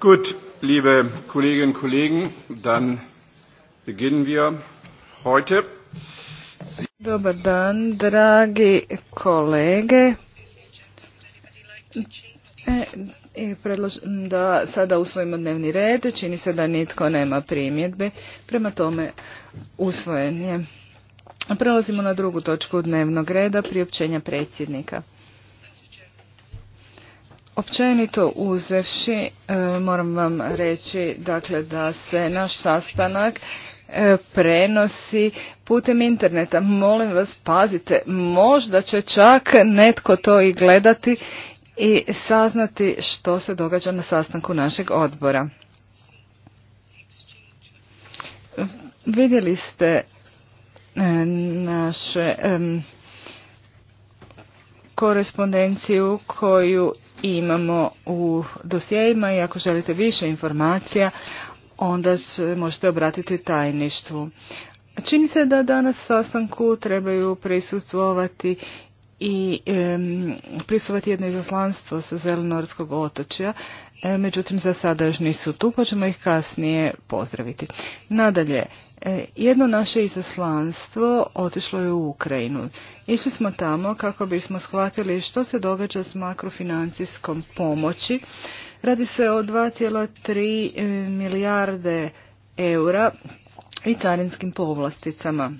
Gut, liebe Kolleginnen und Kollegen, dann beginnen wir heute. Dobar dan, dragi kolege. E, da sada usvojimo dnevni red. Čini se da nitko nema primjedbe. Prema tome usvojen je. Prelazimo na drugu točku dnevnog reda, priopćenja predsjednika. Općenito uzevši, e, moram vam reći dakle, da se naš sastanak e, prenosi putem interneta. Molim vas, pazite, možda će čak netko to i gledati i saznati što se događa na sastanku našeg odbora. Vidjeli ste e, naše korespondenciju koju imamo u dosjejima i ako želite više informacija onda možete obratiti tajništvu. Čini se da danas sastanku trebaju prisutstvovati i e, jedno izaslanstvo sa Zelenorskog otočja. E, međutim za sada još nisu tu pa ćemo ih kasnije pozdraviti. Nadalje, e, jedno naše izaslanstvo otišlo je u Ukrajinu. Išli smo tamo kako bismo shvatili što se događa s makrofinancijskom pomoći. Radi se o 2,3 e, milijarde eura i carinskim povlasticama.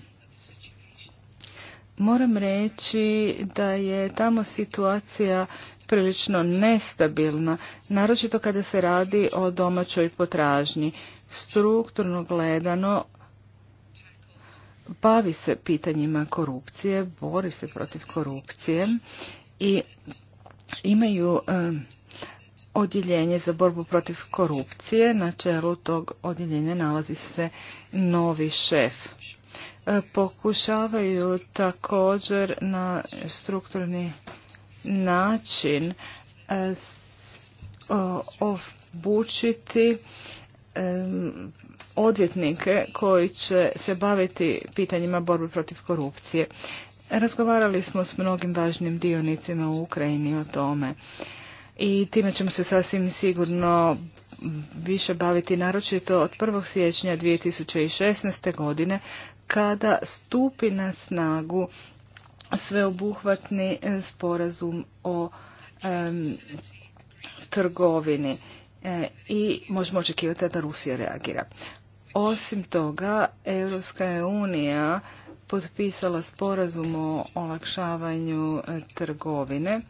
Moram reći da je tamo situacija prilično nestabilna, naročito kada se radi o domaćoj potražnji. Strukturno gledano bavi se pitanjima korupcije, bori se protiv korupcije i imaju odjeljenje za borbu protiv korupcije. Na čelu tog odjeljenja nalazi se novi šef. E, pokušavaju također na strukturni način e, obučiti e, odvjetnike koji će se baviti pitanjima borbe protiv korupcije. Razgovarali smo s mnogim važnim dionicima u Ukrajini o tome i time ćemo se sasvim sigurno više baviti naročito od 1. siječnja 2016. godine kada stupi na snagu sveobuhvatni e, sporazum o trgovini e, i možemo očekivati da Rusija reagira. Osim toga, Europska unija potpisala sporazum o olakšavanju e, trgovine.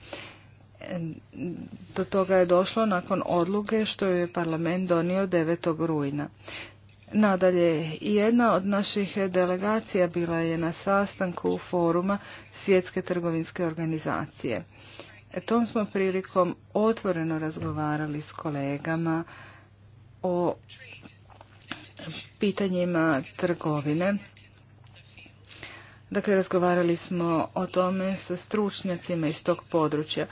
Do toga je došlo nakon odluke što je parlament donio 9. rujna. Nadalje, jedna od naših delegacija bila je na sastanku foruma Svjetske trgovinske organizacije. E, tom smo prilikom otvoreno razgovarali s kolegama o pitanjima trgovine. Dakle, razgovarali smo o tome sa stručnjacima iz tog područja.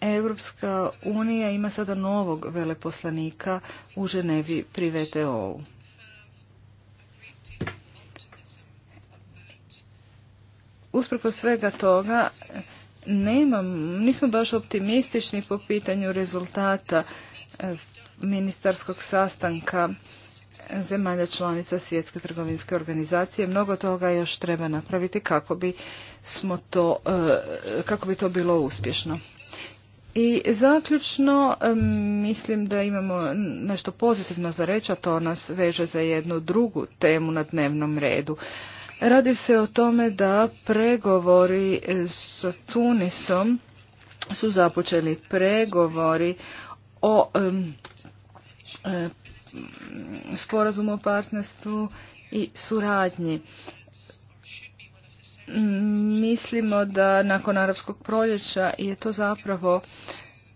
Europska unija ima sada novog veleposlanika u Ženevi pri VTO-u. usprkos svega toga nemam, nismo baš optimistični po pitanju rezultata e, ministarskog sastanka zemalja članica Svjetske trgovinske organizacije. Mnogo toga još treba napraviti kako bi, smo to, e, kako bi to bilo uspješno. I zaključno e, mislim da imamo nešto pozitivno za reći, a to nas veže za jednu drugu temu na dnevnom redu, Radi se o tome da pregovori s Tunisom su započeli pregovori o sporazumu o partnerstvu i suradnji. Mislimo da nakon arapskog proljeća je to zapravo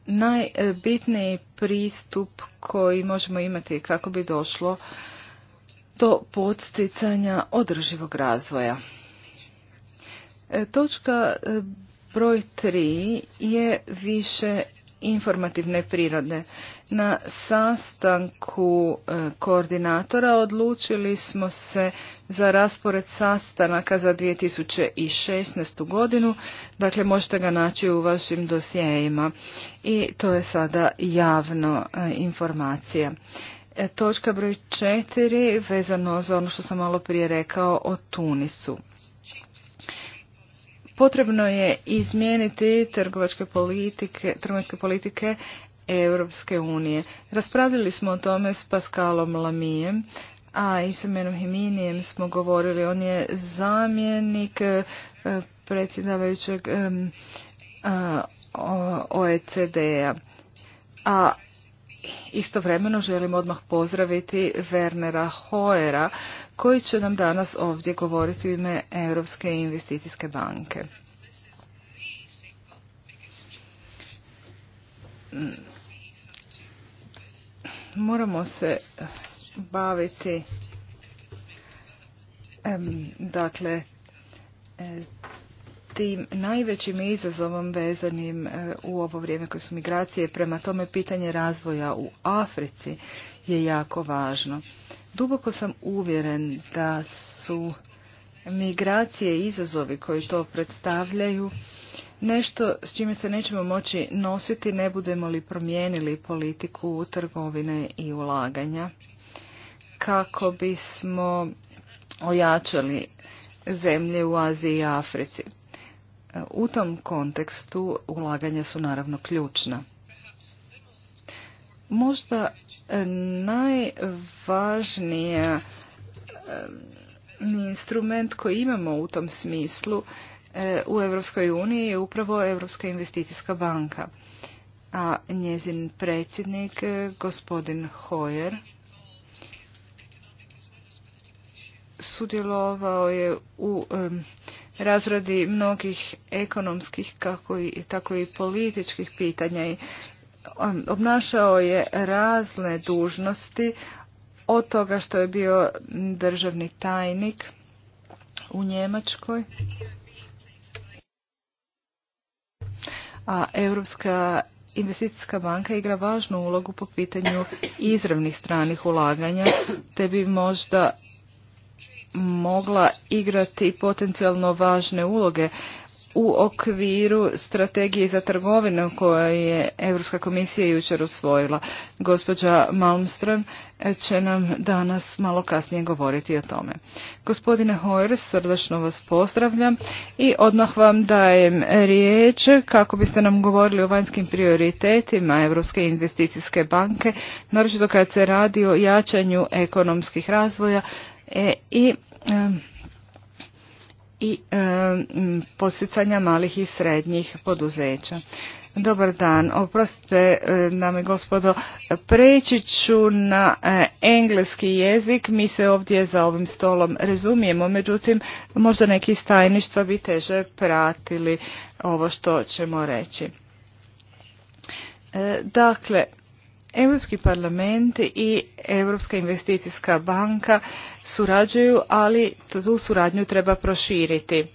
najbitniji pristup koji možemo imati kako bi došlo do podsticanja održivog razvoja. E, točka e, broj 3 je više informativne prirode. Na sastanku e, koordinatora odlučili smo se za raspored sastanaka za 2016. godinu, dakle možete ga naći u vašim dosjejima i to je sada javno informacija. E, točka broj četiri vezano za ono što sam malo prije rekao o Tunisu. Potrebno je izmijeniti trgovačke politike, trgovačke politike Europske unije. Raspravili smo o tome s Pascalom Lamijem, a i sa menom Himinijem smo govorili. On je zamjenik e, predsjedavajućeg OECD-a. A e Istovremeno želim odmah pozdraviti Wernera Hoera koji će nam danas ovdje govoriti u ime Europske investicijske banke. Moramo se baviti dakle tim najvećim izazovom vezanim e, u ovo vrijeme koje su migracije. Prema tome pitanje razvoja u Africi je jako važno. Duboko sam uvjeren da su migracije i izazovi koji to predstavljaju nešto s čime se nećemo moći nositi ne budemo li promijenili politiku trgovine i ulaganja kako bismo ojačali zemlje u Aziji i Africi. U tom kontekstu ulaganja su naravno ključna. Možda e, najvažnija e, instrument koji imamo u tom smislu e, u Europskoj uniji je upravo Europska investicijska banka. A njezin predsjednik, gospodin Hoyer, sudjelovao je u razradi mnogih ekonomskih kako i, tako i političkih pitanja i um, obnašao je razne dužnosti od toga što je bio državni tajnik u Njemačkoj. A Europska investicijska banka igra važnu ulogu po pitanju izravnih stranih ulaganja, te bi možda mogla igrati potencijalno važne uloge u okviru strategije za trgovinu koju je Europska komisija jučer usvojila. Gospođa Malmström će nam danas malo kasnije govoriti o tome. Gospodine Hoyer, srdačno vas pozdravljam i odmah vam dajem riječ kako biste nam govorili o vanjskim prioritetima Europske investicijske banke, naročito kad se radi o jačanju ekonomskih razvoja E, i i e, posjecanja malih i srednjih poduzeća. Dobar dan, oprostite nam e, i gospodo, preći ću na e, engleski jezik, mi se ovdje za ovim stolom razumijemo, međutim možda neki iz tajništva bi teže pratili ovo što ćemo reći. Dakle, Europski parlament i Europska investicijska banka surađuju, ali tu suradnju treba proširiti.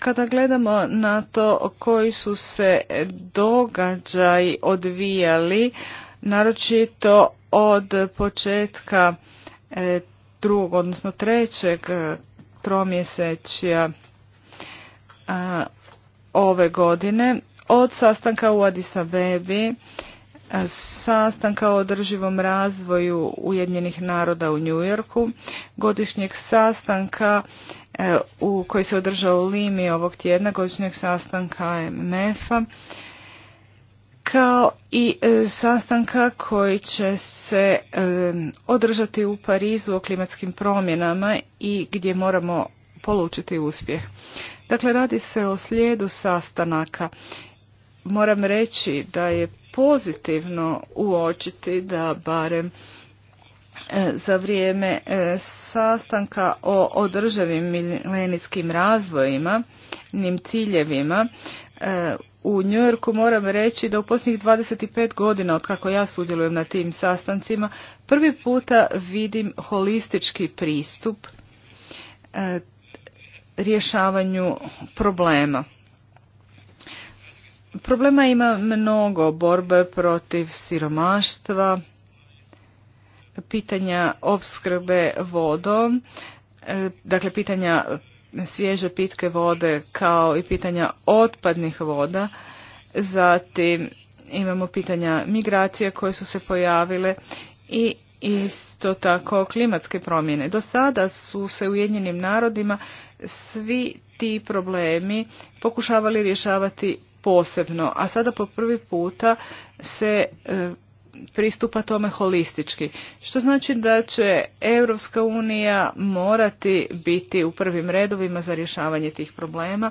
Kada gledamo na to koji su se događaj odvijali, naročito od početka e, drugog, odnosno trećeg e, tromjesečja e, ove godine, od sastanka u Adisabebi Abebi, sastanka o održivom razvoju Ujedinjenih naroda u New Yorku, godišnjeg sastanka e, u koji se održao u Limi ovog tjedna, godišnjeg sastanka mf a kao i e, sastanka koji će se e, održati u Parizu o klimatskim promjenama i gdje moramo polučiti uspjeh. Dakle, radi se o slijedu sastanaka. Moram reći da je pozitivno uočiti da barem e, za vrijeme e, sastanka o održavim milenijskim razvojima, njim ciljevima, e, u Njujorku moram reći da u posljednjih 25 godina od kako ja sudjelujem na tim sastancima, prvi puta vidim holistički pristup rješavanju problema. Problema ima mnogo borbe protiv siromaštva, pitanja opskrbe vodom, e, dakle pitanja svježe pitke vode kao i pitanja otpadnih voda, zatim imamo pitanja migracije koje su se pojavile i isto tako klimatske promjene. Do sada su se Ujedinjenim narodima svi ti problemi pokušavali rješavati posebno, a sada po prvi puta se e, pristupa tome holistički. Što znači da će Europska unija morati biti u prvim redovima za rješavanje tih problema,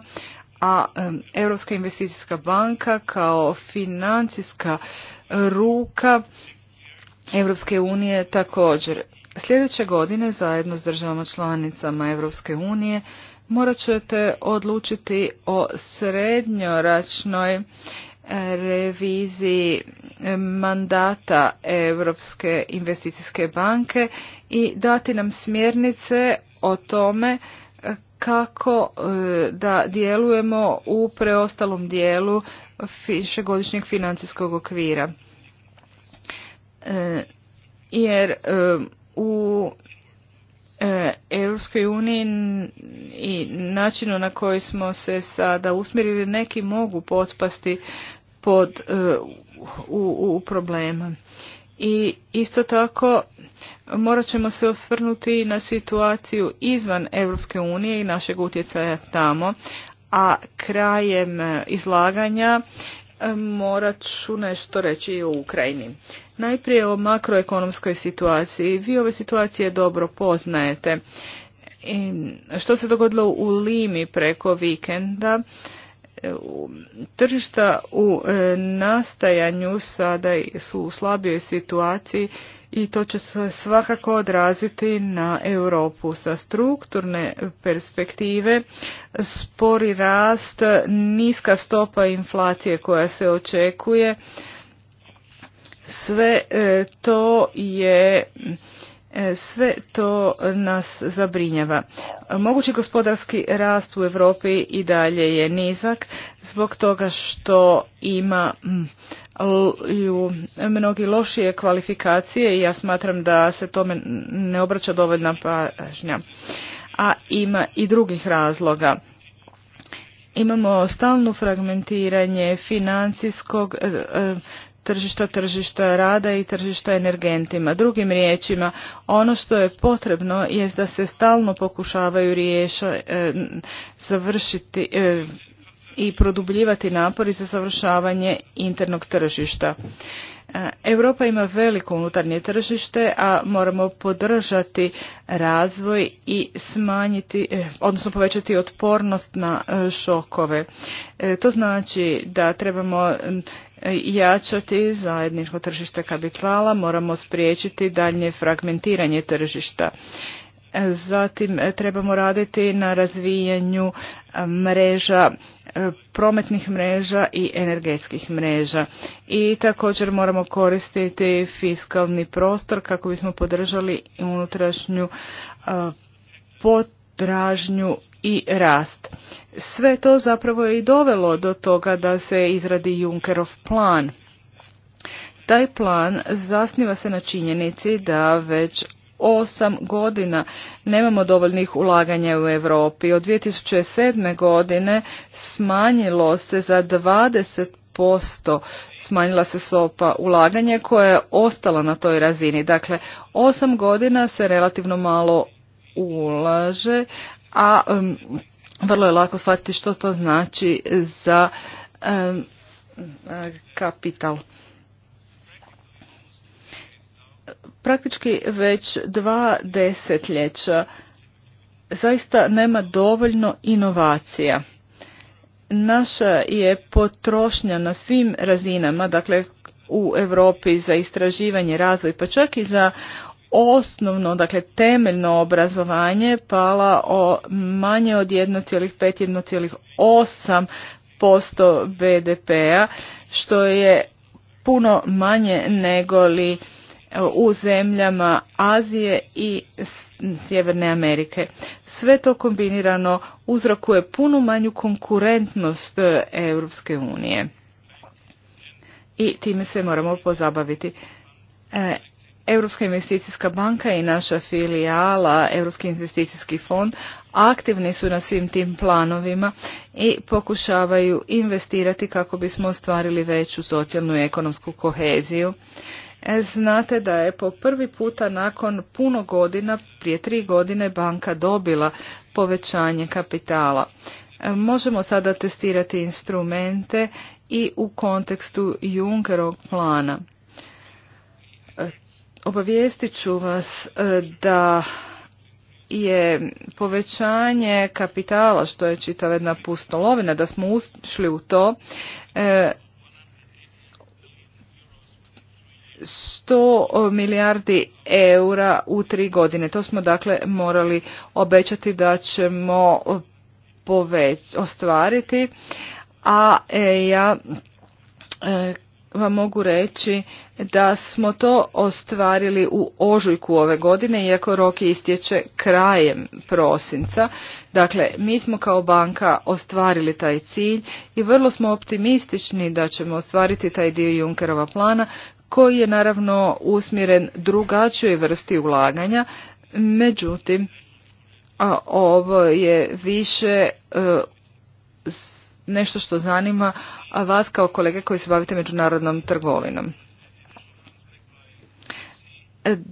a e, Europska investicijska banka kao financijska ruka Europske unije također. Sljedeće godine zajedno s državama članicama Europske unije morat ćete odlučiti o srednjoračnoj e, reviziji mandata Europske investicijske banke i dati nam smjernice o tome kako e, da djelujemo u preostalom dijelu višegodišnjeg financijskog okvira. E, jer u E, Europskoj uniji i načinu na koji smo se sada usmjerili neki mogu potpasti pod e, u, problema. I isto tako morat ćemo se osvrnuti na situaciju izvan Europske unije i našeg utjecaja tamo, a krajem izlaganja e, morat ću nešto reći o Ukrajini. Najprije o makroekonomskoj situaciji. Vi ove situacije dobro poznajete. što se dogodilo u Limi preko vikenda? E, tržišta u e, nastajanju sada su u slabijoj situaciji i to će se svakako odraziti na Europu sa strukturne perspektive. Spori rast, niska stopa inflacije koja se očekuje, sve e, to je e, sve to nas zabrinjava. Mogući gospodarski rast u Europi i dalje je nizak zbog toga što ima mnogi lošije kvalifikacije i ja smatram da se tome ne obraća dovoljna pažnja. A ima i drugih razloga. Imamo stalno fragmentiranje financijskog e, tržišta, tržišta rada i tržišta energentima. Drugim riječima, ono što je potrebno je da se stalno pokušavaju riješa, e, završiti e, i produbljivati napori za završavanje internog tržišta. E, Europa ima veliko unutarnje tržište, a moramo podržati razvoj i smanjiti, odnosno povećati otpornost na šokove. To znači da trebamo jačati zajedničko tržište kapitala, moramo spriječiti daljnje fragmentiranje tržišta. Zatim e, trebamo raditi na razvijanju e, mreža, e, prometnih mreža i energetskih mreža. I također moramo koristiti fiskalni prostor kako bismo podržali unutrašnju pot dražnju i rast. Sve to zapravo je i dovelo do toga da se izradi Junkerov plan. Taj plan zasniva se na činjenici da već osam godina nemamo dovoljnih ulaganja u Europi. Od 2007. godine smanjilo se za 20 smanjila se sopa ulaganje koja je ostala na toj razini. Dakle, osam godina se relativno malo ulaže, a vrlo je lako shvatiti što to znači za kapital. Praktički već dva desetljeća zaista nema dovoljno inovacija. Naša je potrošnja na svim razinama, dakle u Europi za istraživanje, razvoj, pa čak i za osnovno, dakle temeljno obrazovanje pala o manje od 1,5-1,8 posto BDP-a što je puno manje nego li e, u zemljama Azije i Sjeverne Amerike. Sve to kombinirano uzrokuje puno manju konkurentnost e, Europske unije. I time se moramo pozabaviti. E, Europska investicijska banka i naša filijala Europski investicijski fond aktivni su na svim tim planovima i pokušavaju investirati kako bismo ostvarili veću socijalnu i ekonomsku koheziju. E, znate da je po prvi puta nakon puno godina, prije tri godine, banka dobila povećanje kapitala. E, možemo sada testirati instrumente i u kontekstu Junckerovog plana. E, Obavijestit ću vas e, da je povećanje kapitala, što je čitava jedna pustolovina, da smo ušli u to, e, sto milijardi eura u tri godine. To smo dakle morali obećati da ćemo poveć, ostvariti, a e, ja vam mogu reći da smo to ostvarili u ožujku ove godine, iako rok istječe krajem prosinca. Dakle, mi smo kao banka ostvarili taj cilj i vrlo smo optimistični da ćemo ostvariti taj dio Junkerova plana, koji je naravno usmjeren drugačijoj vrsti ulaganja, međutim, a ovo je više e, nešto što zanima vas kao kolege koji se bavite međunarodnom trgovinom.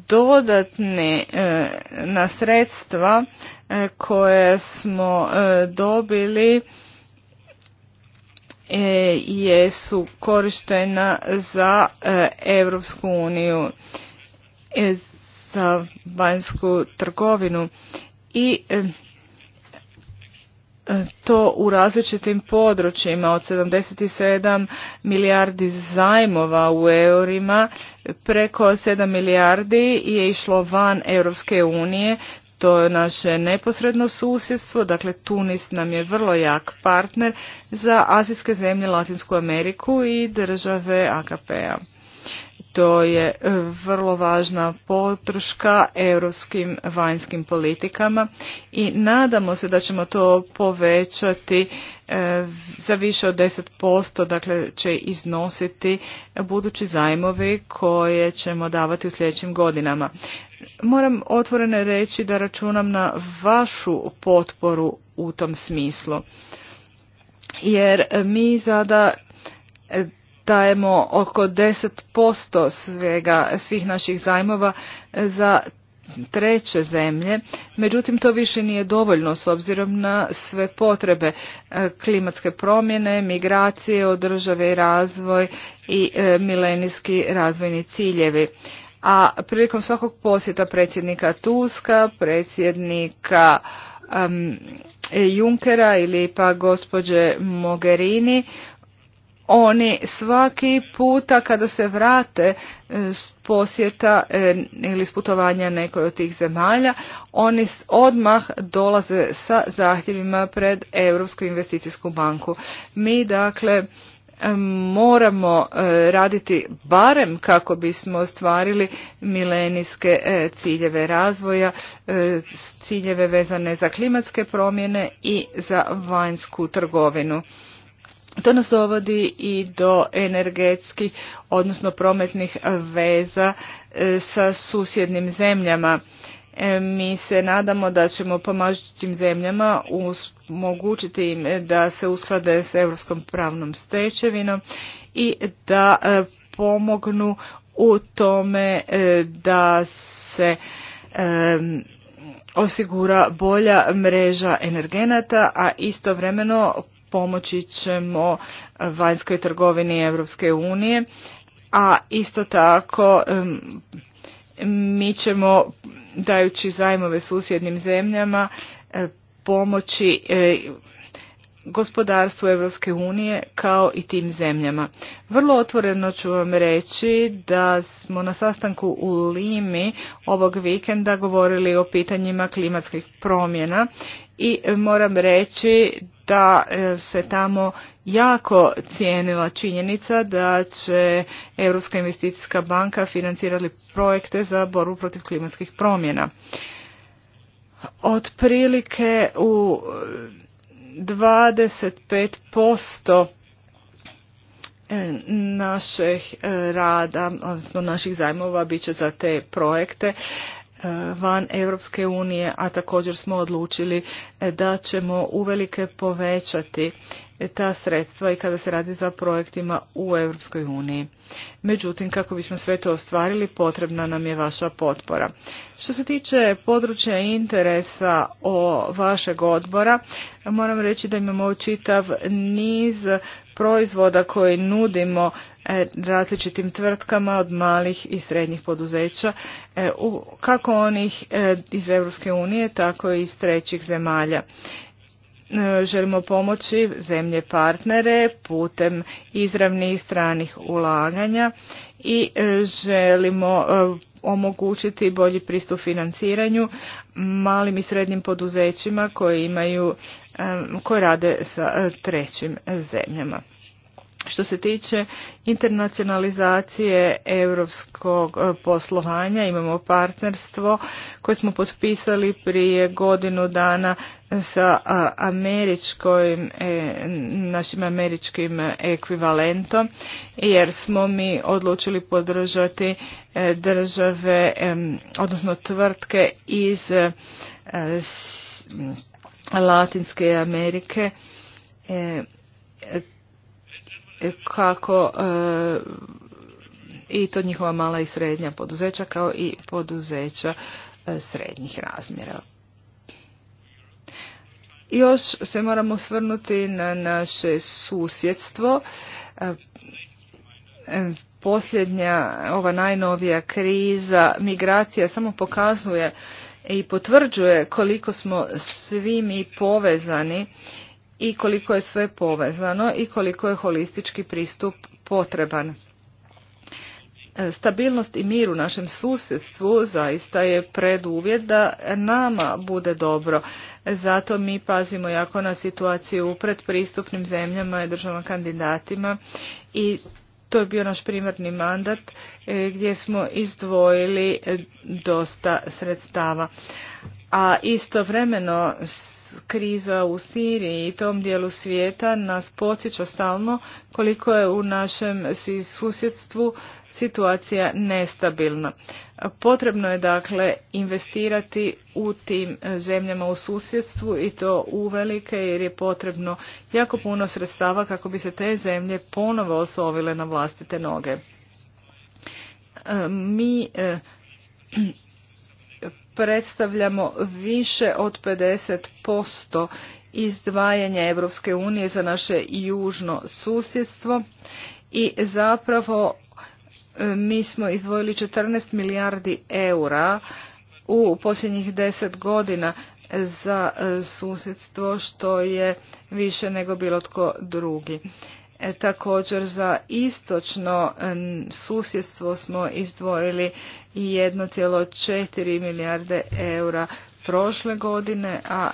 Dodatne e, na sredstva e, koje smo e, dobili jesu korištena za Europsku uniju za vanjsku trgovinu i to u različitim područjima od 77 milijardi zajmova u eurima preko 7 milijardi je išlo van Europske unije to je naše neposredno susjedstvo, dakle Tunis nam je vrlo jak partner za azijske zemlje, Latinsku Ameriku i države AKP-a to je e, vrlo važna potrška europskim vanjskim politikama i nadamo se da ćemo to povećati e, za više od 10%, dakle će iznositi budući zajmovi koje ćemo davati u sljedećim godinama. Moram otvoreno reći da računam na vašu potporu u tom smislu. Jer mi sada e, dajemo oko 10% svega, svih naših zajmova e, za treće zemlje, međutim to više nije dovoljno s obzirom na sve potrebe e, klimatske promjene, migracije, održave i razvoj i e, milenijski razvojni ciljevi. A prilikom svakog posjeta predsjednika Tuska, predsjednika Junckera Junkera ili pa gospođe Mogherini oni svaki puta kada se vrate e, s posjeta e, ili s putovanja nekoj od tih zemalja, oni odmah dolaze sa zahtjevima pred Europsku investicijsku banku. Mi dakle e, moramo raditi barem kako bismo ostvarili milenijske ciljeve razvoja, ciljeve vezane za klimatske promjene i za vanjsku trgovinu. To nas dovodi i do energetskih, odnosno prometnih veza e, sa susjednim zemljama. E, mi se nadamo da ćemo pomažućim zemljama omogućiti im da se usklade s europskom pravnom stečevinom i da e, pomognu u tome da se osigura bolja mreža energenata, a istovremeno pomoći ćemo vanjskoj trgovini Europske unije, a isto tako mi ćemo dajući zajmove susjednim zemljama pomoći gospodarstvu Europske unije kao i tim zemljama. Vrlo otvoreno ću vam reći da smo na sastanku u Limi ovog vikenda govorili o pitanjima klimatskih promjena i moram reći da e, se tamo jako cijenila činjenica da će Europska investicijska banka financirati projekte za borbu protiv klimatskih promjena. Otprilike u 25% e, naših e, rada, odnosno naših zajmova bit će za te projekte e, van Europske unije, a također smo odlučili da ćemo uvelike povećati E, ta sredstva i kada se radi za projektima u Europskoj uniji. Međutim, kako bismo sve to ostvarili, potrebna nam je vaša potpora. Što se tiče područja interesa o vašeg odbora, moram reći da imamo čitav niz proizvoda koje nudimo e, različitim tvrtkama od malih i srednjih poduzeća, e, kako onih iz Europske unije, tako i iz trećih zemalja. E, želimo pomoći zemlje partnere putem izravnih stranih ulaganja i e, želimo e, omogućiti bolji pristup financiranju malim i srednjim poduzećima koji imaju koji rade sa trećim zemljama što se tiče internacionalizacije europskog e, poslovanja, imamo partnerstvo koje smo potpisali prije godinu dana sa američkim, e, našim američkim ekvivalentom, jer smo mi odlučili podržati e, države, odnosno tvrtke iz Latinske Amerike kako e, i to njihova mala i srednja poduzeća kao i poduzeća e, srednjih razmjera. Još se moramo svrnuti na naše susjedstvo. E, posljednja, ova najnovija kriza migracija samo pokazuje i potvrđuje koliko smo svi mi povezani i koliko je sve povezano i koliko je holistički pristup potreban. E, stabilnost i mir u našem susjedstvu zaista je preduvjet da nama bude dobro. Zato mi pazimo jako na situaciju u predpristupnim zemljama i državama kandidatima i to je bio naš primarni mandat e, gdje smo izdvojili dosta sredstava. A istovremeno kriza u Siriji i tom dijelu svijeta nas podsjeća stalno koliko je u našem susjedstvu situacija nestabilna. Potrebno je dakle investirati u tim e, zemljama u susjedstvu i to uvelike jer je potrebno jako puno sredstava kako bi se te zemlje ponovo osovile na vlastite noge. E, mi e, predstavljamo više od 50% izdvajanja Europske unije za naše južno susjedstvo i zapravo e, mi smo izdvojili 14 milijardi eura u posljednjih 10 godina za e, susjedstvo što je više nego bilo tko drugi. E, također za istočno susjedstvo smo izdvojili 1,4 milijarde eura prošle godine, a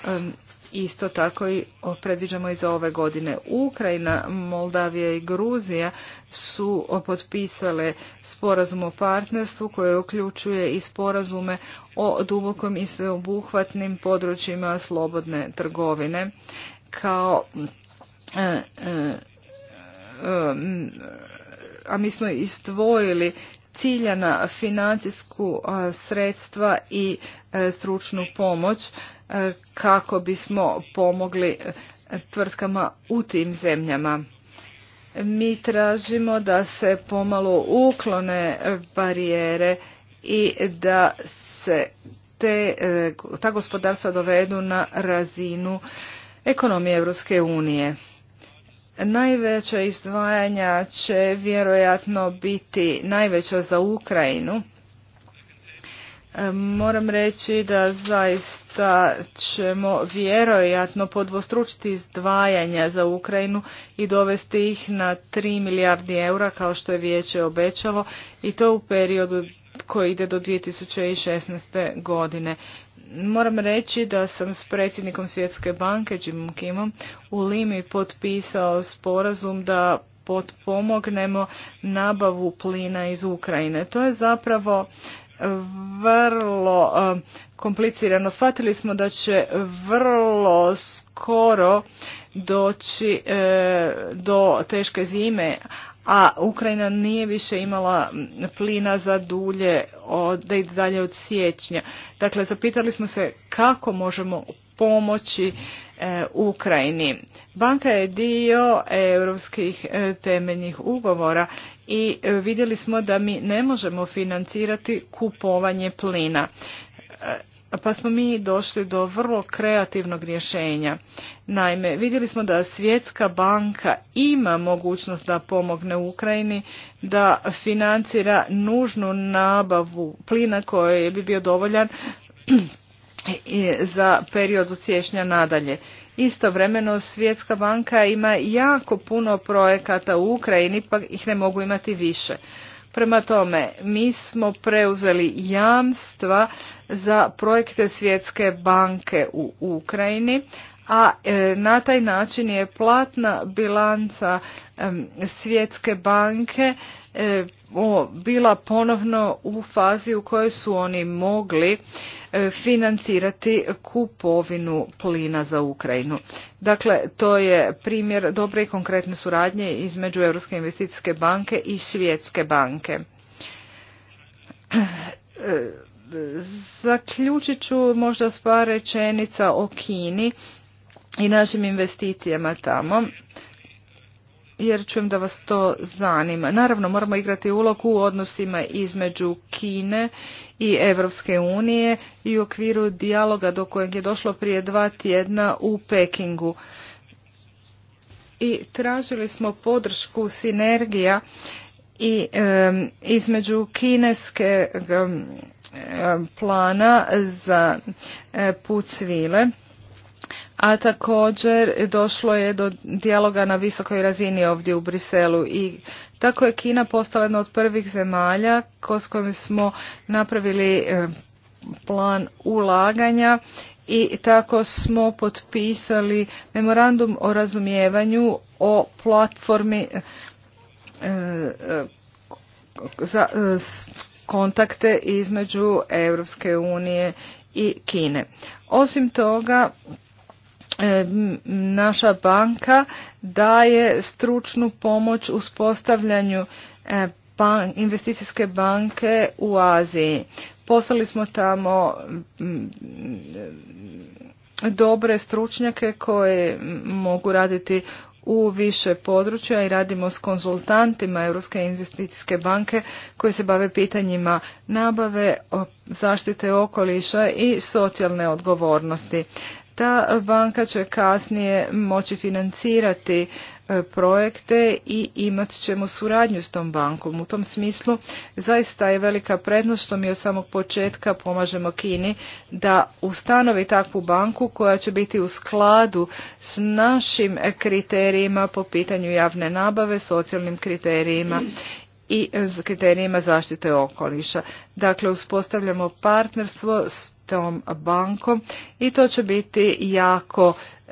isto tako i predviđamo i za ove godine. Ukrajina, Moldavija i Gruzija su potpisale sporazum o partnerstvu koje uključuje i sporazume o dubokom i sveobuhvatnim područjima slobodne trgovine kao Um, a mi smo istvojili ciljana financijsku uh, sredstva i uh, stručnu pomoć uh, kako bismo pomogli tvrtkama u tim zemljama. Mi tražimo da se pomalo uklone barijere i da se te, ta gospodarstva dovedu na razinu ekonomije Europske unije. Najveća izdvajanja će vjerojatno biti najveća za Ukrajinu. E, moram reći da zaista ćemo vjerojatno podvostručiti izdvajanja za Ukrajinu i dovesti ih na 3 milijardi eura kao što je vijeće obećalo i to u periodu koji ide do 2016. godine. Moram reći da sam s predsjednikom Svjetske banke Jimom Kimom u Limi potpisao sporazum da potpomognemo nabavu plina iz Ukrajine. To je zapravo e, vrlo e, komplicirano. Shvatili smo da će vrlo skoro doći e, do teške zime, a Ukrajina nije više imala plina za dulje od, da ide dalje od siječnja. Dakle, zapitali smo se kako možemo pomoći e, Ukrajini. Banka je dio europskih e, temeljnih ugovora i e, vidjeli smo da mi ne možemo financirati kupovanje plina. E, pa smo mi došli do vrlo kreativnog rješenja. Naime, vidjeli smo da Svjetska banka ima mogućnost da pomogne Ukrajini da financira nužnu nabavu plina koji bi bio dovoljan za period od siječnja nadalje. Istovremeno Svjetska banka ima jako puno projekata u Ukrajini pa ih ne mogu imati više. Prema tome, mi smo preuzeli jamstva za projekte Svjetske banke u Ukrajini, a e, na taj način je platna bilanca svjetske banke e, bila ponovno u fazi u kojoj su oni mogli e, financirati kupovinu plina za Ukrajinu. Dakle, to je primjer dobre i konkretne suradnje između Europske investicijske banke i Svjetske banke. Zaključit ću možda sva rečenica o Kini i našim investicijama tamo jer čujem da vas to zanima. Naravno, moramo igrati ulogu u odnosima između Kine i Evropske unije i u okviru dijaloga do kojeg je došlo prije dva tjedna u Pekingu. I tražili smo podršku sinergija i između kineske plana za e, put svile a također došlo je do dijaloga na visokoj razini ovdje u Briselu i tako je Kina postala jedna od prvih zemalja s kojim smo napravili e, plan ulaganja i tako smo potpisali memorandum o razumijevanju o platformi e, e, za kontakte između Europske unije i Kine. Osim toga, E, naša banka daje stručnu pomoć u spostavljanju e, investicijske banke u Aziji. Poslali smo tamo mm, dobre stručnjake koje mogu raditi u više područja i radimo s konzultantima Europske investicijske banke koji se bave pitanjima nabave, zaštite okoliša i socijalne odgovornosti. Ta banka će kasnije moći financirati e, projekte i imat ćemo suradnju s tom bankom. U tom smislu zaista je velika prednost što mi od samog početka pomažemo Kini da ustanovi takvu banku koja će biti u skladu s našim kriterijima po pitanju javne nabave, socijalnim kriterijima i s kriterijima zaštite okoliša. Dakle, uspostavljamo partnerstvo s tom bankom i to će biti jako e,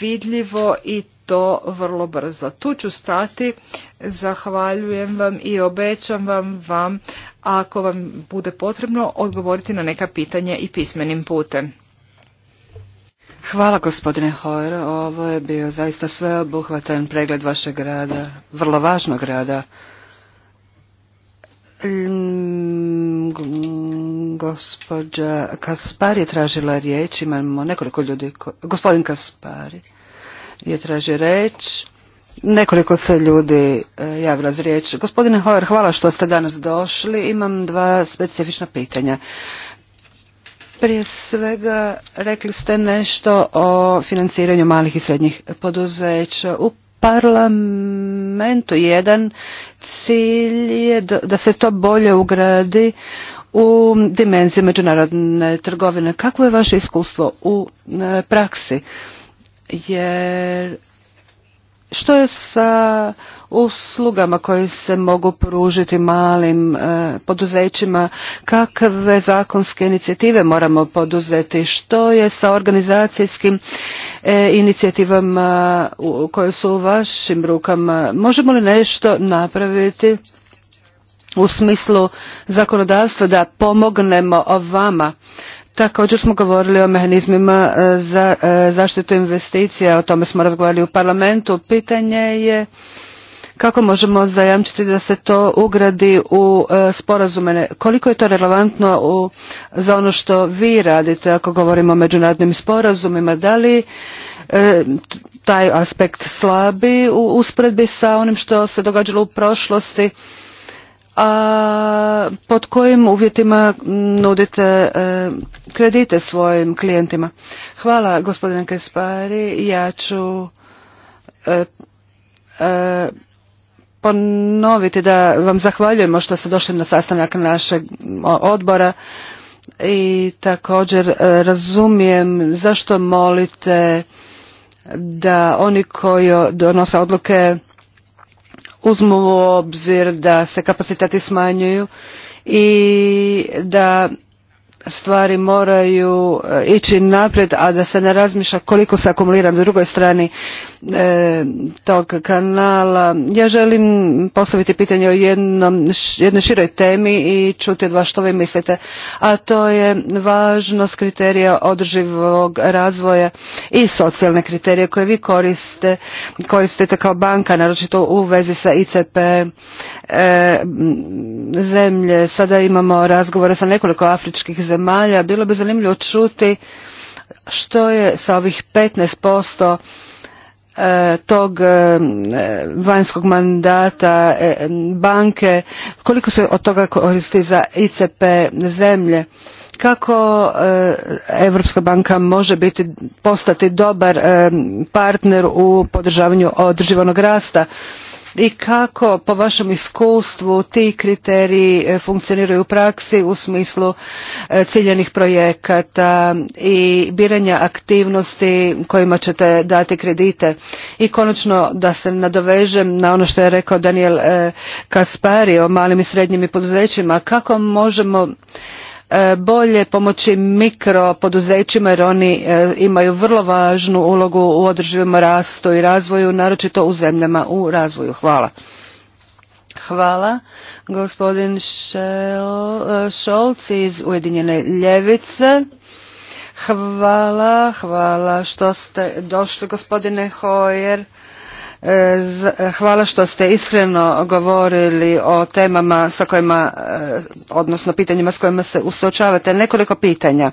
vidljivo i to vrlo brzo. Tu ću stati, zahvaljujem vam i obećam vam, vam ako vam bude potrebno odgovoriti na neka pitanja i pismenim putem. Hvala gospodine Hoer, ovo je bio zaista sveobuhvatan pregled vašeg rada, vrlo važnog rada. Mm, gospođa Kaspar je tražila riječ, imamo nekoliko ljudi, gospodin Kaspar je tražio riječ. Nekoliko se ljudi e, javila za riječ. Gospodine Hoer, hvala što ste danas došli. Imam dva specifična pitanja. Prije svega rekli ste nešto o financiranju malih i srednjih poduzeća. U parlamentu jedan cilj je da se to bolje ugradi u dimenziju međunarodne trgovine. Kako je vaše iskustvo u e, praksi? Jer što je sa uslugama koje se mogu pružiti malim e, poduzećima, kakve zakonske inicijative moramo poduzeti, što je sa organizacijskim e, inicijativama koje su u vašim rukama, možemo li nešto napraviti u smislu zakonodavstva da pomognemo vama Također smo govorili o mehanizmima e, za e, zaštitu investicija, o tome smo razgovarali u parlamentu. Pitanje je kako možemo zajamčiti da se to ugradi u e, sporazume. Koliko je to relevantno u, za ono što vi radite ako govorimo o međunarodnim sporazumima? Da li taj aspekt slabi u usporedbi sa onim što se događalo u prošlosti? a pod kojim uvjetima nudite e, kredite svojim klijentima. Hvala gospodine Kespari. ja ću e, e, ponoviti da vam zahvaljujemo što ste došli na sastanak našeg odbora i također razumijem zašto molite da oni koji donose odluke uzmu u obzir da se kapaciteti smanjuju i da stvari moraju e, ići naprijed, a da se ne razmišlja koliko se akumulira na drugoj strani E, tog kanala. Ja želim postaviti pitanje o jednoj široj temi i čuti od što vi mislite, a to je važnost kriterija održivog razvoja i socijalne kriterije koje vi koriste, koristite kao banka, naročito u vezi sa ICP e, zemlje. Sada imamo razgovore sa nekoliko afričkih zemalja. Bilo bi zanimljivo čuti što je sa ovih 15% E, tog e, vanjskog mandata e, banke, koliko se od toga koristi za ICP zemlje, kako Europska banka može biti postati dobar partner u podržavanju održivanog rasta i kako po vašem iskustvu ti kriteriji e, funkcioniraju u praksi u smislu e, ciljenih projekata i biranja aktivnosti kojima ćete dati kredite. I konačno da se nadovežem na ono što je rekao Daniel e, Kaspari o malim i srednjim poduzećima, kako možemo E, bolje pomoći mikropoduzećima jer oni e, imaju vrlo važnu ulogu u održivom rastu i razvoju, naročito u zemljama u razvoju. Hvala. Hvala. Gospodin e, Šolc iz Ujedinjene Ljevice. Hvala, hvala što ste došli gospodine Hoyer. E, hvala što ste iskreno govorili o temama sa kojima, e, odnosno pitanjima s kojima se usočavate. Nekoliko pitanja.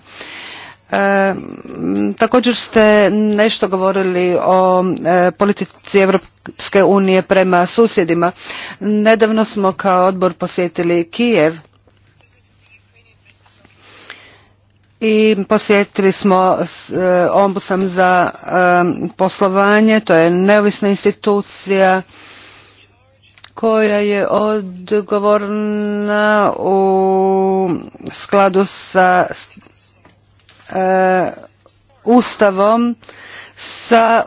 E, također ste nešto govorili o politici Europske unije prema susjedima. Nedavno smo kao odbor posjetili Kijev i posjetili smo e, ombusam za e, poslovanje, to je neovisna institucija koja je odgovorna u skladu sa e, Ustavom sa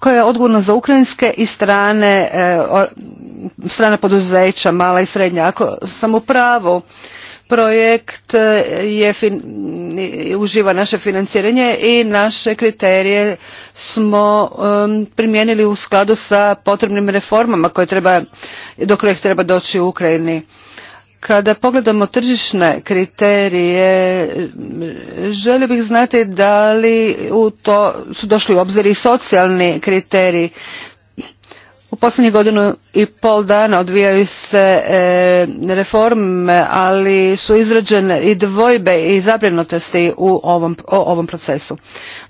koja je odgovorna za ukrajinske i strane, strane poduzeća, mala i srednja. Ako sam u pravu, projekt e, je, uživa naše financiranje i naše kriterije smo primijenili u skladu sa potrebnim reformama koje treba, do kojih treba doći u Ukrajini. Kada pogledamo tržišne kriterije, želio bih znati da li u to su došli u obzir i socijalni kriteriji. U posljednjih godinu i pol dana odvijaju se e, reforme, ali su izrađene i dvojbe i zabrinutosti u ovom, ovom procesu.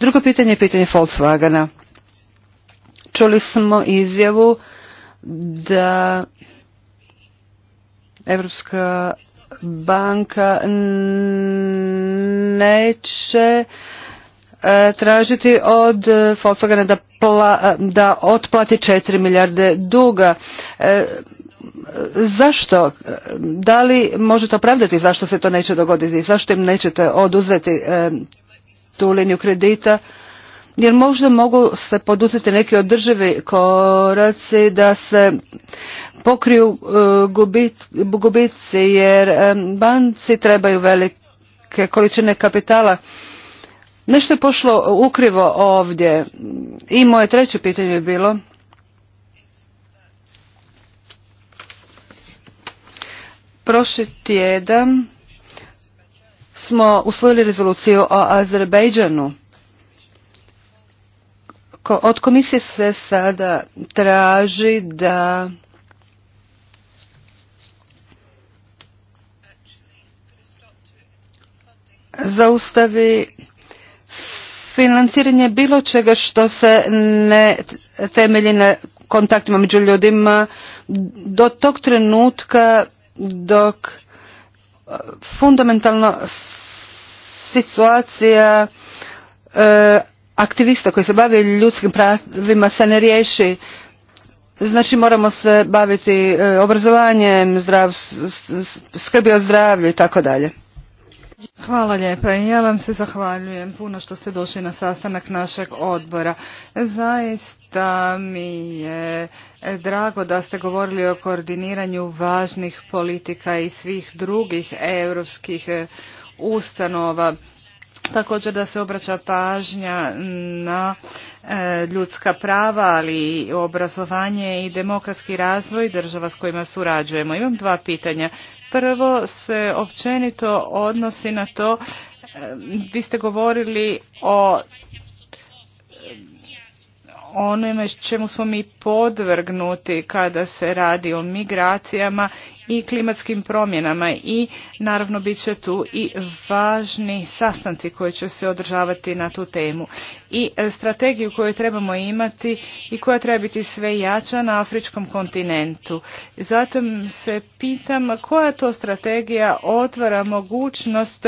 Drugo pitanje je pitanje Volkswagena. Čuli smo izjavu da Evropska banka neće E, tražiti od e, Volkswagena da, e, da otplati 4 milijarde duga. zašto? Da li možete opravdati zašto se to neće dogoditi? Zašto im nećete oduzeti tu liniju kredita? Jer možda mogu se poduzeti neki održivi koraci da se pokriju gubici jer banci trebaju velike količine kapitala Nešto je pošlo ukrivo ovdje i moje treće pitanje je bilo prošli tjedan smo usvojili rezoluciju o Azerbejdžanu. Od komisije se sada traži da zaustavi financiranje bilo čega što se ne temelji na kontaktima među ljudima do tog trenutka dok e, fundamentalno situacija e, aktivista koji se bavi ljudskim pravima se ne riješi. Znači moramo se baviti e, obrazovanjem, skrbi o zdravlju i tako dalje. Hvala lijepa. Ja vam se zahvaljujem puno što ste došli na sastanak našeg odbora. Zaista mi je drago da ste govorili o koordiniranju važnih politika i svih drugih europskih ustanova. Također da se obraća pažnja na e, ljudska prava, ali i obrazovanje i demokratski razvoj država s kojima surađujemo. Imam dva pitanja. Prvo se općenito odnosi na to, e, vi ste govorili o e, onome čemu smo mi podvrgnuti kada se radi o migracijama i klimatskim promjenama i naravno bit će tu i važni sastanci koji će se održavati na tu temu i e, strategiju koju trebamo imati i koja treba biti sve jača na afričkom kontinentu. Zato se pitam koja to strategija otvara mogućnost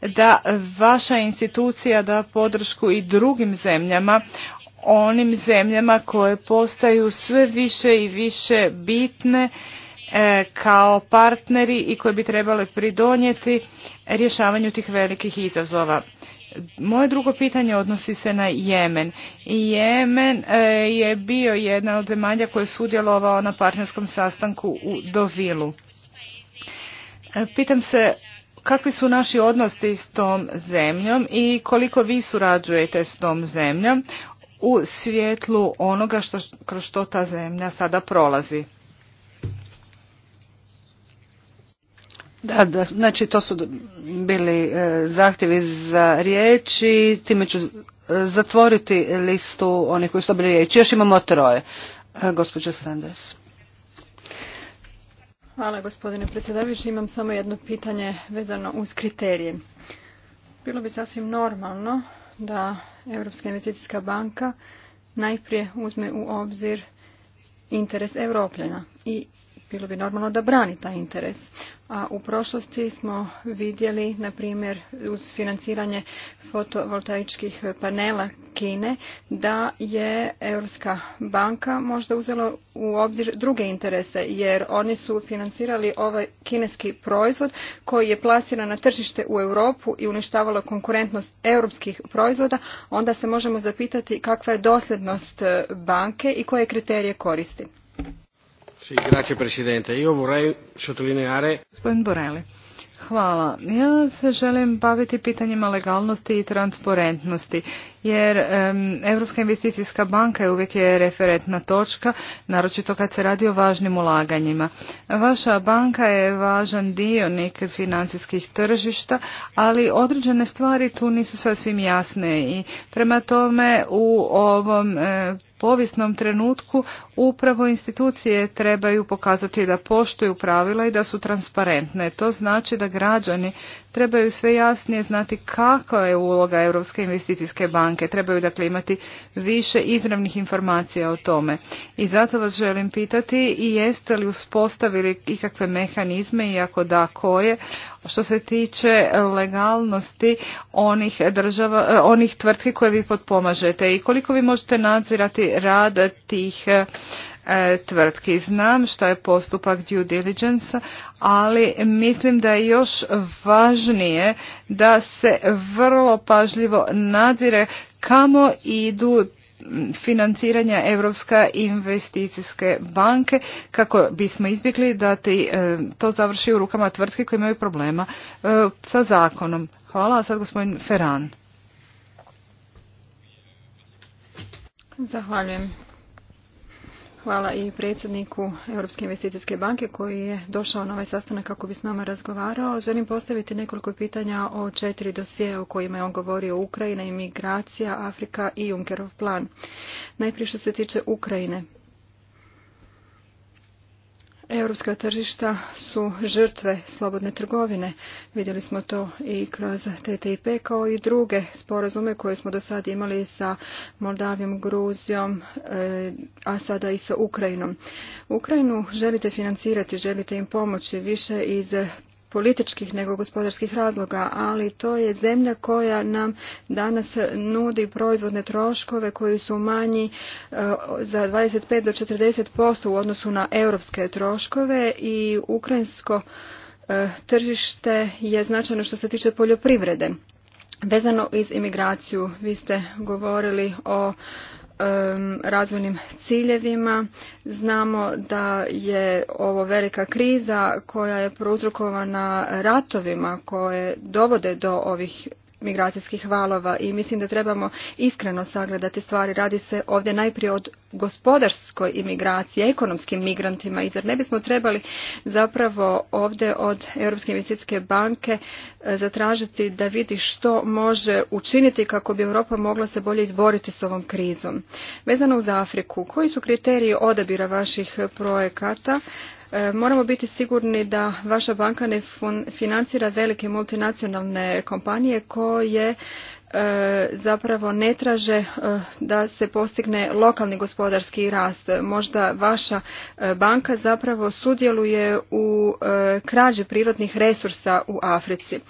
da vaša institucija da podršku i drugim zemljama onim zemljama koje postaju sve više i više bitne E, kao partneri i koji bi trebali pridonijeti rješavanju tih velikih izazova. Moje drugo pitanje odnosi se na Jemen. Jemen e, je bio jedna od zemalja koja je sudjelovao na partnerskom sastanku u Dovilu. E, pitam se kakvi su naši odnosi s tom zemljom i koliko vi surađujete s tom zemljom u svjetlu onoga što, kroz što ta zemlja sada prolazi. Da, da, znači to su bili e, zahtjevi za riječi, time ću e, zatvoriti listu onih koji su dobili riječ. Još imamo troje. E, gospođa Sanders. Hvala gospodine predsjedavajući. Imam samo jedno pitanje vezano uz kriterije. Bilo bi sasvim normalno da Europska investicijska banka najprije uzme u obzir interes Europljana i bilo bi normalno da brani taj interes. A u prošlosti smo vidjeli, na primjer, uz financiranje fotovoltaičkih panela Kine, da je Europska banka možda uzela u obzir druge interese, jer oni su financirali ovaj kineski proizvod koji je plasiran na tržište u Europu i uništavalo konkurentnost europskih proizvoda, onda se možemo zapitati kakva je dosljednost banke i koje kriterije koristi grazie Presidente. Io vorrei sottolineare... Gospodin Borelli. Hvala. Ja se želim baviti pitanjima legalnosti i transparentnosti jer Europska investicijska banka je uvijek je referentna točka, naročito kad se radi o važnim ulaganjima. Vaša banka je važan dionik financijskih tržišta, ali određene stvari tu nisu sasvim jasne i prema tome u ovom e, povijesnom trenutku upravo institucije trebaju pokazati da poštuju pravila i da su transparentne. To znači da građani trebaju sve jasnije znati kakva je uloga Europske investicijske banke banke. Trebaju dakle imati više izravnih informacija o tome. I zato vas želim pitati i jeste li uspostavili ikakve mehanizme i ako da koje što se tiče legalnosti onih država, onih tvrtki koje vi potpomažete i koliko vi možete nadzirati rad tih E, tvrtki. Znam što je postupak due diligence, ali mislim da je još važnije da se vrlo pažljivo nadzire kamo idu financiranja Europska investicijske banke kako bismo izbjegli da e, to završi u rukama tvrtke koje imaju problema e, sa zakonom. Hvala, a sad gospodin Ferran. Zahvaljujem Hvala i predsjedniku Europske investicijske banke koji je došao na ovaj sastanak kako bi s nama razgovarao. Želim postaviti nekoliko pitanja o četiri dosije o kojima je on govorio Ukrajina, imigracija, Afrika i Junkerov plan. Najprije što se tiče Ukrajine. Europska tržišta su žrtve slobodne trgovine. Vidjeli smo to i kroz TTIP kao i druge sporazume koje smo do sada imali sa Moldavijom, Gruzijom, e, a sada i sa Ukrajinom. Ukrajinu želite financirati, želite im pomoći više iz političkih nego gospodarskih razloga, ali to je zemlja koja nam danas nudi proizvodne troškove koji su manji e, za 25 do 40% u odnosu na europske troškove i ukrajinsko e, tržište je značajno što se tiče poljoprivrede. Vezano iz imigraciju, vi ste govorili o razvojnim ciljevima. Znamo da je ovo velika kriza koja je prouzrokovana ratovima koje dovode do ovih migracijskih valova i mislim da trebamo iskreno sagledati stvari. Radi se ovdje najprije od gospodarskoj imigraciji, ekonomskim migrantima i zar ne bismo trebali zapravo ovdje od Europske investicijske banke e, zatražiti da vidi što može učiniti kako bi Europa mogla se bolje izboriti s ovom krizom. Vezano uz Afriku, koji su kriteriji odabira vaših projekata E, moramo biti sigurni da vaša banka ne financira velike multinacionalne kompanije koje e, zapravo ne traže e, da se postigne lokalni gospodarski rast. Možda vaša banka zapravo sudjeluje u krađi prirodnih resursa u Africi.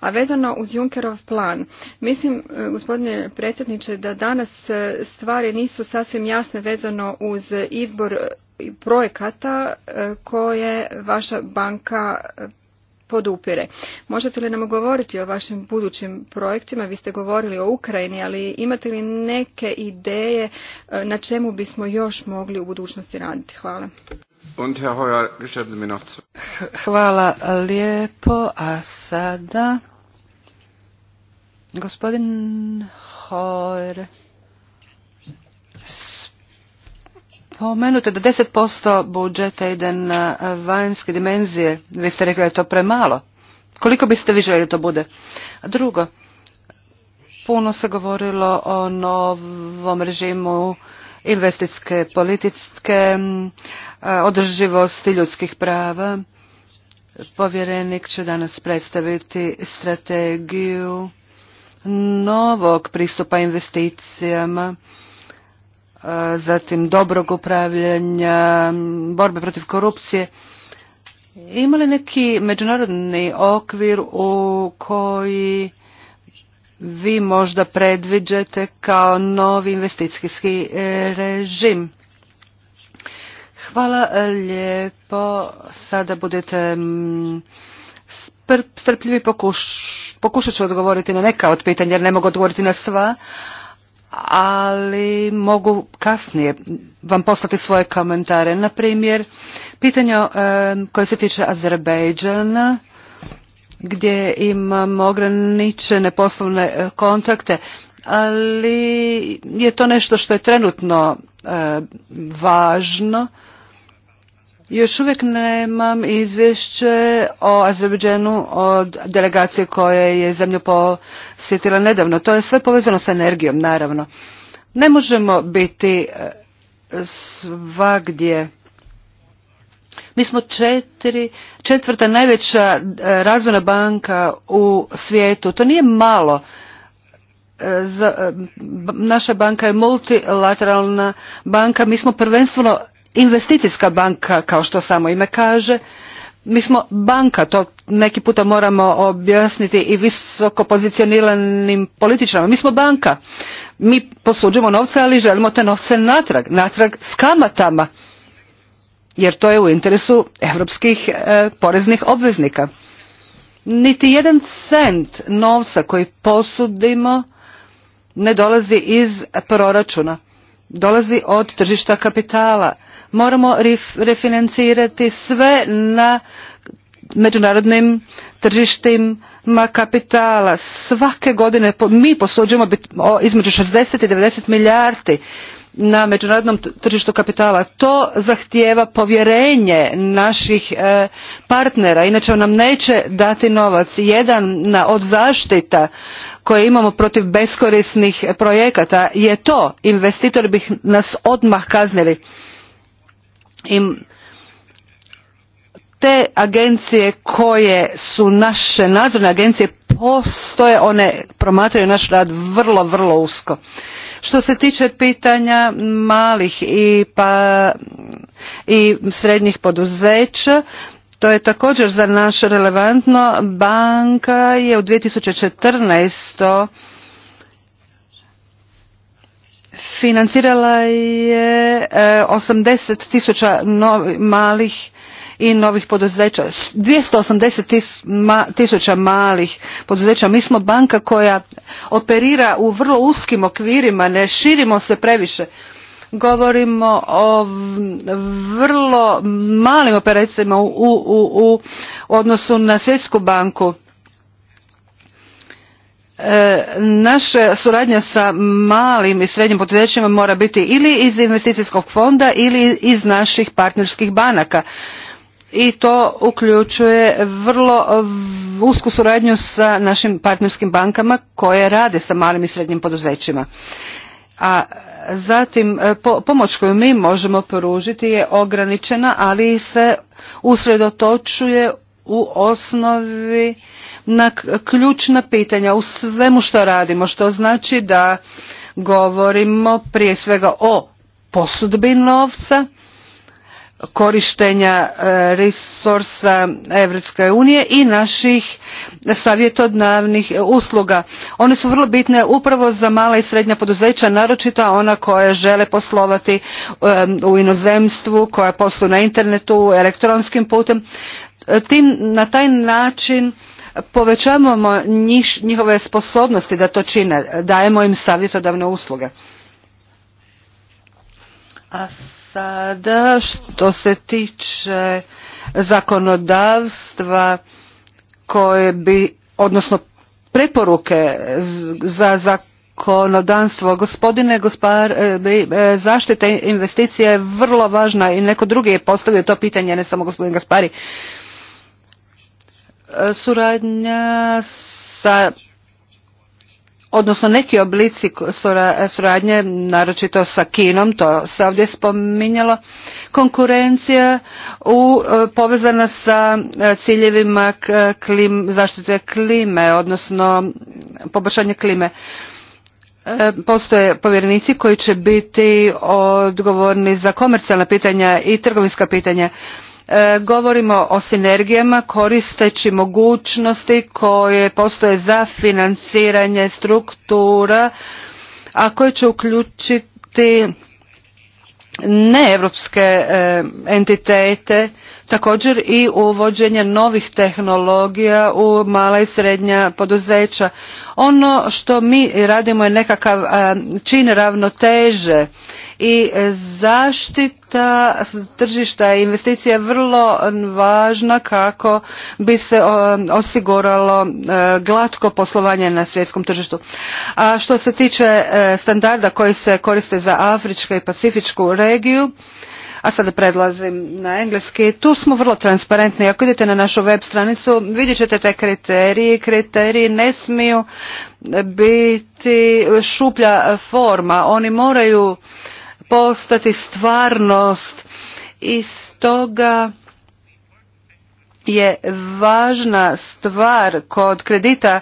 A vezano uz Junkerov plan, mislim, gospodine predsjedniče, da danas stvari nisu sasvim jasne vezano uz izbor projekata e, koje vaša banka e, podupire. Možete li nam govoriti o vašim budućim projektima? Vi ste govorili o Ukrajini, ali imate li neke ideje e, na čemu bismo još mogli u budućnosti raditi? Hvala. Hvala lijepo. A sada gospodin spomenuto da 10% budžeta ide na vanjske dimenzije. Vi ste rekli da je to premalo. Koliko biste vi da to bude? drugo, puno se govorilo o novom režimu investicijske politike, eh, održivosti ljudskih prava. Povjerenik će danas predstaviti strategiju novog pristupa investicijama zatim dobrog upravljanja, borbe protiv korupcije. Ima li neki međunarodni okvir u koji vi možda predviđate kao novi investicijski e, režim? Hvala e, lijepo. Sada budete strpljivi. pokušat ću odgovoriti na neka od pitanja jer ne mogu odgovoriti na sva ali mogu kasnije vam poslati svoje komentare. Na primjer, pitanje e, koje se tiče Azerbejdžana, gdje imamo ograničene poslovne e, kontakte, ali je to nešto što je trenutno e, važno još uvijek nemam izvješće o Azerbeđenu od delegacije koje je zemlju posjetila nedavno. To je sve povezano s energijom, naravno. Ne možemo biti e, svagdje. Mi smo četiri, četvrta najveća e, razvojna banka u svijetu. To nije malo. E, naša banka je multilateralna banka. Mi smo prvenstveno investicijska banka kao što samo ime kaže mi smo banka to neki puta moramo objasniti i visoko pozicioniranim političarima mi smo banka mi posuđujemo novce ali želimo te novce natrag natrag s kamatama jer to je u interesu europskih e, poreznih obveznika niti jedan cent novca koji posudimo ne dolazi iz proračuna dolazi od tržišta kapitala moramo refinancirati sve na međunarodnim tržištima kapitala. Svake godine mi posuđujemo između 60 i 90 milijardi na međunarodnom tržištu kapitala. To zahtijeva povjerenje naših e, partnera, inače nam neće dati novac. Jedan od zaštita koje imamo protiv beskorisnih projekata je to. Investitori bi nas odmah kaznili i te agencije koje su naše nadzorne agencije postoje, one promatraju naš rad vrlo, vrlo usko. Što se tiče pitanja malih i, pa, i srednjih poduzeća, to je također za naš relevantno. Banka je u 2014 financirala je 80 e, tisuća malih i novih poduzeća. 280 tisuća malih poduzeća. Mi smo banka koja operira u vrlo uskim okvirima, ne širimo se previše. Govorimo o vrlo malim operacijama u, u odnosu na Svjetsku banku E, naša suradnja sa malim i srednjim poduzećima mora biti ili iz investicijskog fonda ili iz naših partnerskih banaka i to uključuje vrlo usku suradnju sa našim partnerskim bankama koje rade sa malim i srednjim poduzećima. A zatim e, pomoć koju mi možemo pružiti je ograničena, ali se usredotočuje u osnovi na ključna pitanja u svemu što radimo, što znači da govorimo prije svega o posudbi novca, korištenja e, resursa Evropske unije i naših savjetodavnih usluga. One su vrlo bitne upravo za mala i srednja poduzeća, naročito ona koja žele poslovati u inozemstvu, koja posluju na internetu, elektronskim putem. E, na taj način povećavamo njihove sposobnosti da to čine, dajemo im savjetodavne usluge. A sada što se tiče zakonodavstva koje bi, odnosno preporuke za zakonodavstvo gospodine e, e, zaštite investicija je vrlo važna i neko drugi je postavio to pitanje, ne samo gospodin Gaspari suradnja sa odnosno neki oblici suradnje, naročito sa Kinom, to se ovdje spominjalo, konkurencija u, e, povezana sa e, ciljevima e, zaštite klime, odnosno poboljšanje klime. Postoje povjerenici koji će biti odgovorni za komercijalna pitanja i trgovinska pitanja. E, govorimo o sinergijama koristeći mogućnosti koje postoje za financiranje struktura a koje će uključiti europske e, entitete Također i uvođenje novih tehnologija u mala i srednja poduzeća. Ono što mi radimo je nekakav čin ravnoteže i zaštita tržišta i investicija je vrlo važna kako bi se osiguralo e, glatko poslovanje na svjetskom tržištu. A što se tiče e, standarda koji se koriste za Afričku i Pacifičku regiju, a sada predlazim na engleski. Tu smo vrlo transparentni. Ako idete na našu web stranicu, vidjet ćete te kriterije. Kriteriji ne smiju biti šuplja forma. Oni moraju postati stvarnost i stoga je važna stvar kod kredita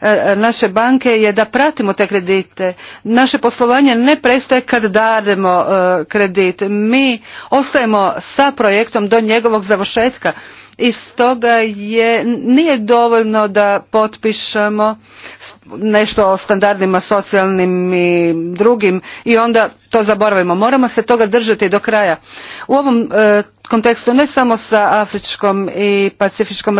E, naše banke je da pratimo te kredite. Naše poslovanje ne prestaje kad dademo e, kredit. Mi ostajemo sa projektom do njegovog završetka i stoga je, nije dovoljno da potpišemo nešto o standardima socijalnim i drugim i onda to zaboravimo. Moramo se toga držati do kraja. U ovom e, kontekstu ne samo sa Afričkom i Pacifičkom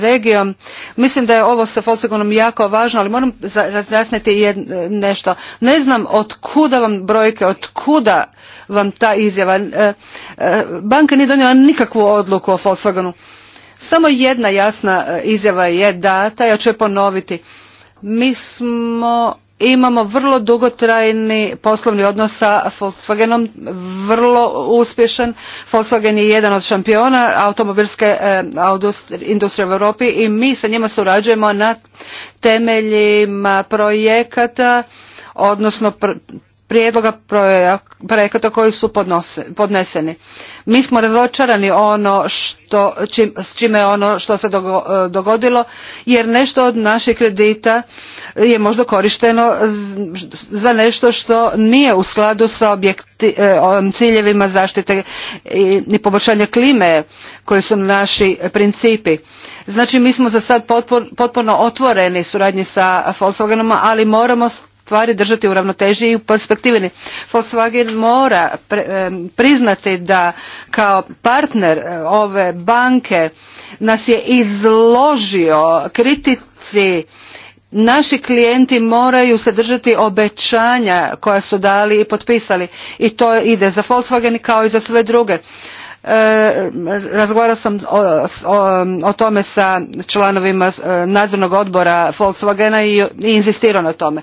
regijom, mislim da je ovo sa Fosegonom jako važno, ali moram razjasniti e, nešto. Ne znam od kuda vam brojke, od kuda vam ta izjava. E, e, banka nije donijela nikakvu odluku o Volkswagenu. Samo jedna jasna e, izjava je data, ja ću je ponoviti. Mi smo imamo vrlo dugotrajni poslovni odnos sa Volkswagenom, vrlo uspješan. Volkswagen je jedan od šampiona automobilske industrije u Europi i mi sa njima surađujemo na temeljima projekata, odnosno prijedloga projekata koji su podneseni. Mi smo razočarani ono s čime ono što se e, dogodilo jer nešto od naših kredita je možda korišteno za nešto što nije u skladu sa objekti, e, ciljevima zaštite i, poboljšanja klime koji su naši principi. Znači mi smo za sad potpuno otvoreni suradnji sa Volkswagenom, ali moramo stvari držati u ravnoteži i u perspektivini. Volkswagen mora priznati da kao partner e, ove banke nas je izložio kritici naši klijenti moraju se držati obećanja koja su dali i potpisali i to ide za Volkswagen kao i za sve druge. E, sam o, tome sa članovima e, nadzornog odbora Volkswagena i, i inzistirao na tome.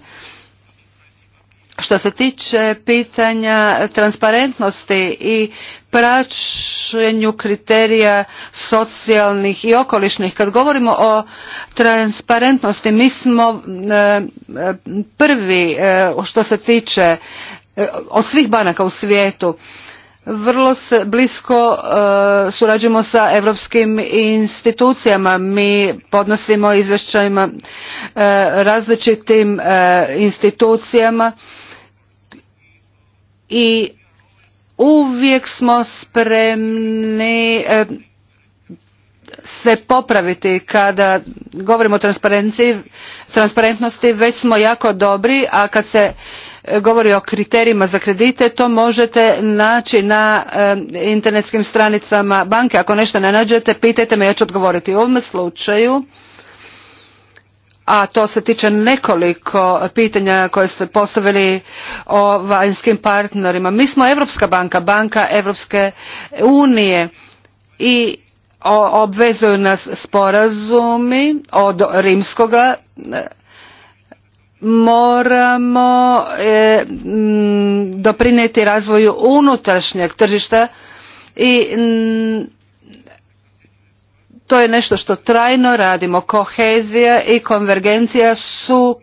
Što se tiče pitanja transparentnosti i praćenju kriterija socijalnih i okolišnih, kad govorimo o transparentnosti, mi smo e, prvi e, što se tiče e, od svih banaka u svijetu vrlo se blisko surađujemo sa europskim institucijama mi podnosimo izvješćajima različitim institucijama i uvijek smo spremni e, se popraviti kada govorimo o transparentnosti, već smo jako dobri, a kad se e, govori o kriterijima za kredite, to možete naći na e, internetskim stranicama banke. Ako nešto ne nađete, pitajte me, ja ću odgovoriti. U ovom slučaju a to se tiče nekoliko pitanja koje ste postavili o vanjskim partnerima. Mi smo Europska banka, banka Europske unije i obvezuju nas sporazumi od rimskoga moramo e, doprinijeti razvoju unutrašnjeg tržišta i to je nešto što trajno radimo. Kohezija i konvergencija su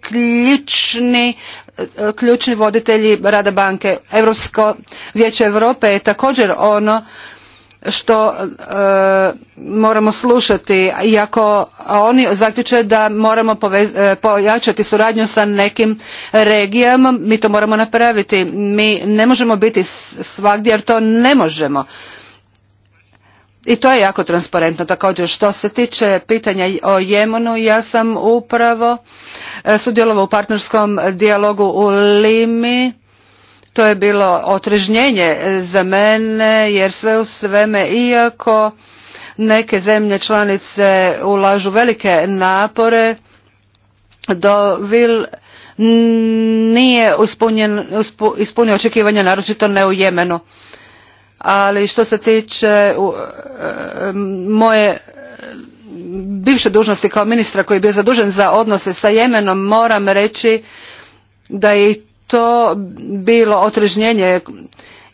ključni voditelji rada banke. Europsko vijeće Europe je također ono što e, moramo slušati iako oni zaključe da moramo e, pojačati suradnju sa nekim regijama mi to moramo napraviti mi ne možemo biti svagdje jer to ne možemo i to je jako transparentno također. Što se tiče pitanja o Jemenu, ja sam upravo e, sudjelovao u partnerskom dijalogu u Limi. To je bilo otrežnjenje e, za mene jer sve u sveme iako neke zemlje članice ulažu velike napore do vil nije ispunio očekivanja naročito ne u Jemenu ali što se tiče e, moje bivše dužnosti kao ministra koji je bio zadužen za odnose sa Jemenom moram reći da je to bilo otrežnjenje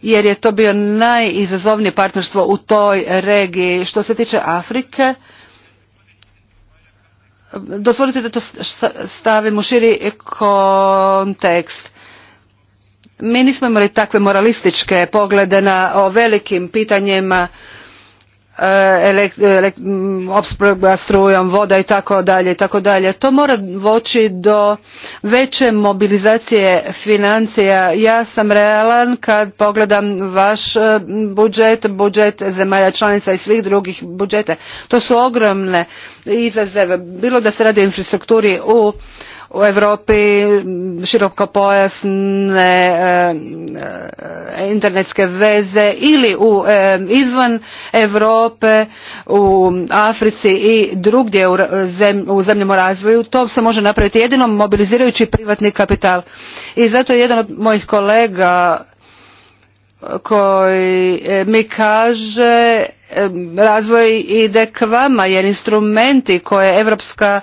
jer je to bio najizazovnije partnerstvo u toj regiji. Što se tiče Afrike, dozvolite da to stavim u širi kontekst. Mi nismo imali takve moralističke poglede na o velikim pitanjima e, opskrba strujom, voda i tako dalje i tako dalje. To mora voći do veće mobilizacije financija. Ja sam realan kad pogledam vaš e, budžet, budžet zemalja članica i svih drugih budžeta. To su ogromne izazove. Bilo da se radi o infrastrukturi u u Europi pojasne e, e, internetske veze ili e, izvan Europe u Africi i drugdje u zemljama razvoju to se može napraviti jedino mobilizirajući privatni kapital i zato je jedan od mojih kolega koji mi kaže razvoj ide k vama jer instrumenti koje Europska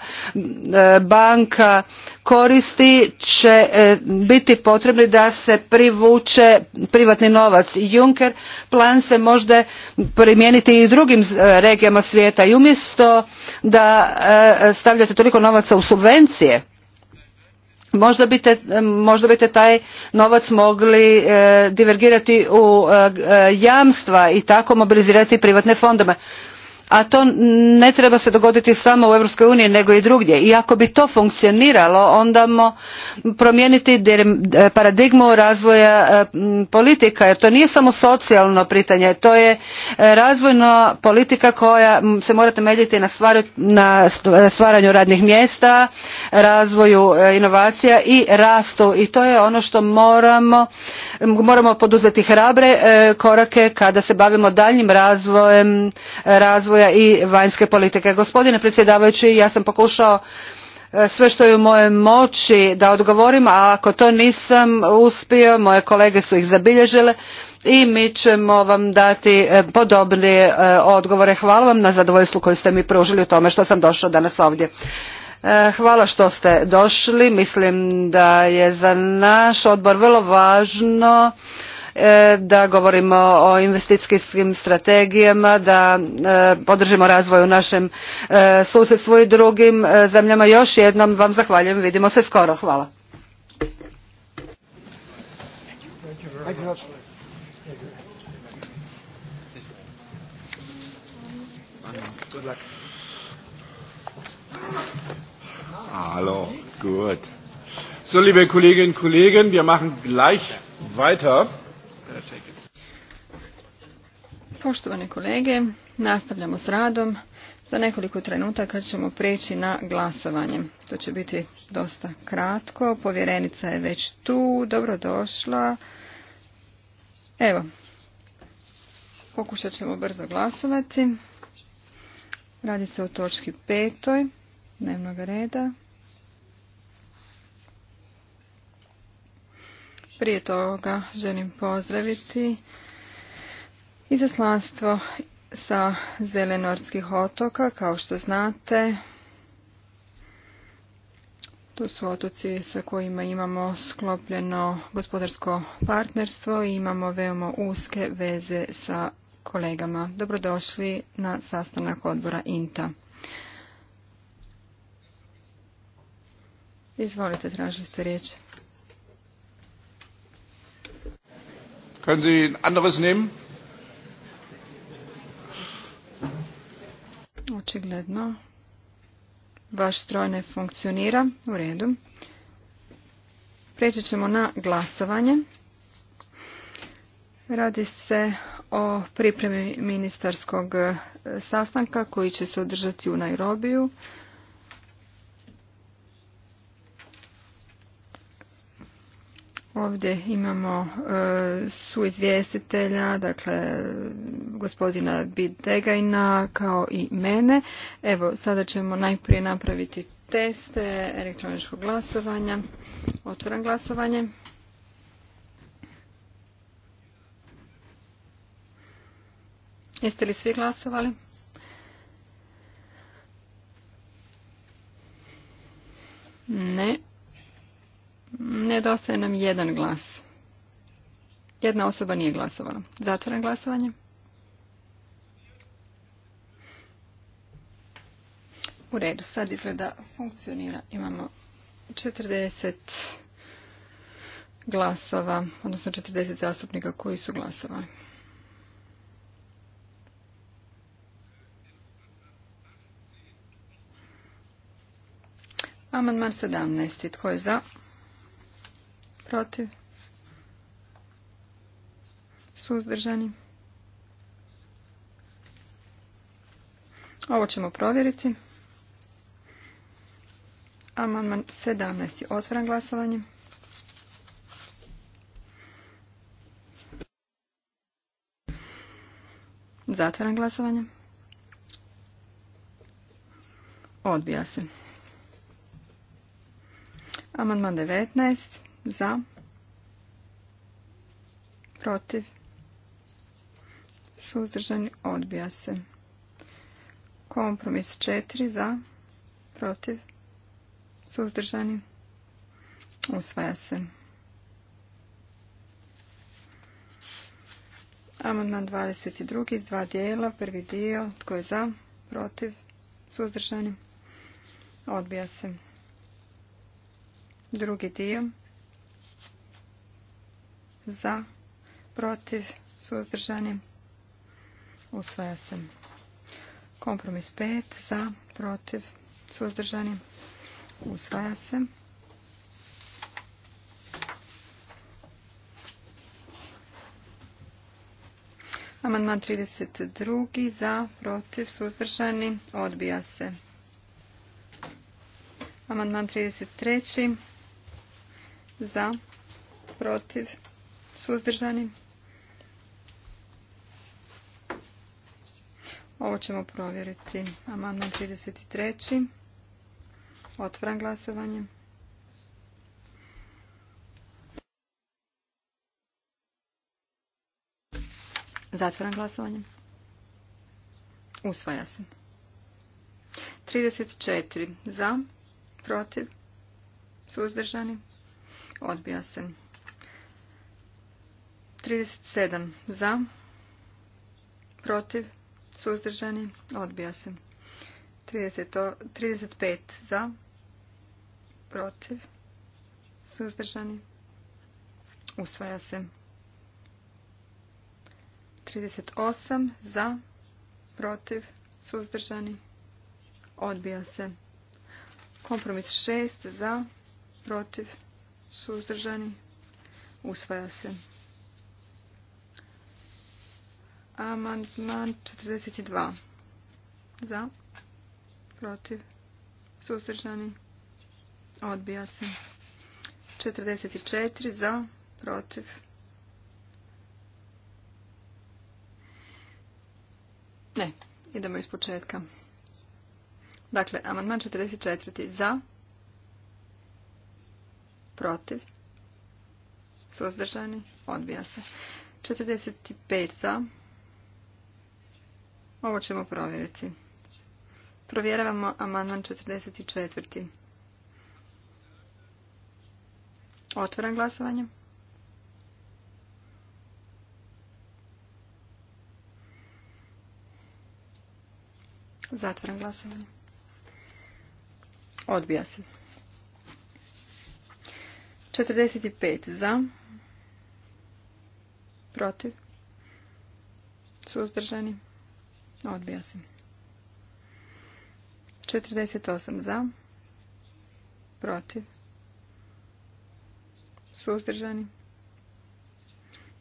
banka koristi će biti potrebni da se privuče privatni novac. Juncker plan se može primijeniti i drugim regijama svijeta i umjesto da stavljate toliko novaca u subvencije Možda biste, taj novac mogli e, divergirati u e, e, jamstva i tako mobilizirati privatne fondove a to ne treba se dogoditi samo u Europskoj uniji nego i drugdje. I ako bi to funkcioniralo, onda moramo promijeniti paradigmu razvoja e, politika, jer to nije samo socijalno pitanje, to je e, razvojna politika koja se mora temeljiti na, na stvaranju radnih mjesta, razvoju e, inovacija i rastu. I to je ono što moramo, moramo poduzeti hrabre korake kada se bavimo daljnjim razvojem, razvojem i vanjske politike. Gospodine predsjedavajući, ja sam pokušao e, sve što je u mojoj moći da odgovorim, a ako to nisam uspio, moje kolege su ih zabilježile i mi ćemo vam dati e, podobne e, odgovore. Hvala vam na zadovoljstvu koje ste mi pružili u tome što sam došao danas ovdje. Hvala što ste došli. Mislim da je za naš odbor vrlo važno E, da govorimo o investicijskim strategijama, da e, podržimo razvoj u našem e, susjedstvu i drugim zemljama. Još jednom vam zahvaljujem, vidimo se skoro. Hvala. Hallo, gut. So, liebe Kolleginnen und Kollegen, wir machen gleich weiter. Poštovane kolege, nastavljamo s radom. Za nekoliko trenutaka ćemo preći na glasovanje. To će biti dosta kratko. Povjerenica je već tu. Dobrodošla. Evo, pokušat ćemo brzo glasovati. Radi se o točki petoj dnevnog reda. Prije toga želim pozdraviti Izaslanstvo sa Zelenorskih otoka, kao što znate, to su otoci sa kojima imamo sklopljeno gospodarsko partnerstvo i imamo veoma uske veze sa kolegama. Dobrodošli na sastanak odbora INTA. Izvolite, tražili ste riječ. Können Sie ein anderes nehmen? Očigledno. Vaš stroj ne funkcionira. U redu. Preći ćemo na glasovanje. Radi se o pripremi ministarskog sastanka koji će se održati u Nairobiju. Ovdje imamo e, su izvjestitelja dakle gospodina Bidegajna kao i mene. Evo, sada ćemo najprije napraviti teste elektroničkog glasovanja. Otvoram glasovanje. Jeste li svi glasovali? Ne. Nedostaje nam jedan glas. Jedna osoba nije glasovala. Zatvoram glasovanje. U redu, sad izgleda funkcionira. Imamo 40 glasova, odnosno 40 zastupnika koji su glasovali. Amandman 17. Tko je za? protiv, suzdržani. Ovo ćemo provjeriti. Amandman 17. Otvaram glasovanje. Zatvaram glasovanje. Odbija se. Amandman 19 za, protiv, suzdržani, odbija se. Kompromis 4 za, protiv, suzdržani, usvaja se. Amandman 22 iz dva dijela, prvi dio, tko je za, protiv, suzdržani, odbija se. Drugi dio, za, protiv, suzdržani, usvaja se. Kompromis 5 za, protiv, suzdržani, usvaja se. Amandman 32. Za, protiv, suzdržani, odbija se. Amandman 33. Za, protiv, Suzdržani? Ovo ćemo provjeriti. Amandman 33. Otvaram glasovanje. Zatvaram glasovanje. Usvaja se. 34. Za. Protiv. Suzdržani. Odbija se. 37 za, protiv, suzdržani, odbija se. 35 za, protiv, suzdržani, usvaja se. 38 za, protiv, suzdržani, odbija se. Kompromis 6 za, protiv, suzdržani, usvaja se. Amandman 42. Za. Protiv. Suzdržani. Odbija se. 44. Za. Protiv. Ne. Idemo iz početka. Dakle, amandman 44. Za. Protiv. Suzdržani. Odbija se. 45. Za. Ovo ćemo provjeriti. Provjeravamo amandman 44. Otvoram glasovanje. Zatvoram glasovanje. Odbija se. 45 za. Protiv. Suzdržani. Odbija se. 48 za. Protiv. Suzdržani.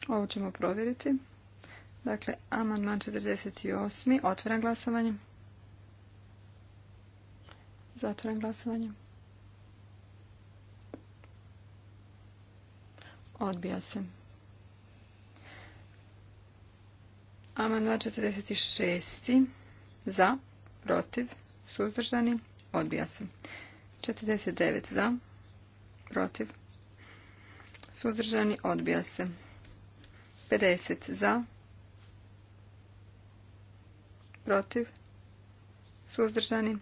Ovo ćemo provjeriti. Dakle, amandman 48. Otvoren glasovanje. Zatvoren glasovanje. Odbija se. Amandman 46. Za, protiv, suzdržani, odbija se. 49. Za, protiv, suzdržani, odbija se. 50. Za, protiv, suzdržani,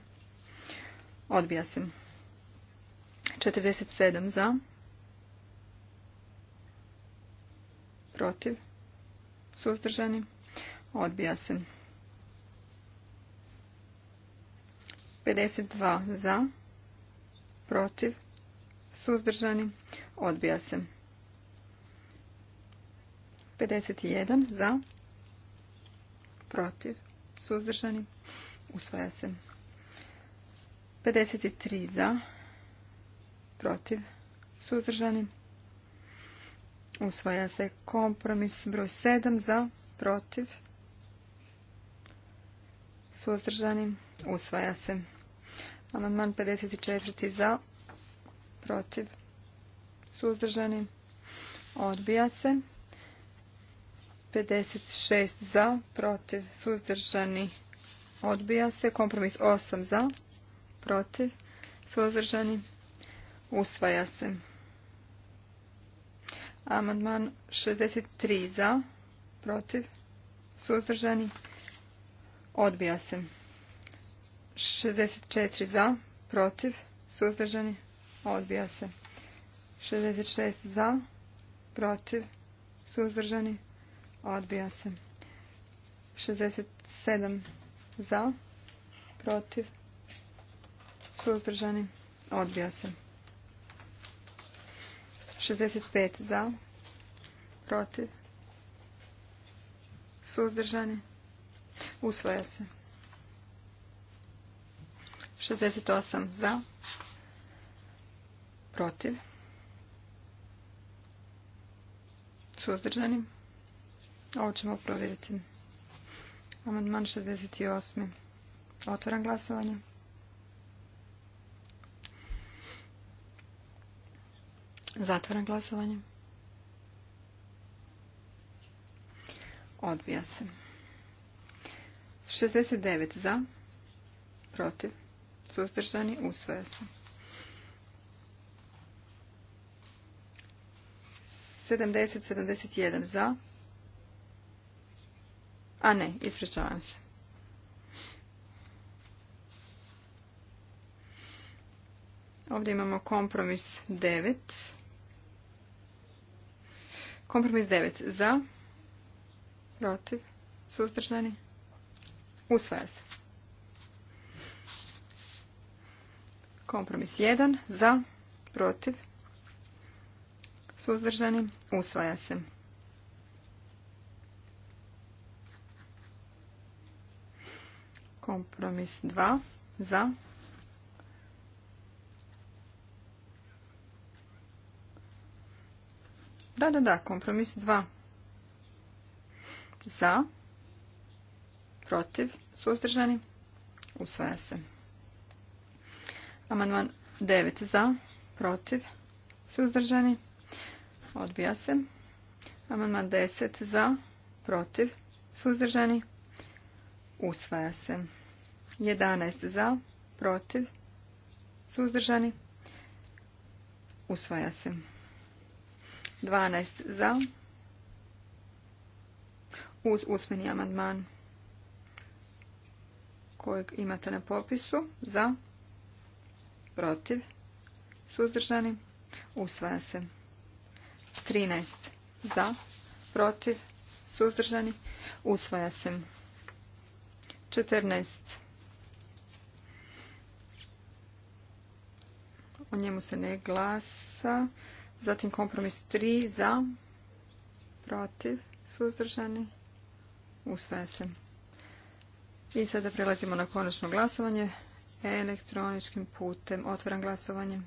odbija se. 47. Za, protiv, suzdržani, Odbija se. 52 za. Protiv. Suzdržani. Odbija se. 51 za. Protiv. Suzdržani. Usvaja se. 53 za. Protiv. Suzdržani. Usvaja se kompromis broj 7 za. Protiv Suzdržani? Usvaja se. Amandman 54. za. Protiv? Suzdržani? Odbija se. 56 za. Protiv? Suzdržani? Odbija se. Kompromis 8 za. Protiv? Suzdržani? Usvaja se. Amandman 63 za. Protiv? Suzdržani? Usvaja se. Odbija se. 64 za, protiv, suzdržani, odbija se. 66 za, protiv, suzdržani, odbija se. 67 za, protiv, suzdržani, odbija se. 65 za, protiv, suzdržani, odbija se Usvaja se. 68 za. Protiv. Suzdržanim. Ovo ćemo provjeriti. Amandman 68. Otvoram glasovanje. Zatvoram glasovanje. Odbija se. 69 za, protiv, suzdržani, usvoja se. 70, 71 za, a ne, ispričavam se. Ovdje imamo kompromis 9. Kompromis 9 za, protiv, suzdržani, Usvaja se. Kompromis 1. Za. Protiv. Suzdržani. Usvaja se. Kompromis 2. Za. Da, da, da. Kompromis 2. Za protiv, suzdržani, usvaja se. Amandman 9 za, protiv, suzdržani, odbija se. Amandman 10 za, protiv, suzdržani, usvaja se. 11 za, protiv, suzdržani, usvaja se. 12 za, uz usmeni amandman kojeg imate na popisu za protiv suzdržani usvaja se 13 za protiv suzdržani usvaja se 14 o njemu se ne glasa zatim kompromis 3 za protiv suzdržani usvaja se i sada prelazimo na konačno glasovanje elektroničkim putem. Otvaram glasovanje.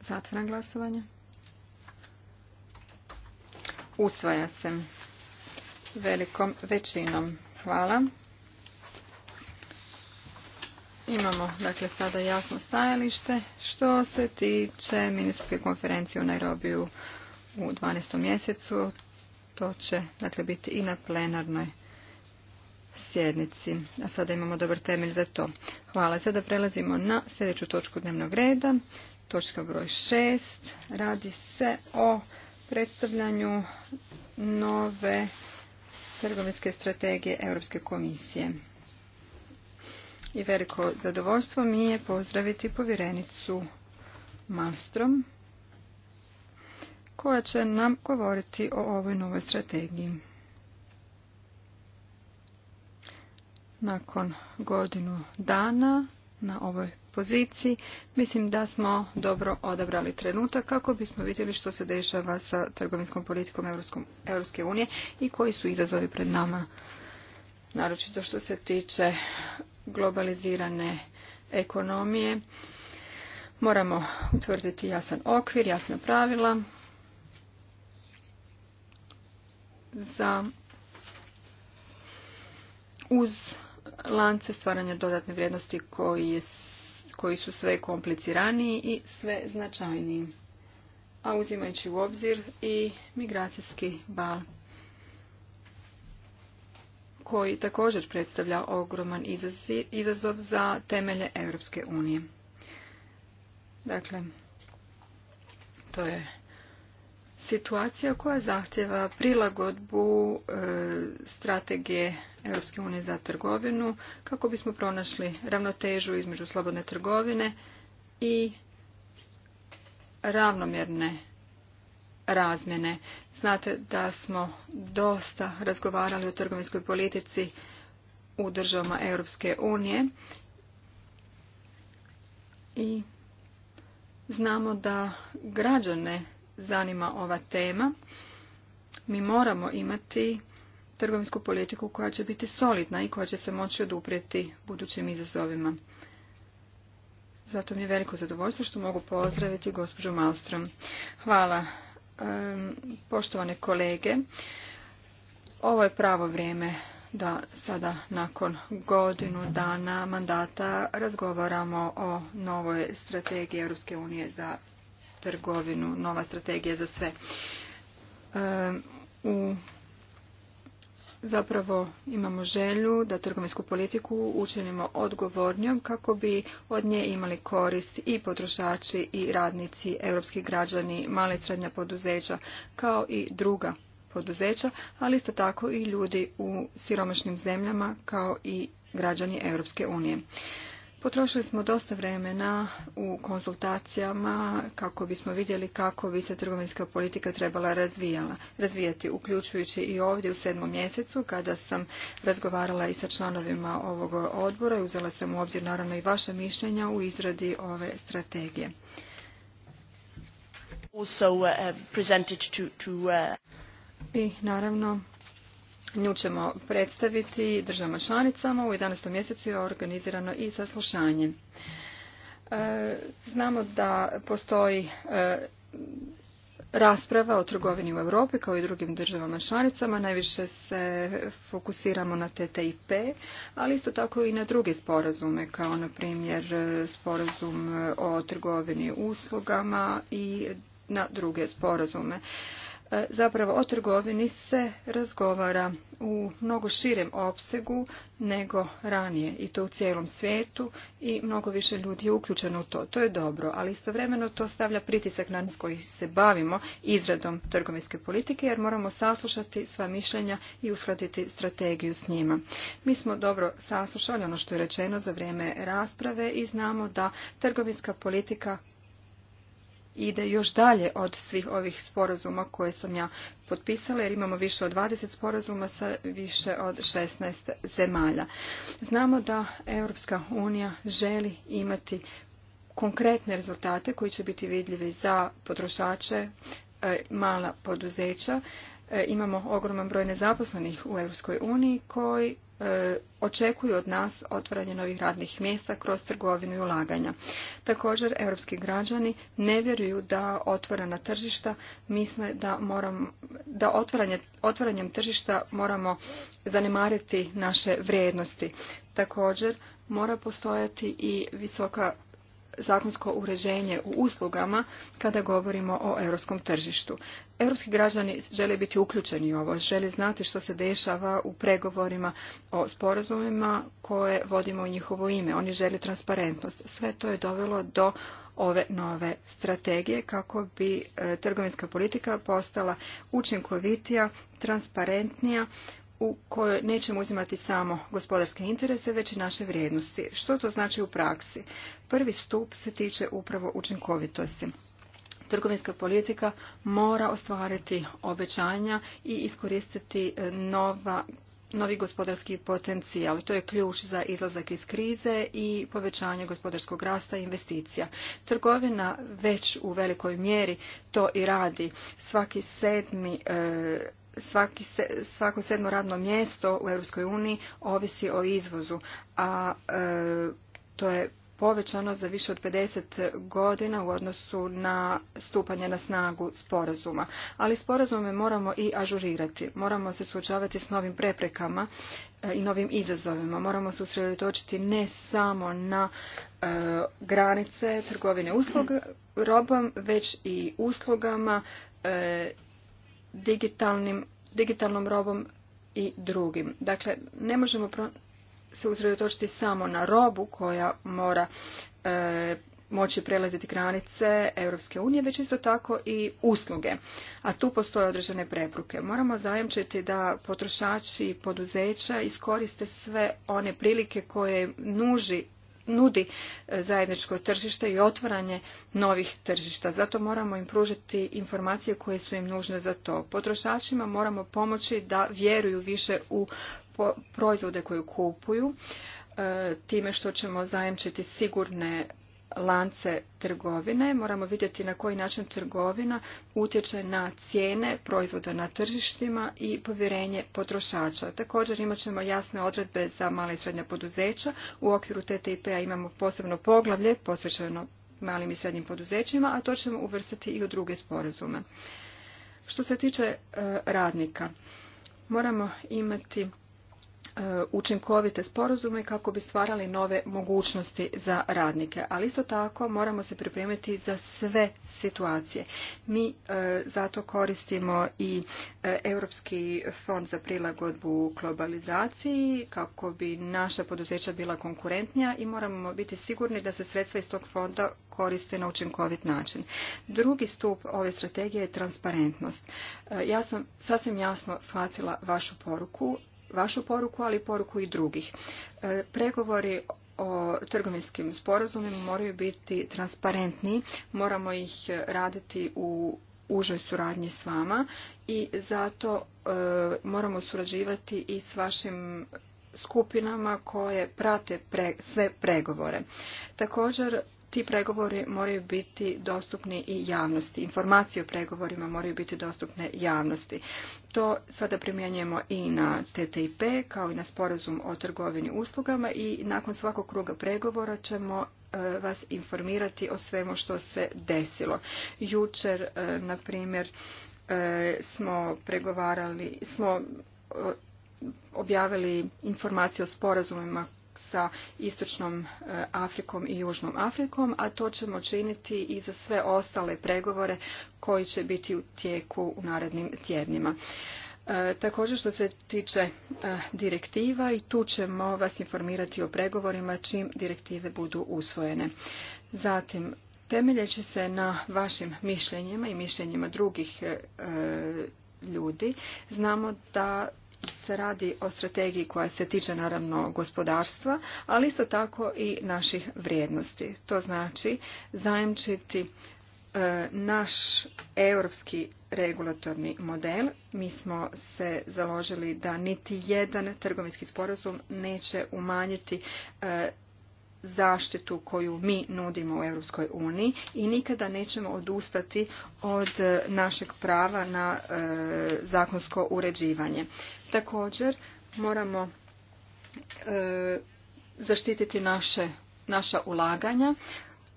Zatvaram glasovanje. Usvaja se velikom većinom. Hvala. Imamo dakle sada jasno stajalište što se tiče ministarske konferencije u Nairobiju u 12. mjesecu. To će dakle, biti i na plenarnoj sjednici. A sada imamo dobar temelj za to. Hvala. Sada prelazimo na sljedeću točku dnevnog reda. Točka broj šest. Radi se o predstavljanju nove trgovinske strategije Europske komisije. I veliko zadovoljstvo mi je pozdraviti povjerenicu Malstrom koja će nam govoriti o ovoj novoj strategiji. Nakon godinu dana na ovoj poziciji mislim da smo dobro odabrali trenutak kako bismo vidjeli što se dešava sa trgovinskom politikom Europske unije i koji su izazovi pred nama. Naročito što se tiče globalizirane ekonomije moramo utvrditi jasan okvir, jasna pravila za uz lance stvaranja dodatne vrijednosti koji, su sve kompliciraniji i sve značajniji, a uzimajući u obzir i migracijski bal koji također predstavlja ogroman izazov za temelje Europske unije. Dakle, to je situacija koja zahtjeva prilagodbu e, strategije Europske unije za trgovinu kako bismo pronašli ravnotežu između slobodne trgovine i ravnomjerne razmjene. Znate da smo dosta razgovarali o trgovinskoj politici u državama Europske unije i znamo da građane zanima ova tema. Mi moramo imati trgovinsku politiku koja će biti solidna i koja će se moći oduprijeti budućim izazovima. Zato mi je veliko zadovoljstvo što mogu pozdraviti gospođu Malstrom. Hvala. Poštovane kolege, ovo je pravo vrijeme da sada nakon godinu dana mandata razgovaramo o novoj strategiji Europske unije za trgovinu, nova strategija za sve. U zapravo imamo želju da trgovinsku politiku učinimo odgovornjom kako bi od nje imali korist i potrošači i radnici, europski građani, male i srednja poduzeća kao i druga poduzeća, ali isto tako i ljudi u siromašnim zemljama kao i građani Europske unije. Potrošili smo dosta vremena u konzultacijama kako bismo vidjeli kako bi se trgovinska politika trebala razvijala, razvijati, uključujući i ovdje u sedmom mjesecu kada sam razgovarala i sa članovima ovog odbora i uzela sam u obzir naravno i vaše mišljenja u izradi ove strategije. Uh, uh, I naravno Nju ćemo predstaviti državama članicama. U 11. mjesecu je organizirano i saslušanje. E, znamo da postoji e, rasprava o trgovini u Europi kao i drugim državama članicama. Najviše se fokusiramo na TTIP, ali isto tako i na druge sporazume, kao na primjer e, sporazum o trgovini uslugama i na druge sporazume. E, zapravo o trgovini se razgovara u mnogo širem opsegu nego ranije i to u cijelom svijetu i mnogo više ljudi je uključeno u to. To je dobro, ali istovremeno to stavlja pritisak na nas koji se bavimo izradom trgovinske politike jer moramo saslušati sva mišljenja i uskladiti strategiju s njima. Mi smo dobro saslušali ono što je rečeno za vrijeme rasprave i znamo da trgovinska politika ide još dalje od svih ovih sporazuma koje sam ja potpisala jer imamo više od 20 sporazuma sa više od 16 zemalja. Znamo da Europska unija želi imati konkretne rezultate koji će biti vidljivi za potrošače, e, mala poduzeća. E, imamo ogroman broj nezaposlenih u Europskoj uniji koji E, očekuju od nas otvaranje novih radnih mjesta kroz trgovinu i ulaganja. Također, europski građani ne vjeruju da otvorena tržišta misle da, moram, da otvaranje, otvaranjem tržišta moramo zanemariti naše vrijednosti. Također, mora postojati i visoka zakonsko uređenje u uslugama kada govorimo o europskom tržištu. Europski građani žele biti uključeni u ovo, žele znati što se dešava u pregovorima o sporazumima koje vodimo u njihovo ime. Oni žele transparentnost. Sve to je dovelo do ove nove strategije kako bi e, trgovinska politika postala učinkovitija, transparentnija, u kojoj nećemo uzimati samo gospodarske interese, već i naše vrijednosti. Što to znači u praksi? Prvi stup se tiče upravo učinkovitosti. Trgovinska politika mora ostvariti obećanja i iskoristiti e, nova novi gospodarski potencijal. To je ključ za izlazak iz krize i povećanje gospodarskog rasta i investicija. Trgovina već u velikoj mjeri to i radi. Svaki sedmi e, svako sedmo radno mjesto u Europskoj uniji ovisi o izvozu, a e, to je povećano za više od 50 godina u odnosu na stupanje na snagu sporazuma. Ali sporazume moramo i ažurirati. Moramo se suočavati s novim preprekama e, i novim izazovima. Moramo se usredotočiti ne samo na e, granice trgovine usluga, robom, već i uslugama digitalnom robom i drugim. Dakle, ne možemo se usredotočiti samo na robu koja mora e, moći prelaziti granice Europske unije, već isto tako i usluge. A tu postoje određene prepruke. Moramo zajamčiti da potrošači i poduzeća iskoriste sve one prilike koje nuži nudi e, zajedničko tržište i otvaranje novih tržišta. Zato moramo im pružiti informacije koje su im nužne za to. Potrošačima moramo pomoći da vjeruju više u proizvode koje kupuju, e, time što ćemo zajemčiti sigurne lance trgovine. Moramo vidjeti na koji način trgovina utječe na cijene proizvoda na tržištima i povjerenje potrošača. Također imat ćemo jasne odredbe za mala i srednja poduzeća. U okviru TTIP-a imamo posebno poglavlje posvećeno malim i srednjim poduzećima, a to ćemo uvrstiti i u druge sporazume. Što se tiče e, radnika, moramo imati učinkovite sporazume kako bi stvarali nove mogućnosti za radnike. Ali isto tako moramo se pripremiti za sve situacije. Mi e, zato koristimo i e, Europski fond za prilagodbu globalizaciji kako bi naša poduzeća bila konkurentnija i moramo biti sigurni da se sredstva iz tog fonda koriste na učinkovit način. Drugi stup ove strategije je transparentnost. E, ja sam sasvim jasno shvatila vašu poruku vašu poruku, ali i poruku i drugih. E, pregovori o trgovinskim sporazumima moraju biti transparentni, moramo ih raditi u užoj suradnji s vama i zato e, moramo surađivati i s vašim skupinama koje prate sve pregovore. Također ti pregovori moraju biti dostupni i javnosti. Informacije o pregovorima moraju biti dostupne javnosti. To sada primjenjujemo i na TTIP kao i na sporazum o trgovini uslugama i nakon svakog kruga pregovora ćemo e, vas informirati o svemu što se desilo. Jučer, e, na primjer, e, smo pregovarali, smo objavili informacije o sporazumima sa Istočnom e, Afrikom i Južnom Afrikom, a to ćemo činiti i za sve ostale pregovore koji će biti u tijeku u narednim tjednima. E, također što se tiče e, direktiva i tu ćemo vas informirati o pregovorima čim direktive budu usvojene. Zatim, temeljeći se na vašim mišljenjima i mišljenjima drugih ljudi, znamo da se radi o strategiji koja se tiče naravno gospodarstva, ali isto tako i naših vrijednosti. To znači zajemčiti e, naš europski regulatorni model. Mi smo se založili da niti jedan trgovinski sporazum neće umanjiti e, zaštitu koju mi nudimo u Europskoj uniji i nikada nećemo odustati od e, našeg prava na e, zakonsko uređivanje. Također moramo e, zaštititi naše, naša ulaganja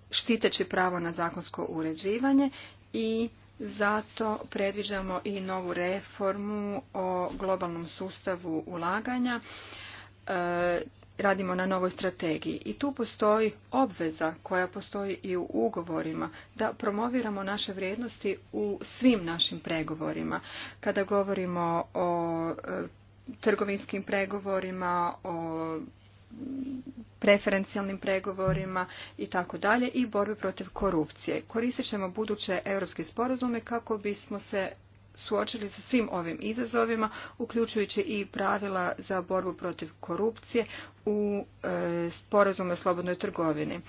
štiteći pravo na zakonsko uređivanje i zato predviđamo i novu reformu o globalnom sustavu ulaganja radimo na novoj strategiji i tu postoji obveza koja postoji i u ugovorima da promoviramo naše vrijednosti u svim našim pregovorima. Kada govorimo o e, trgovinskim pregovorima, o preferencijalnim pregovorima i tako dalje i borbi protiv korupcije. Koristit ćemo buduće europske sporazume kako bismo se suočili sa svim ovim izazovima, uključujući i pravila za borbu protiv korupcije u e, sporazumu o slobodnoj trgovini.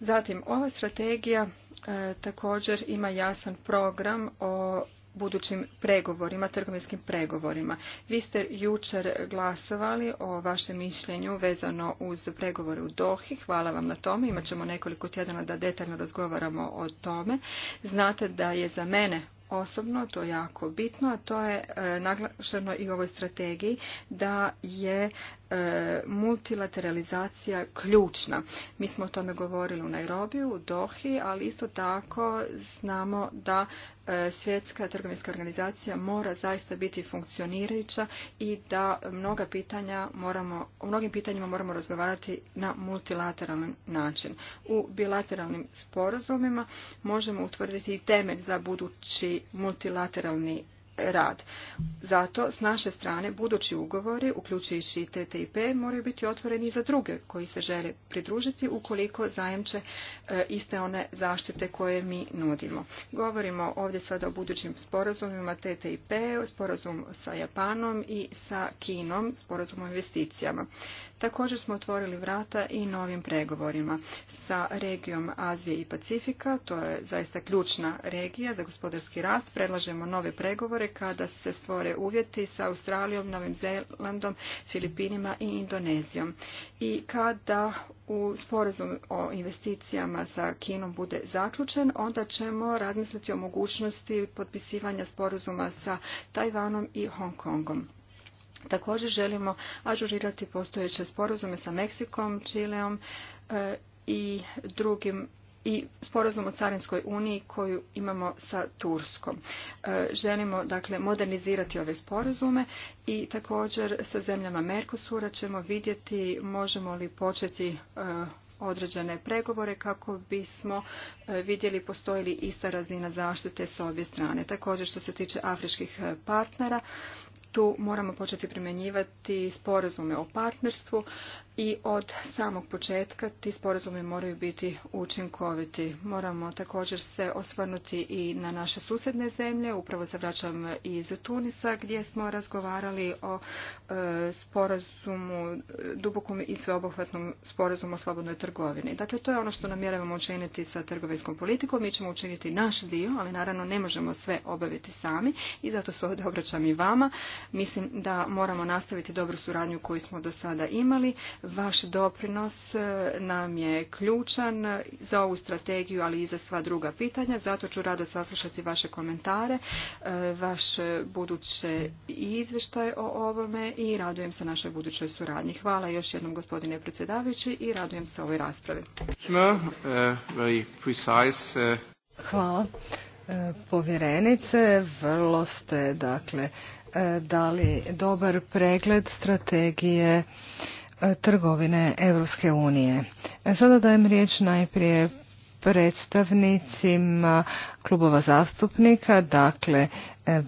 Zatim, ova strategija e, također ima jasan program o budućim pregovorima, trgovinskim pregovorima. Vi ste jučer glasovali o vašem mišljenju vezano uz pregovore u Dohi. Hvala vam na tome. Imaćemo ćemo nekoliko tjedana da detaljno razgovaramo o tome. Znate da je za mene osobno, to je jako bitno, a to je e, naglašeno i u ovoj strategiji, da je E, multilateralizacija ključna. Mi smo o tome govorili u Nairobiju, u Dohi, ali isto tako znamo da e, svjetska trgovinska organizacija mora zaista biti funkcionirajuća i da mnoga pitanja moramo, o mnogim pitanjima moramo razgovarati na multilateralan način. U bilateralnim sporazumima možemo utvrditi i temelj za budući multilateralni rad. Zato, s naše strane, budući ugovori, uključujući TTIP, moraju biti otvoreni za druge koji se žele pridružiti ukoliko zajemče e, iste one zaštite koje mi nudimo. Govorimo ovdje sada o budućim sporazumima TTIP, sporazum sa Japanom i sa Kinom, sporazum o investicijama. Također smo otvorili vrata i novim pregovorima sa regijom Azije i Pacifika. To je zaista ključna regija za gospodarski rast. Predlažemo nove pregovore kada se stvore uvjeti sa Australijom, Novim Zelandom, Filipinima i Indonezijom. I kada u sporazum o investicijama sa Kinom bude zaključen, onda ćemo razmisliti o mogućnosti potpisivanja sporazuma sa Tajvanom i Hong Kongom. Također želimo ažurirati postojeće sporazume sa Meksikom, Čileom e, i drugim i sporazum o Carinskoj uniji koju imamo sa Turskom. E, želimo dakle modernizirati ove sporazume i također sa zemljama Merkosura ćemo vidjeti možemo li početi e, određene pregovore kako bismo vidjeli postoji li ista razina zaštite s obje strane. Također što se tiče afričkih partnera, tu moramo početi primjenjivati sporazume o partnerstvu i od samog početka ti sporazumi moraju biti učinkoviti. Moramo također se osvrnuti i na naše susjedne zemlje. Upravo se vraćam iz Tunisa gdje smo razgovarali o e, sporazumu, dubokom i sveobuhvatnom sporazumu o slobodnoj trgovini. Dakle, to je ono što namjeravamo učiniti sa trgovinskom politikom. Mi ćemo učiniti naš dio, ali naravno ne možemo sve obaviti sami i zato se ovdje obraćam i vama. Mislim da moramo nastaviti dobru suradnju koju smo do sada imali Vaš doprinos e, nam je ključan za ovu strategiju, ali i za sva druga pitanja. Zato ću rado saslušati vaše komentare, e, vaš buduće izvještaj o ovome i radujem se našoj budućoj suradnji. Hvala još jednom gospodine predsjedavajući i radujem se ovoj raspravi. Hvala. E, povjerenice, vrlo ste dakle dali dobar pregled strategije trgovine Europske unije. E, sada dajem riječ najprije predstavnicima klubova zastupnika, dakle e,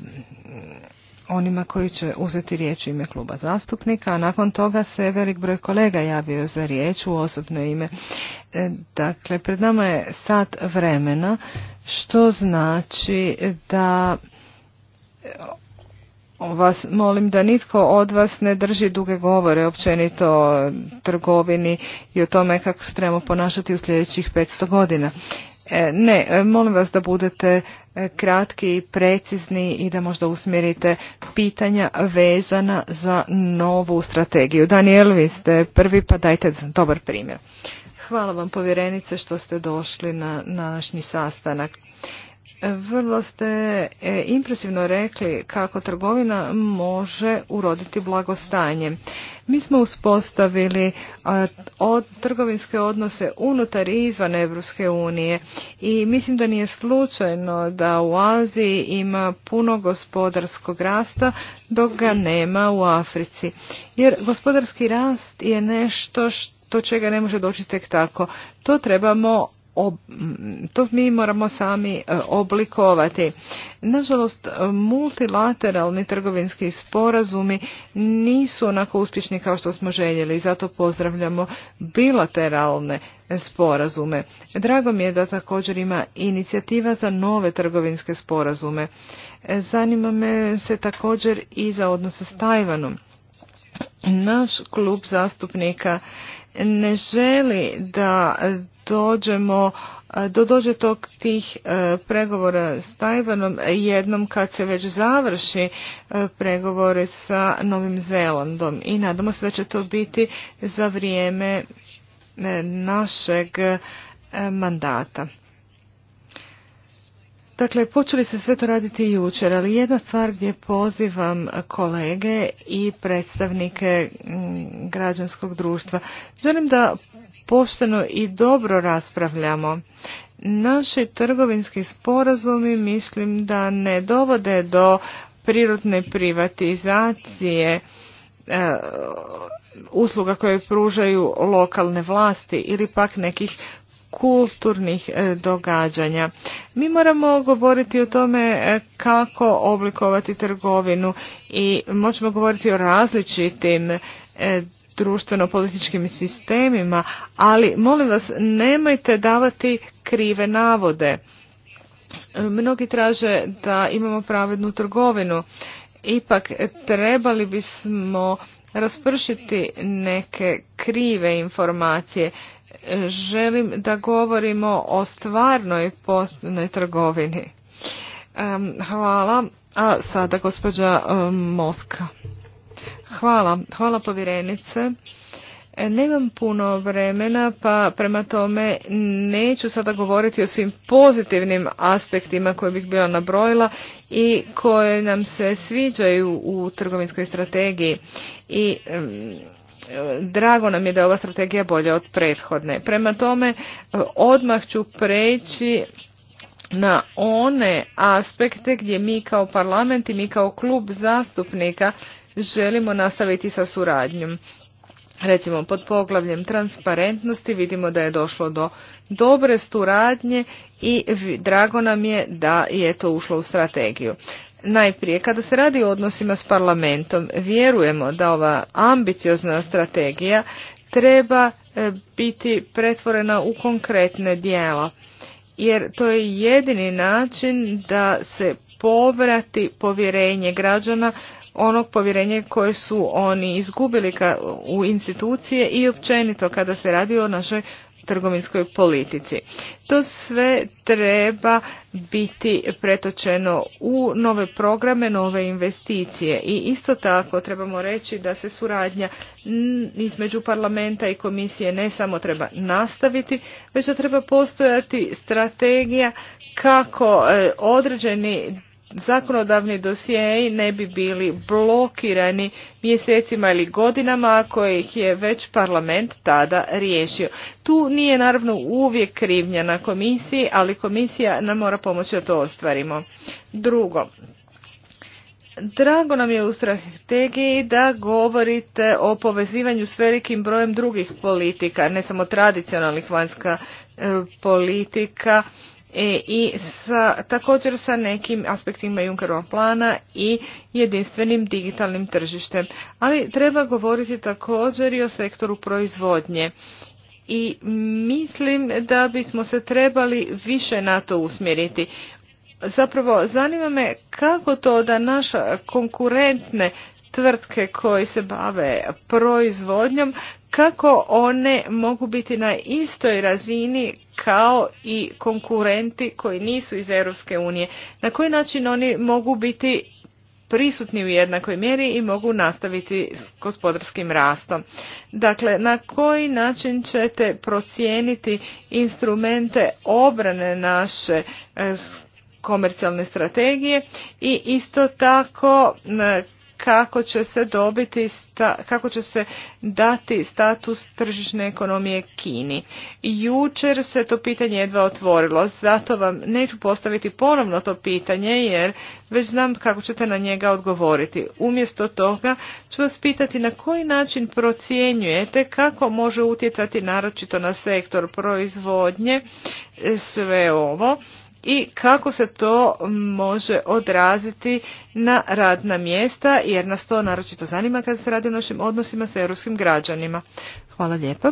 onima koji će uzeti riječ u ime kluba zastupnika, a nakon toga se velik broj kolega javio za riječ u osobno ime. E, dakle, pred nama je sat vremena, što znači da vas molim da nitko od vas ne drži duge govore općenito o trgovini i o tome kako se trebamo ponašati u sljedećih 500 godina. E, ne, e, molim vas da budete e, kratki i precizni i da možda usmjerite pitanja vezana za novu strategiju. Daniel, vi ste prvi pa dajte dobar primjer. Hvala vam povjerenice što ste došli na, na današnji sastanak vrlo ste e, impresivno rekli kako trgovina može uroditi blagostanje. Mi smo uspostavili e, trgovinske odnose unutar i izvan Evropske unije i mislim da nije slučajno da u Aziji ima puno gospodarskog rasta dok ga nema u Africi. Jer gospodarski rast je nešto što čega ne može doći tek tako. To trebamo to mi moramo sami e, oblikovati. Nažalost, multilateralni trgovinski sporazumi nisu onako uspješni kao što smo željeli i zato pozdravljamo bilateralne sporazume. Drago mi je da također ima inicijativa za nove trgovinske sporazume. E, zanima me se također i za odnose s Tajvanom. Naš klub zastupnika ne želi da dođemo do dođe tog tih e, pregovora s Tajvanom jednom kad se već završi e, pregovore sa Novim Zelandom i nadamo se da će to biti za vrijeme e, našeg mandata. Dakle, počeli se sve to raditi jučer, ali jedna stvar gdje pozivam kolege i predstavnike mm, građanskog društva. Želim da pošteno i dobro raspravljamo. Naši trgovinski sporazumi mislim da ne dovode do prirodne privatizacije e, usluga koje pružaju lokalne vlasti ili pak nekih kulturnih e, događanja. Mi moramo govoriti o tome e, kako oblikovati trgovinu i možemo govoriti o različitim e, društveno-političkim sistemima, ali molim vas nemojte davati krive navode. Mnogi traže da imamo pravednu trgovinu. Ipak trebali bismo raspršiti neke krive informacije želim da govorimo o stvarnoj postnoj trgovini. Hvala. A sada gospođa Moska. Hvala. Hvala povjerenice. E, nemam puno vremena, pa prema tome neću sada govoriti o svim pozitivnim aspektima koje bih bila nabrojila i koje nam se sviđaju u trgovinskoj strategiji. I drago nam je da je ova strategija bolja od prethodne. Prema tome, e, odmah ću preći na one aspekte gdje mi kao parlament i mi kao klub zastupnika želimo nastaviti sa suradnjom. Recimo pod poglavljem transparentnosti vidimo da je došlo do dobre suradnje i drago nam je da je to ušlo u strategiju. Najprije, kada se radi o odnosima s parlamentom, vjerujemo da ova ambiciozna strategija treba e, biti pretvorena u konkretne dijela, jer to je jedini način da se povrati povjerenje građana onog povjerenja koje su oni izgubili u institucije i općenito kada se radi o našoj trgovinskoj politici. To sve treba biti pretočeno u nove programe, nove investicije i isto tako trebamo reći da se suradnja između parlamenta i komisije ne samo treba nastaviti, već da treba postojati strategija kako e, određeni zakonodavni dosjei ne bi bili blokirani mjesecima ili godinama ako ih je već parlament tada riješio. Tu nije naravno uvijek krivnja na komisiji, ali komisija nam mora pomoći da to ostvarimo. Drugo, Drago nam je u strategiji da govorite o povezivanju s velikim brojem drugih politika, ne samo tradicionalnih vanjska e, politika E, i sa, također sa nekim aspektima Juncker plana i jedinstvenim digitalnim tržištem. Ali treba govoriti također i o sektoru proizvodnje. I mislim da bismo se trebali više na to usmjeriti. Zapravo zanima me kako to da naše konkurentne tvrtke koje se bave proizvodnjom, kako one mogu biti na istoj razini kao i konkurenti koji nisu iz Europske unije. Na koji način oni mogu biti prisutni u jednakoj mjeri i mogu nastaviti s gospodarskim rastom. Dakle, na koji način ćete procijeniti instrumente obrane naše eh, komercijalne strategije i isto tako eh, kako će se dobiti, kako će se dati status tržišne ekonomije Kini. Jučer se to pitanje jedva otvorilo, zato vam neću postaviti ponovno to pitanje jer već znam kako ćete na njega odgovoriti. Umjesto toga ću vas pitati na koji način procjenjujete kako može utjecati naročito na sektor proizvodnje sve ovo i kako se to može odraziti na radna mjesta, jer nas to naročito zanima kada se radi o našim odnosima sa europskim građanima. Hvala lijepa.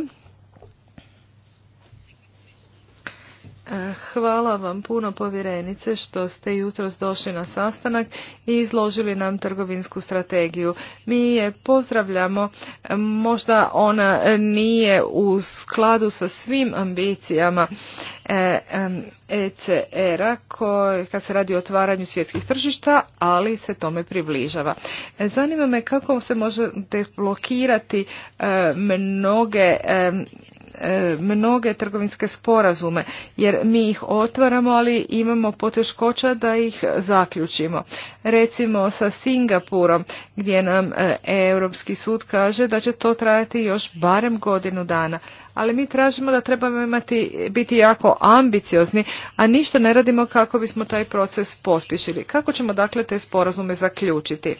Hvala vam puno povjerenice što ste jutros došli na sastanak i izložili nam trgovinsku strategiju. Mi je pozdravljamo, možda ona nije u skladu sa svim ambicijama ECR-a e kad se radi o otvaranju svjetskih tržišta, ali se tome približava. E, zanima me kako se može deblokirati e, mnoge E, mnoge trgovinske sporazume jer mi ih otvaramo ali imamo poteškoća da ih zaključimo. Recimo sa Singapurom gdje nam e, Europski sud kaže da će to trajati još barem godinu dana. Ali mi tražimo da trebamo biti jako ambiciozni, a ništa ne radimo kako bismo taj proces pospješili. Kako ćemo dakle te sporazume zaključiti?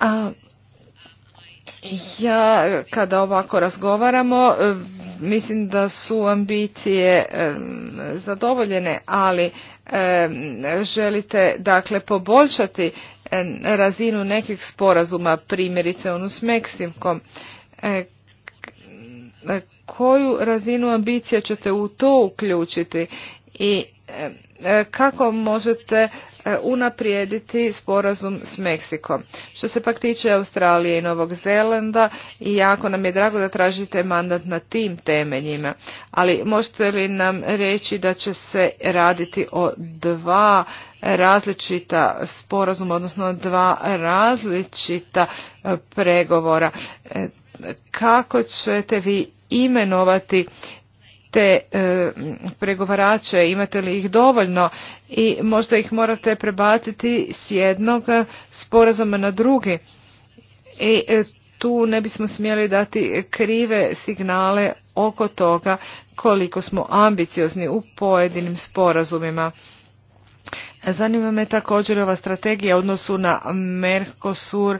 A, ja, kada ovako razgovaramo, mislim da su ambicije zadovoljene, ali želite dakle poboljšati razinu nekih sporazuma, primjerice onu s Meksimkom. E, koju razinu ambicija ćete u to uključiti i E, kako možete e, unaprijediti sporazum s Meksikom. Što se pak tiče Australije i Novog Zelanda, i jako nam je drago da tražite mandat na tim temeljima, ali možete li nam reći da će se raditi o dva različita sporazuma, odnosno dva različita e, pregovora? Kako ćete vi imenovati te e, pregovarače, imate li ih dovoljno i možda ih morate prebaciti s jednog e, sporazuma na drugi. I e, tu ne bismo smjeli dati krive signale oko toga koliko smo ambiciozni u pojedinim sporazumima. Zanima me također ova strategija u odnosu na Mercosur,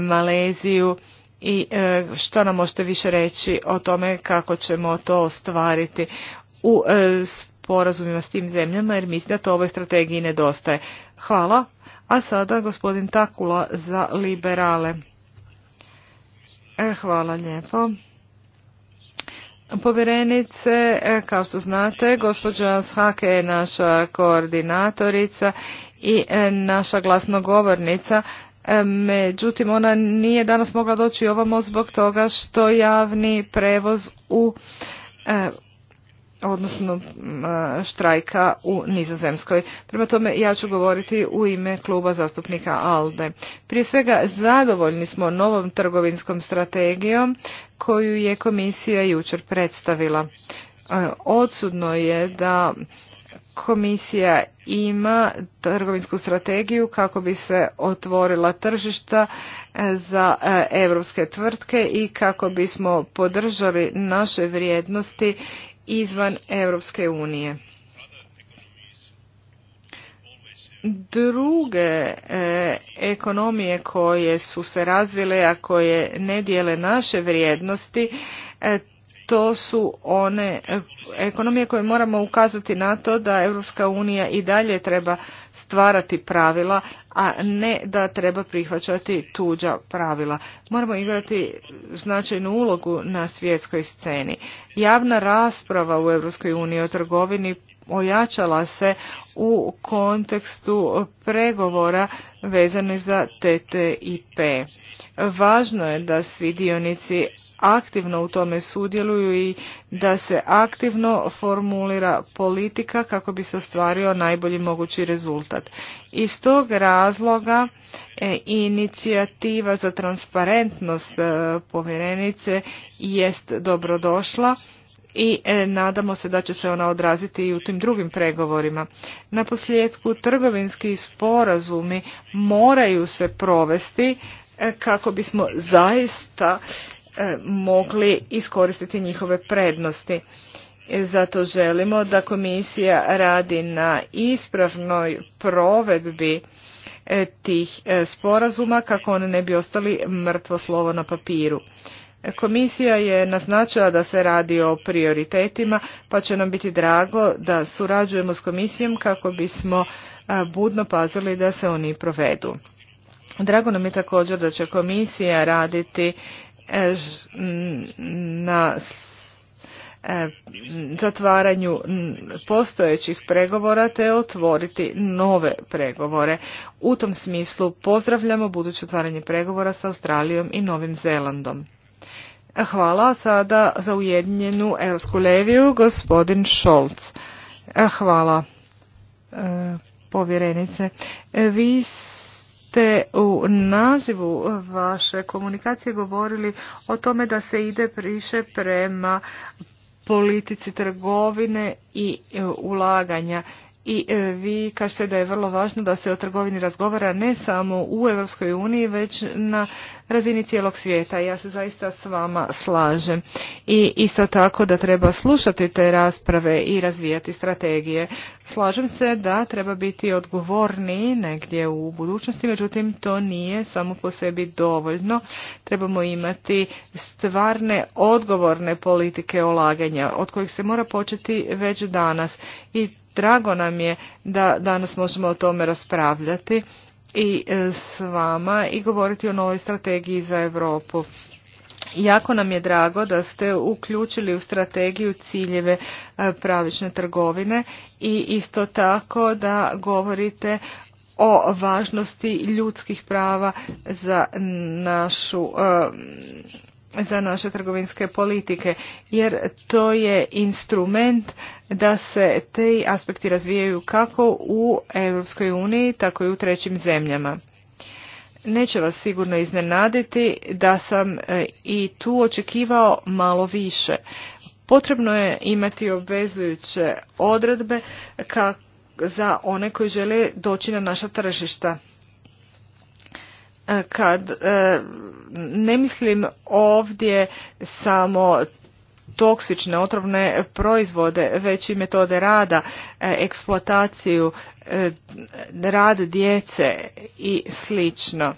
Maleziju, i e, što nam možete više reći o tome kako ćemo to ostvariti u e, sporazumima s tim zemljama jer mislim da to ovoj strategiji nedostaje. Hvala. A sada gospodin Takula za liberale. E, hvala lijepo. Povjerenice, kao što znate, gospođa Hake je naša koordinatorica i naša glasnogovornica Međutim, ona nije danas mogla doći ovamo zbog toga što javni prevoz u e, odnosno e, štrajka u Nizozemskoj. Prema tome ja ću govoriti u ime kluba zastupnika ALDE. Prije svega zadovoljni smo novom trgovinskom strategijom koju je komisija jučer predstavila. E, odsudno je da komisija ima trgovinsku strategiju kako bi se otvorila tržišta e, za europske tvrtke i kako bismo podržali naše vrijednosti izvan Europske unije. Druge e, ekonomije koje su se razvile, a koje ne dijele naše vrijednosti, e, to su one e, ekonomije koje moramo ukazati na to da Europska unija i dalje treba stvarati pravila, a ne da treba prihvaćati tuđa pravila. Moramo igrati značajnu ulogu na svjetskoj sceni. Javna rasprava u Europskoj uniji o trgovini ojačala se u kontekstu pregovora vezanih za TTIP. Važno je da svi dionici aktivno u tome sudjeluju i da se aktivno formulira politika kako bi se ostvario najbolji mogući rezultat. Iz tog razloga e, inicijativa za transparentnost e, povjerenice jest dobrodošla i e, nadamo se da će se ona odraziti i u tim drugim pregovorima. Na posljedku trgovinski sporazumi moraju se provesti kako bismo zaista E, mogli iskoristiti njihove prednosti. E, zato želimo da komisija radi na ispravnoj provedbi e, tih sporazuma kako one ne bi ostali mrtvo slovo na papiru. Komisija je naznačila da se radi o prioritetima, pa će nam biti drago da surađujemo s komisijom kako bismo budno pazili da se oni provedu. Drago nam je također da će komisija raditi na e, zatvaranju postojećih pregovora te otvoriti nove pregovore. U tom smislu pozdravljamo buduće otvaranje pregovora sa Australijom i Novim Zelandom. Hvala sada za ujedinjenu Europsku leviju gospodin Šolc. E, hvala e, povjerenice. Vi ste u nazivu vaše komunikacije govorili o tome da se ide priše prema politici trgovine i ulaganja i e, vi kažete da je vrlo važno da se o trgovini razgovara ne samo u Europskoj uniji već na razini cijelog svijeta. Ja se zaista s vama slažem. I isto tako da treba slušati te rasprave i razvijati strategije. Slažem se da treba biti odgovorniji negdje u budućnosti, međutim to nije samo po sebi dovoljno. Trebamo imati stvarne odgovorne politike olaganja od kojih se mora početi već danas i Drago nam je da danas možemo o tome raspravljati i e, s vama i govoriti o novoj strategiji za Europu. Jako nam je drago da ste uključili u strategiju ciljeve e, pravične trgovine i isto tako da govorite o važnosti ljudskih prava za našu e, za naše trgovinske politike, jer to je instrument da se te aspekti razvijaju kako u Europskoj uniji, tako i u trećim zemljama. Neće vas sigurno iznenaditi da sam e, i tu očekivao malo više. Potrebno je imati obvezujuće odredbe za one koji žele doći na naša tržišta kad e, ne mislim ovdje samo toksične otrovne proizvode, već i metode rada, e, eksploataciju, e, rad djece i slično.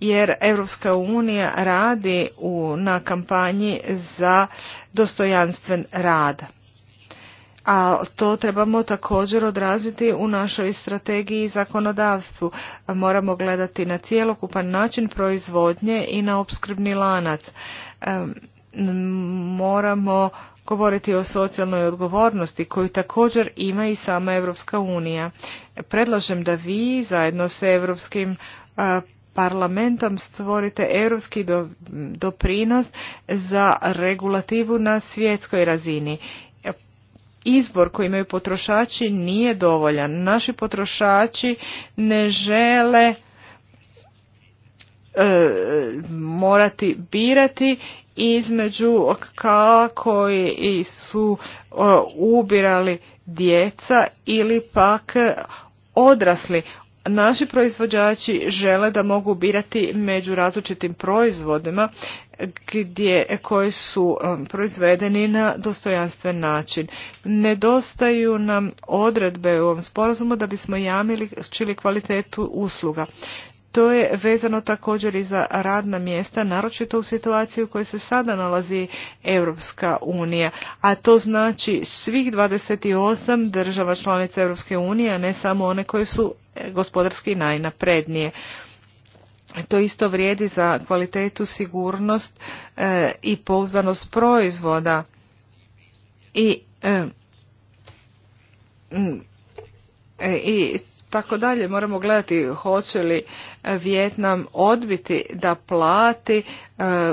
Jer Europska unija radi u, na kampanji za dostojanstven rad a to trebamo također odraziti u našoj strategiji i zakonodavstvu. Moramo gledati na cjelokupan način proizvodnje i na opskrbni lanac. Moramo govoriti o socijalnoj odgovornosti koju također ima i sama Europska unija. Predlažem da vi zajedno sa Europskim parlamentom stvorite europski doprinos za regulativu na svjetskoj razini izbor koji imaju potrošači nije dovoljan. Naši potrošači ne žele e, morati birati između kako su e, ubirali djeca ili pak odrasli. Naši proizvođači žele da mogu birati među različitim proizvodima gdje, koji su um, proizvedeni na dostojanstven način. Nedostaju nam odredbe u ovom sporazumu da bismo jamili čili kvalitetu usluga. To je vezano također i za radna mjesta, naročito u situaciji u kojoj se sada nalazi Europska unija, a to znači svih 28 država članica Europske unije, a ne samo one koje su gospodarski najnaprednije to isto vrijedi za kvalitetu, sigurnost e, i pouzdanost proizvoda i e, e i tako dalje. Moramo gledati hoće li e, Vjetnam odbiti da plati e,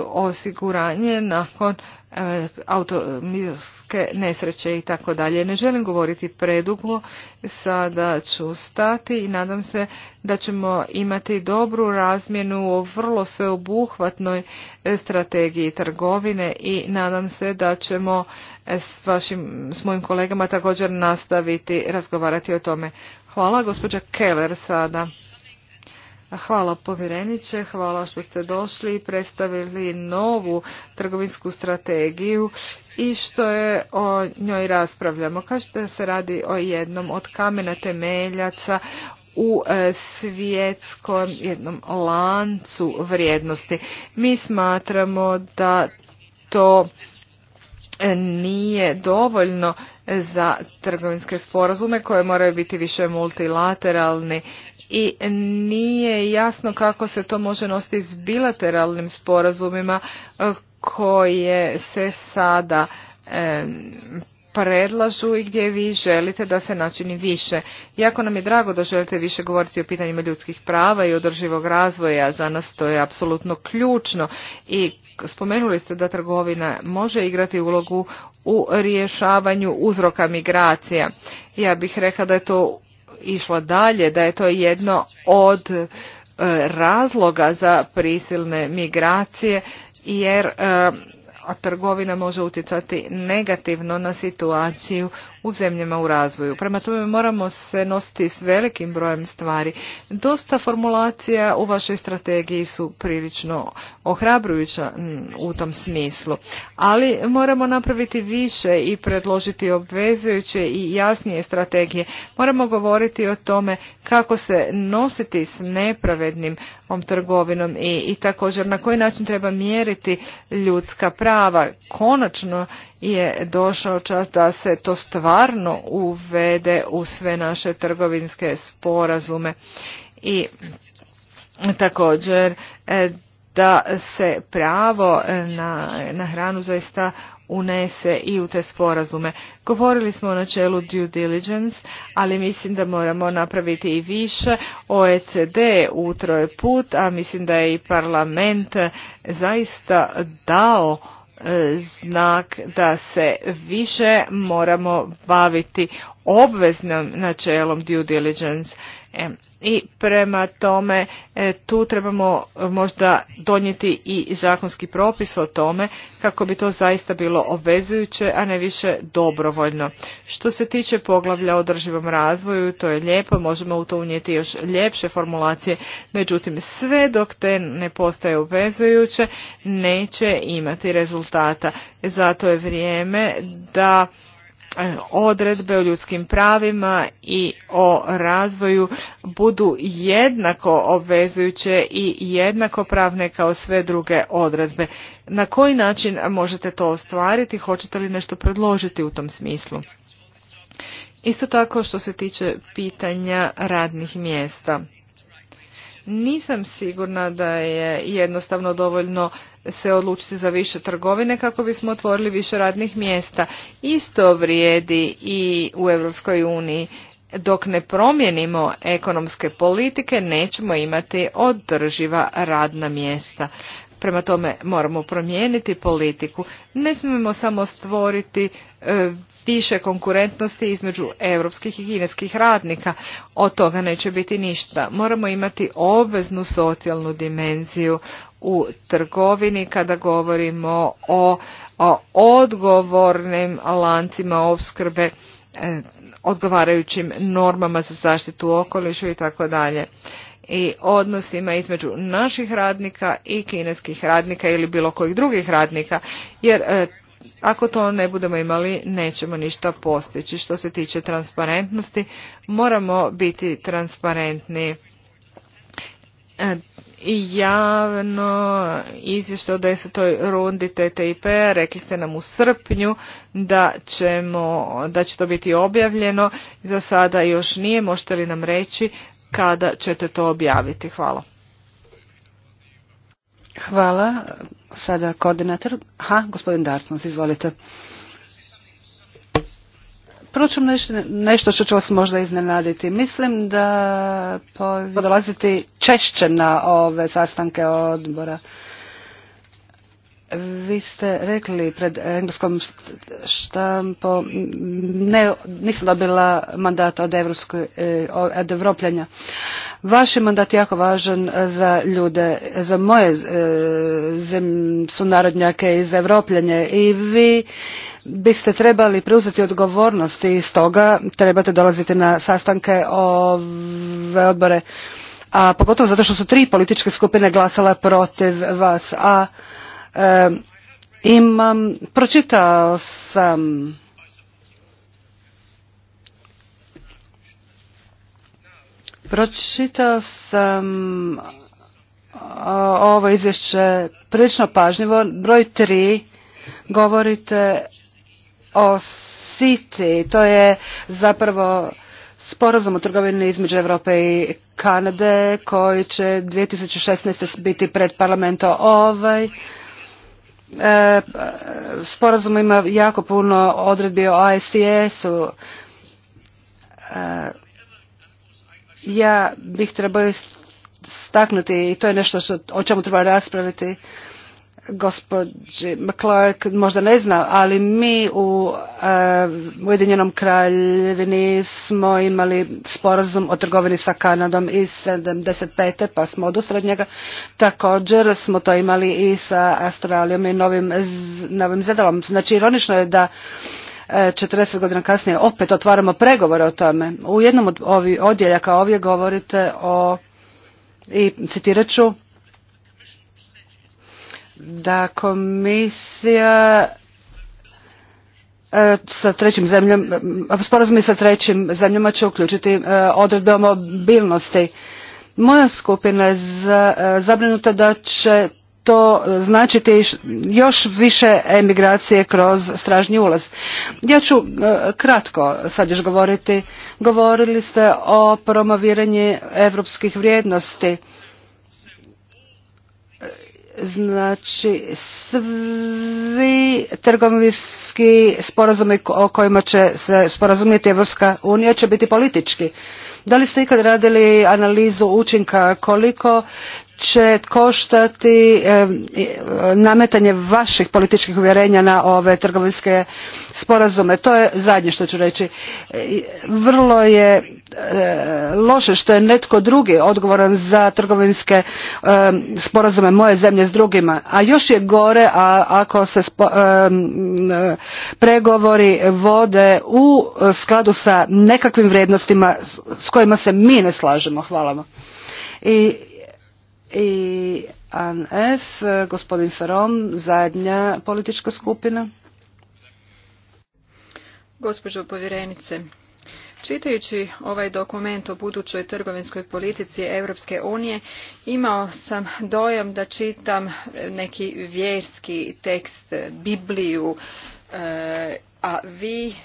osiguranje nakon e, automobilske nesreće i tako dalje. Ne želim govoriti predugo, sada ću stati i nadam se da ćemo imati dobru razmjenu o vrlo sveobuhvatnoj strategiji trgovine i nadam se da ćemo s, vašim, s mojim kolegama također nastaviti razgovarati o tome. Hvala, gospođa Keller sada. Hvala povjereniće, hvala što ste došli i predstavili novu trgovinsku strategiju i što je o njoj raspravljamo. Kažete da se radi o jednom od kamena temeljaca u e, svjetskom jednom lancu vrijednosti. Mi smatramo da to nije dovoljno za trgovinske sporazume koje moraju biti više multilateralni i nije jasno kako se to može nositi s bilateralnim sporazumima e, koje se sada e, predlažu i gdje vi želite da se načini više. Jako nam je drago da želite više govoriti o pitanjima ljudskih prava i održivog razvoja. Za nas to je apsolutno ključno i spomenuli ste da trgovina može igrati ulogu u rješavanju uzroka migracija. Ja bih rekla da je to išlo dalje, da je to jedno od e, razloga za prisilne migracije jer e, a trgovina može utjecati negativno na situaciju u zemljama u razvoju. Prema tome moramo se nositi s velikim brojem stvari. Dosta formulacija u vašoj strategiji su prilično ohrabrujuća u tom smislu, ali moramo napraviti više i predložiti obvezujuće i jasnije strategije. Moramo govoriti o tome kako se nositi s nepravednim trgovinom i, također na koji način treba mjeriti ljudska prava prava. Konačno je došao čas da se to stvarno uvede u sve naše trgovinske sporazume i također e, da se pravo na, na hranu zaista unese i u te sporazume. Govorili smo o načelu due diligence, ali mislim da moramo napraviti i više. OECD utro je put, a mislim da je i parlament zaista dao E, znak da se više moramo baviti obveznim načelom due diligence E, i prema tome e, tu trebamo možda donijeti i zakonski propis o tome kako bi to zaista bilo obvezujuće, a ne više dobrovoljno. Što se tiče poglavlja o održivom razvoju, to je lijepo, možemo u to unijeti još ljepše formulacije, međutim sve dok te ne postaje obvezujuće neće imati rezultata. Zato je vrijeme da E, odredbe o ljudskim pravima i o razvoju budu jednako obvezujuće i jednako pravne kao sve druge odredbe. Na koji način možete to ostvariti? Hoćete li nešto predložiti u tom smislu? Isto tako što se tiče pitanja radnih mjesta. Nisam sigurna da je jednostavno dovoljno se odlučiti za više trgovine kako bismo otvorili više radnih mjesta. Isto vrijedi i u Europskoj uniji. Dok ne promijenimo ekonomske politike, nećemo imati održiva radna mjesta. Prema tome moramo promijeniti politiku. Ne smijemo samo stvoriti e, više konkurentnosti između europskih i kineskih radnika. Od toga neće biti ništa. Moramo imati obveznu socijalnu dimenziju u trgovini kada govorimo o, odgovornim lancima opskrbe e, odgovarajućim normama za zaštitu okoliša i tako dalje i odnosima između naših radnika i kineskih radnika ili bilo kojih drugih radnika jer e, ako to ne budemo imali, nećemo ništa postići. Što se tiče transparentnosti, moramo biti transparentni e, i javno izvješte o desetoj rundi ttip Rekli ste nam u srpnju da, ćemo, da će to biti objavljeno. Za sada još nije. Možete li nam reći kada ćete to objaviti? Hvala. Hvala. Sada koordinator. Ha, gospodin Dartmouth, izvolite. prvo nešto, nešto što ću vas možda iznenaditi. Mislim da po, dolaziti češće na ove sastanke odbora. Vi ste rekli pred engleskom štampom ne, nisam dobila mandat od, Evropskoj, eh, od Evropljanja. Vaš je mandat jako važan za ljude, za moje eh, zem, sunarodnjake iz za Evropljanje i vi biste trebali preuzeti odgovornost i stoga trebate dolaziti na sastanke ove odbore, a pogotovo zato što su tri političke skupine glasala protiv vas, a imam, pročitao sam Pročitao sam ovo izvješće prilično pažljivo. Broj tri govorite o Citi. To je zapravo sporazum o trgovini između Europe i Kanade koji će 2016. biti pred parlamentom ovaj E, sporazum ima jako puno odredbi o ics u e, Ja bih trebao staknuti i to je nešto o čemu treba raspraviti gospođi McClark možda ne zna, ali mi eh, u Ujedinjenom kraljevini smo imali sporazum o trgovini sa Kanadom iz 75. pa smo odustali od njega. Također smo to imali i sa Australijom i Novim, Novim Zedalom. Znači ironično je da 40 eh, godina kasnije opet otvaramo pregovore o tome. U jednom od ovih odjeljaka ovdje govorite o i citirat ću da komisija e, sa trećim zemljom, e, sporazumi sa trećim zemljama će uključiti e, odredbe o mobilnosti. Moja skupina je zabrinuta da će to značiti još više emigracije kroz stražnji ulaz. Ja ću kratko sad još govoriti. Govorili ste o promoviranju evropskih vrijednosti Znači, svi trgovinski sporazumi o kojima će se sporazumjeti Evropska unija će biti politički. Da li ste ikad radili analizu učinka koliko će koštati e, nametanje vaših političkih uvjerenja na ove trgovinske sporazume. To je zadnje što ću reći. E, vrlo je e, loše što je netko drugi odgovoran za trgovinske sporazume moje zemlje s drugima. A još je gore ako se pregovori vode u skladu sa nekakvim vrijednostima s kojima se mi ne slažemo. Hvala vam. I i ANF, gospodin Ferom, zadnja politička skupina. Gospođo povjerenice, Čitajući ovaj dokument o budućoj trgovinskoj politici Europske unije imao sam dojam da čitam neki vjerski tekst, Bibliju, e, a vi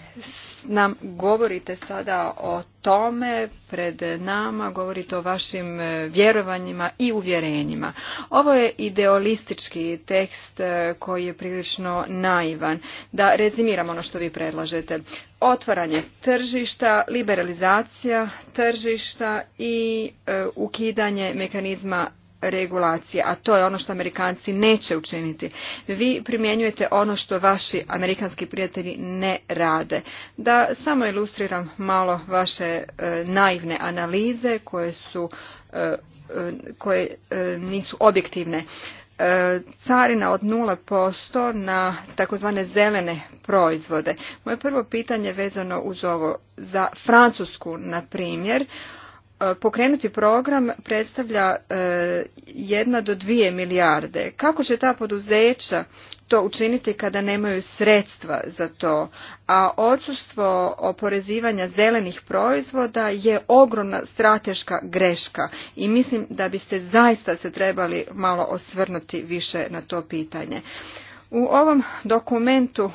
nam govorite sada o tome pred nama, govorite o vašim e, vjerovanjima i uvjerenjima. Ovo je idealistički tekst e, koji je prilično naivan. Da rezimiram ono što vi predlažete. Otvaranje tržišta, liberalizacija tržišta i e, ukidanje mekanizma regulacije, a to je ono što Amerikanci neće učiniti. Vi primjenjujete ono što vaši amerikanski prijatelji ne rade. Da samo ilustriram malo vaše e, naivne analize koje su e, e, koje nisu objektivne carina od 0% na takozvane zelene proizvode. Moje prvo pitanje vezano uz ovo za Francusku, na primjer, pokrenuti program predstavlja e, jedna do dvije milijarde. Kako će ta poduzeća to učiniti kada nemaju sredstva za to? A odsustvo oporezivanja zelenih proizvoda je ogromna strateška greška i mislim da biste zaista se trebali malo osvrnuti više na to pitanje. U ovom dokumentu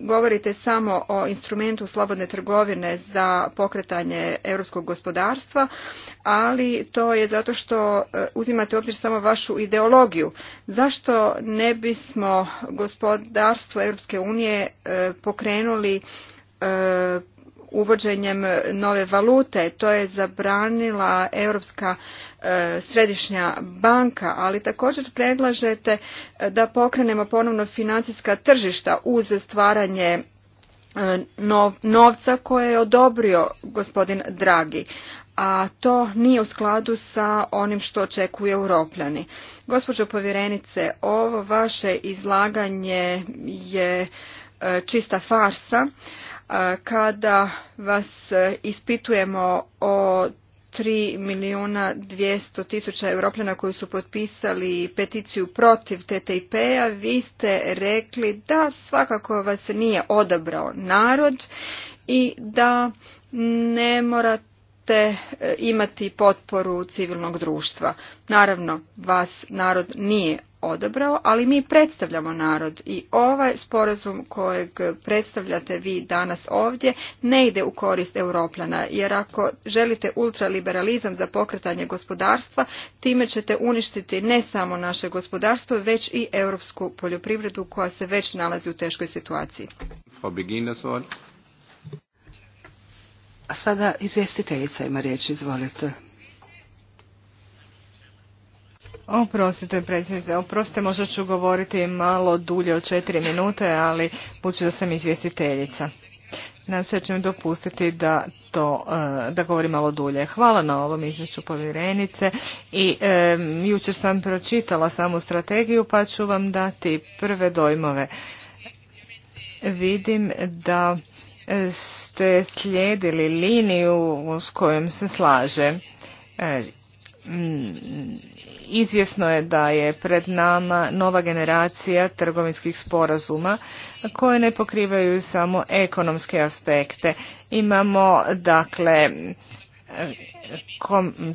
govorite samo o instrumentu slobodne trgovine za pokretanje europskog gospodarstva, ali to je zato što e, uzimate u obzir samo vašu ideologiju. Zašto ne bismo gospodarstvo Europske unije e, pokrenuli e, uvođenjem nove valute? To je zabranila Europska E, središnja banka, ali također predlažete e, da pokrenemo ponovno financijska tržišta uz stvaranje e, novca koje je odobrio gospodin Dragi a to nije u skladu sa onim što očekuju europljani. Gospođo povjerenice, ovo vaše izlaganje je čista farsa. Kada vas ispitujemo o 3 milijuna 200 tisuća europljana koji su potpisali peticiju protiv TTIP-a, vi ste rekli da svakako vas nije odabrao narod i da ne morate te e, imati potporu civilnog društva. Naravno, vas narod nije odabrao, ali mi predstavljamo narod i ovaj sporazum kojeg predstavljate vi danas ovdje ne ide u korist Europljana, jer ako želite ultraliberalizam za pokretanje gospodarstva, time ćete uništiti ne samo naše gospodarstvo, već i europsku poljoprivredu koja se već nalazi u teškoj situaciji. A sada izvjestiteljica ima riječ, izvolite. Oprostite, predsjednice, oprostite, možda ću govoriti malo dulje od četiri minute, ali budući da sam izvjestiteljica. Nam se će dopustiti da to, e, da govorim malo dulje. Hvala na ovom izvješću povjerenice i e, jučer sam pročitala samu strategiju pa ću vam dati prve dojmove. Vidim da ste slijedili liniju s kojom se slaže. E, mm, izvjesno je da je pred nama nova generacija trgovinskih sporazuma koje ne pokrivaju samo ekonomske aspekte. Imamo dakle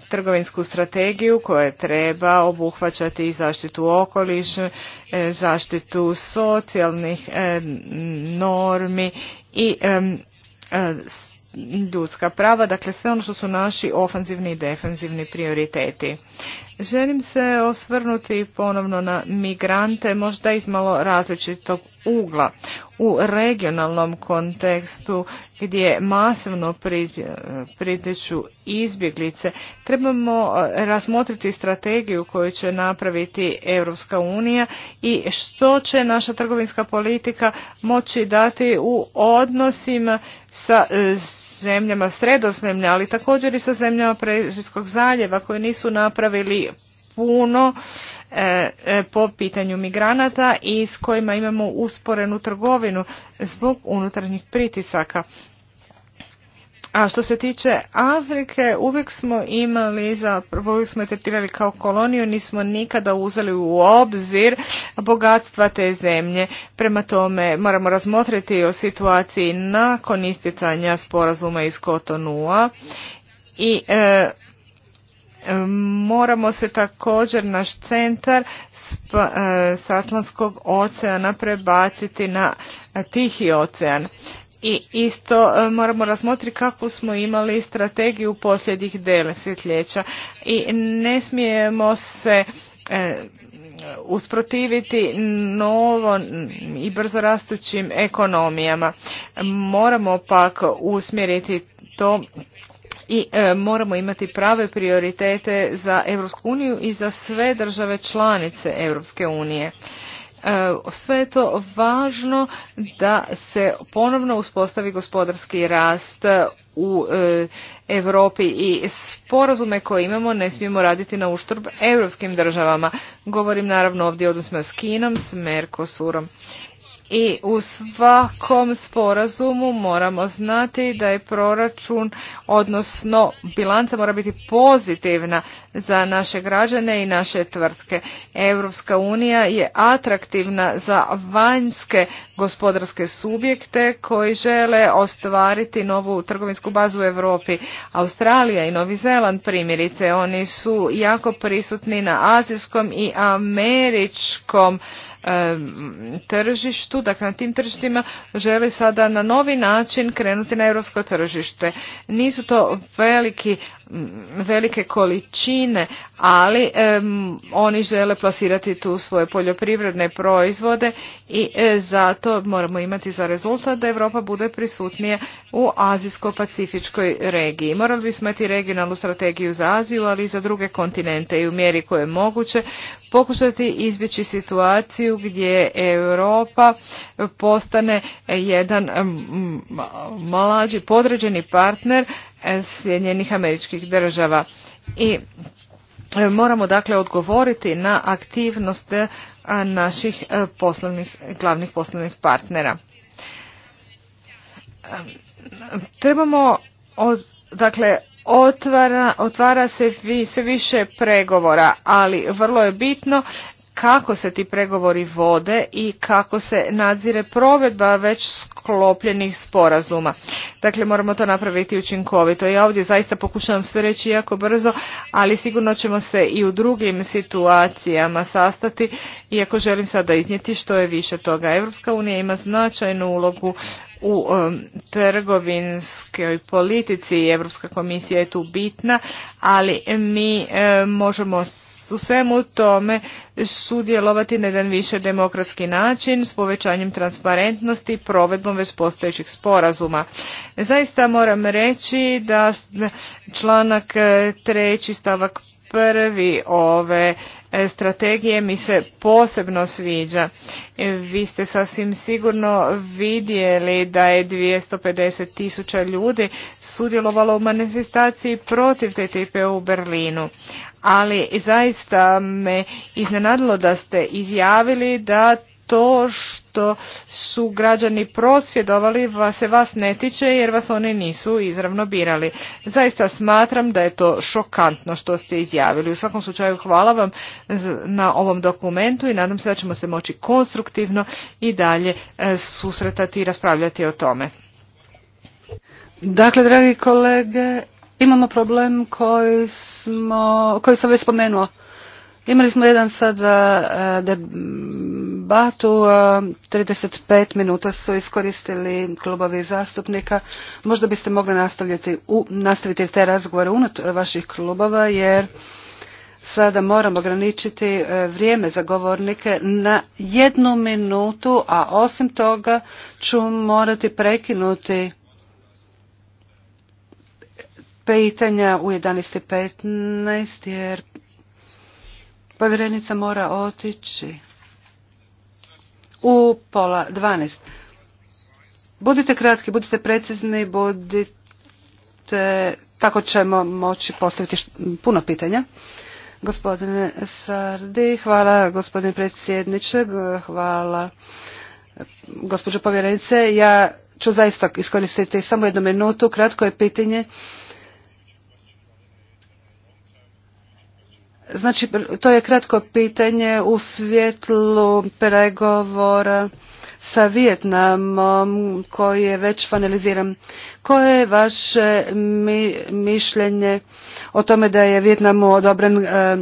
trgovinsku strategiju koja treba obuhvaćati i zaštitu okoliša, e, zaštitu socijalnih e, normi i e, ljudska prava, dakle sve ono što su naši ofanzivni i defenzivni prioriteti. Želim se osvrnuti ponovno na migrante, možda iz malo različitog ugla. U regionalnom kontekstu gdje masivno e, pritiču izbjeglice trebamo e, razmotriti strategiju koju će napraviti Europska unija i što će naša trgovinska politika moći dati u odnosima sa e, zemljama sredozemlja, ali također i sa zemljama Prežijskog zaljeva koje nisu napravili puno e, e, po pitanju migranata i s kojima imamo usporenu trgovinu zbog unutarnjih pritisaka. A što se tiče Afrike, uvijek smo imali, za uvijek smo tretirali kao koloniju, nismo nikada uzeli u obzir bogatstva te zemlje. Prema tome moramo razmotriti o situaciji nakon isticanja sporazuma iz Kotonua i e, Moramo se također naš centar e, s Atlantskog oceana prebaciti na Tihi ocean. I isto e, moramo razmotriti kakvu smo imali strategiju posljednjih desetljeća i ne smijemo se e, usprotiviti novo i brzo rastućim ekonomijama. Moramo pak usmjeriti to i e, moramo imati prave prioritete za Europsku uniju i za sve države članice Europske unije. E, sve je to važno da se ponovno uspostavi gospodarski rast u e, Europi i sporazume koje imamo ne smijemo raditi na uštrb europskim državama. Govorim naravno ovdje odnosno s Kinom, s Mercosurom i u svakom sporazumu moramo znati da je proračun, odnosno bilanca mora biti pozitivna za naše građane i naše tvrtke. Europska unija je atraktivna za vanjske gospodarske subjekte koji žele ostvariti novu trgovinsku bazu u Europi. Australija i Novi Zeland primjerice, oni su jako prisutni na azijskom i američkom tržištu, dakle na tim tržištima žele sada na novi način krenuti na europsko tržište. Nisu to veliki, velike količine, ali oni žele plasirati tu svoje poljoprivredne proizvode i e, zato moramo imati za rezultat da Europa bude prisutnija u azijsko-pacifičkoj regiji. Morali bismo imati regionalnu strategiju za Aziju, ali i za druge kontinente i u mjeri koje je moguće pokušati izbjeći situaciju gdje Europa postane jedan mlađi podređeni partner Sjedinjenih američkih država. I e, moramo dakle odgovoriti na aktivnost e, naših e, poslovnih, glavnih poslovnih partnera. Trebamo dakle otvara, otvara se vi, sve više pregovora, ali vrlo je bitno kako se ti pregovori vode i kako se nadzire provedba već sklopljenih sporazuma. Dakle, moramo to napraviti učinkovito. Ja ovdje zaista pokušavam sve reći jako brzo, ali sigurno ćemo se i u drugim situacijama sastati, iako želim sada iznijeti što je više toga. Europska unija ima značajnu ulogu u um, trgovinskoj politici i Europska komisija je tu bitna, ali mi um, možemo u svemu tome sudjelovati na jedan više demokratski način s povećanjem transparentnosti i provedbom već postojećih sporazuma. Zaista moram reći da članak treći stavak prvi ove strategije mi se posebno sviđa. Vi ste sasvim sigurno vidjeli da je 250 tisuća ljudi sudjelovalo u manifestaciji protiv TTIP u Berlinu. Ali zaista me iznenadilo da ste izjavili da to što su građani prosvjedovali vas se vas ne tiče jer vas oni nisu izravno birali. Zaista smatram da je to šokantno što ste izjavili. U svakom slučaju hvala vam na ovom dokumentu i nadam se da ćemo se moći konstruktivno i dalje e, susretati i raspravljati o tome. Dakle, dragi kolege, imamo problem koji, smo, koji sam već spomenuo. Imali smo jedan sad eh, debatu, 35 eh, minuta su iskoristili klubovi zastupnika. Možda biste mogli nastaviti te razgovore unutar vaših klubova jer sada moram ograničiti eh, vrijeme za govornike na jednu minutu, a osim toga ću morati prekinuti pitanja u 11.15 jer Povjerenica mora otići u pola dvanaest. Budite kratki, budite precizni, budite, tako ćemo moći postaviti puno pitanja. Gospodine Sardi, hvala gospodine predsjedniče, hvala gospođo povjerenice. Ja ću zaista iskoristiti samo jednu minutu, kratko je pitanje Znači, to je kratko pitanje u svjetlu pregovora sa Vijetnamom koji je već finaliziran. Koje je vaše mi, mišljenje o tome da je Vijetnamu odobren e, e,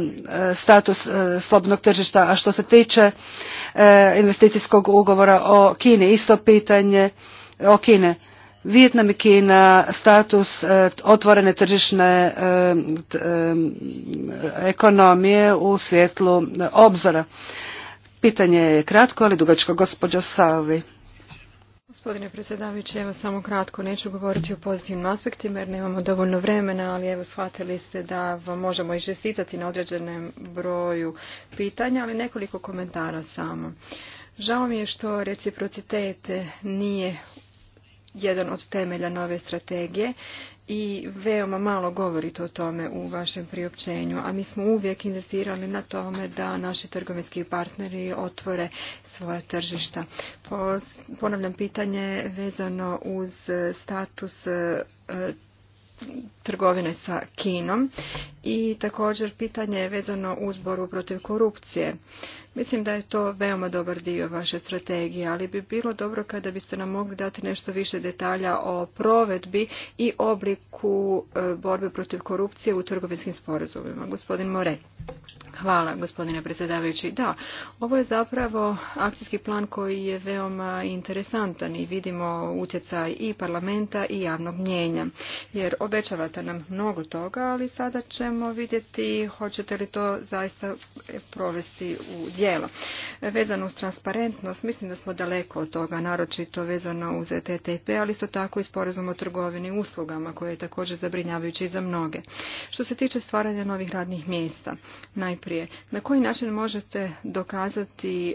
status e, slobodnog tržišta, a što se tiče e, investicijskog ugovora o Kini, isto pitanje o Kine. Vijetnam i Kina status e, otvorene tržišne e, e, ekonomije u svjetlu obzora. Pitanje je kratko, ali dugačko, gospođo Savi. Gospodine predsjedavajući, evo samo kratko, neću govoriti o pozitivnim aspektima jer nemamo dovoljno vremena, ali evo shvatili ste da vam možemo i čestitati na određenem broju pitanja, ali nekoliko komentara samo. Žao mi je što reciprocitet nije jedan od temelja nove strategije i veoma malo govorite o tome u vašem priopćenju, a mi smo uvijek inzistirali na tome da naši trgovinski partneri otvore svoja tržišta. Ponavljam pitanje vezano uz status e, trgovine sa Kinom i također pitanje vezano uz borbu protiv korupcije. Mislim da je to veoma dobar dio vaše strategije, ali bi bilo dobro kada biste nam mogli dati nešto više detalja o provedbi i obliku e, borbe protiv korupcije u trgovinskim sporazumima. Gospodin More. Hvala, gospodine predsjedavajući. Da, ovo je zapravo akcijski plan koji je veoma interesantan i vidimo utjecaj i parlamenta i javnog mnjenja, jer obećavate nam mnogo toga, ali sada ćemo vidjeti hoćete li to zaista provesti u djelju djelo. Vezano uz transparentnost, mislim da smo daleko od toga, naročito vezano uz TTP ali isto tako i sporazum o trgovini uslugama, koje je također zabrinjavajući za mnoge. Što se tiče stvaranja novih radnih mjesta, najprije, na koji način možete dokazati e,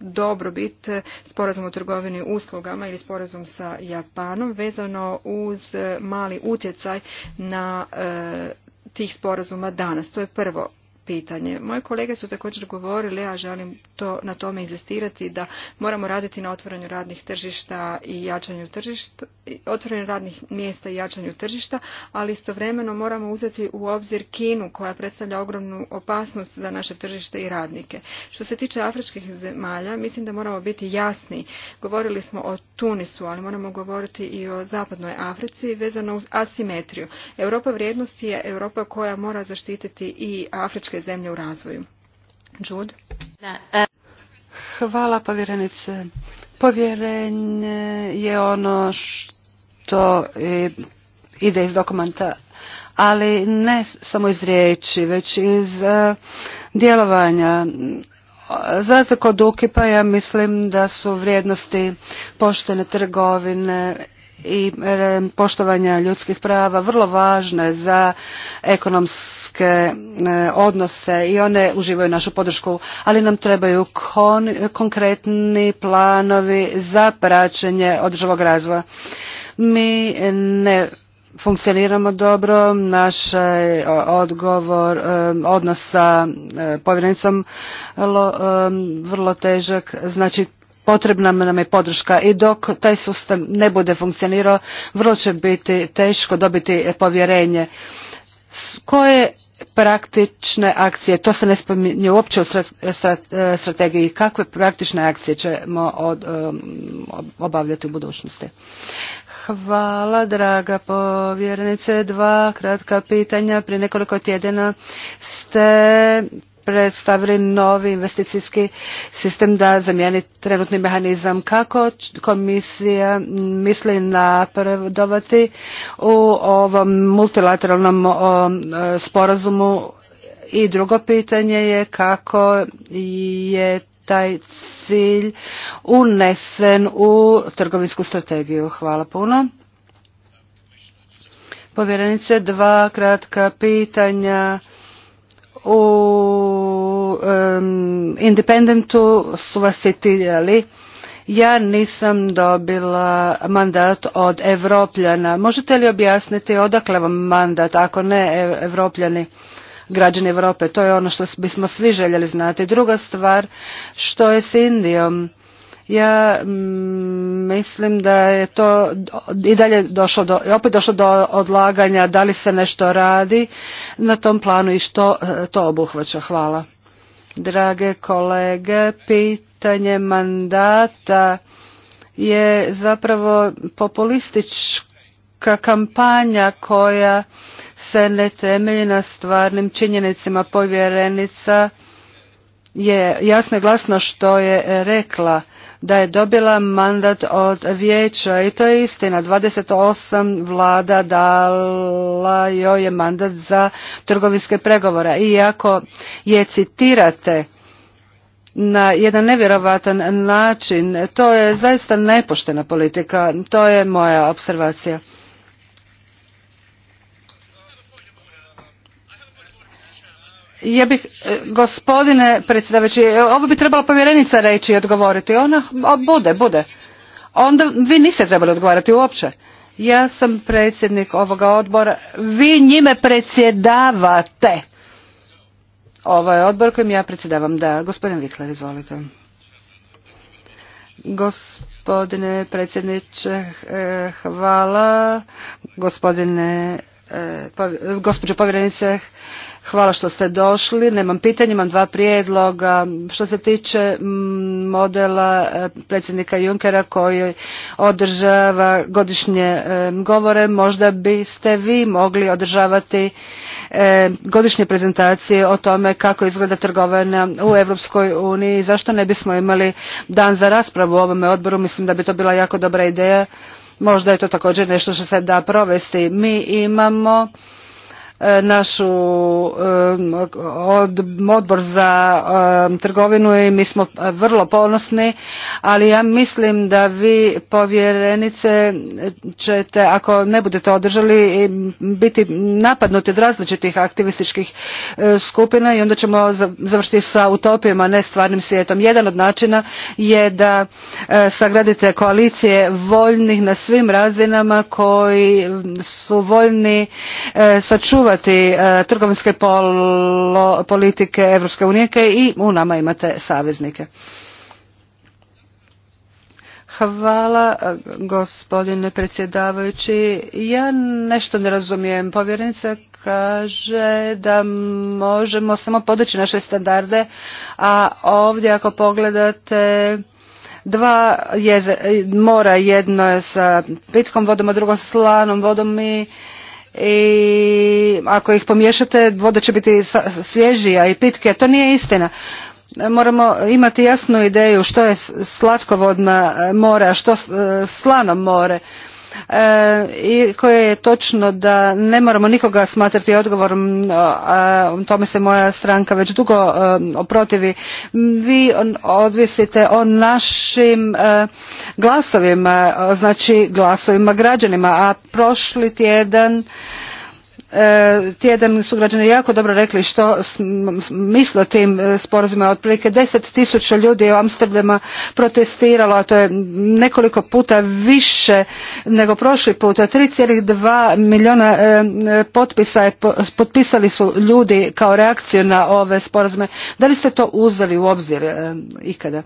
dobrobit sporazum o trgovini uslugama ili sporazum sa Japanom vezano uz mali utjecaj na e, tih sporazuma danas. To je prvo pitanje. Moje kolege su također govorili, a želim to, na tome inzistirati, da moramo raditi na otvaranju radnih tržišta i jačanju tržišta, otvaranju radnih mjesta i jačanju tržišta, ali istovremeno moramo uzeti u obzir Kinu koja predstavlja ogromnu opasnost za naše tržište i radnike. Što se tiče afričkih zemalja, mislim da moramo biti jasni. Govorili smo o Tunisu, ali moramo govoriti i o zapadnoj Africi vezano uz asimetriju. Europa vrijednosti je Europa koja mora zaštititi i afričke afričke zemlje u razvoju. Jude? E, Hvala povjerenice. Povjerenje je ono što ide iz dokumenta, ali ne samo iz riječi, već iz e, djelovanja. Za razliku od Ukipa ja mislim da su vrijednosti poštene trgovine i e, poštovanja ljudskih prava vrlo važne za ekonomske e, odnose i one uživaju našu podršku, ali nam trebaju konkretni planovi za praćenje održivog razvoja. Mi ne funkcioniramo dobro, naš e, odgovor, odnos sa povjerenicom vrlo težak, znači potrebna nam je podrška i dok taj sustav ne bude funkcionirao vrlo će biti teško dobiti povjerenje. Koje praktične akcije, to se ne spominje uopće u e, strategiji, kakve praktične akcije ćemo e, obavljati u budućnosti? Hvala, draga povjerenice. Dva kratka pitanja. Prije nekoliko tjedana ste predstavili novi investicijski sistem da zamijeni trenutni mehanizam. Kako komisija misli napredovati u ovom multilateralnom sporazumu? I drugo pitanje je kako je taj cilj unesen u trgovinsku strategiju. Hvala puno. Povjerenice, dva kratka pitanja u um, Independentu su vas citirali. Ja nisam dobila mandat od Evropljana. Možete li objasniti odakle vam mandat, ako ne e, Evropljani? građani Europe. To je ono što bismo svi željeli znati. Druga stvar, što je s Indijom? Ja mm, mislim da je to i dalje došlo do, opet došlo do odlaganja, da li se nešto radi na tom planu i što e, to obuhvaća. Hvala. Drage kolege, pitanje mandata je zapravo populistička kampanja koja se ne temelji na stvarnim činjenicima povjerenica je jasno i glasno što je rekla da je dobila mandat od vijeća i to je istina. 28 vlada dala joj je mandat za trgovinske pregovore. I ako je citirate na jedan nevjerovatan način, to je zaista nepoštena politika. To je moja observacija. Ja bih, e, gospodine predsjedavajući, e, ovo bi trebala povjerenica reći i odgovoriti. Ona, bude, bude. Onda vi niste trebali odgovarati uopće. Ja sam predsjednik ovoga odbora. Vi njime predsjedavate. Ovo je odbor kojim ja predsjedavam. Da, gospodin Vikler, izvolite. Gospodine predsjedniče, e, hvala. Gospodine, gospođo povjerenice, Hvala što ste došli. Nemam pitanja, imam dva prijedloga. Što se tiče modela e, predsjednika Junkera koji održava godišnje e, govore, možda biste vi mogli održavati e, godišnje prezentacije o tome kako izgleda trgovina u Europskoj uniji. Zašto ne bismo imali dan za raspravu u ovome odboru? Mislim da bi to bila jako dobra ideja. Možda je to također nešto što se da provesti. Mi imamo E, našu e, odbor za e, trgovinu i mi smo vrlo ponosni, ali ja mislim da vi povjerenice ćete, ako ne budete održali, biti napadnuti od različitih aktivističkih skupina i onda ćemo završiti sa utopijama, ne stvarnim svijetom. Jedan od načina je da sagradite koalicije voljnih na svim razinama koji su voljni sačuvati čuvati e, trgovinske polo, politike Europske unije i u nama imate saveznike. Hvala gospodine predsjedavajući. Ja nešto ne razumijem. Povjerenica kaže da možemo samo podići naše standarde, a ovdje ako pogledate dva jeze, mora, jedno je sa pitkom vodom, a drugo sa slanom vodom i i ako ih pomiješate voda će biti svježija i pitke. To nije istina. Moramo imati jasnu ideju što je slatkovodna more, a što slano more. E, i koje je točno da ne moramo nikoga smatrati odgovorom, a tome se moja stranka već dugo e, protivi. Vi odvisite o našim e, glasovima, znači glasovima građanima, a prošli tjedan E, tjedan su građani jako dobro rekli što misle o tim e, sporazumima. Otprilike deset tisuća ljudi je u Amsterdama protestiralo, a to je nekoliko puta više nego prošli put. 3,2 milijuna e, potpisa je, potpisali su ljudi kao reakciju na ove sporazume. Da li ste to uzeli u obzir ikada?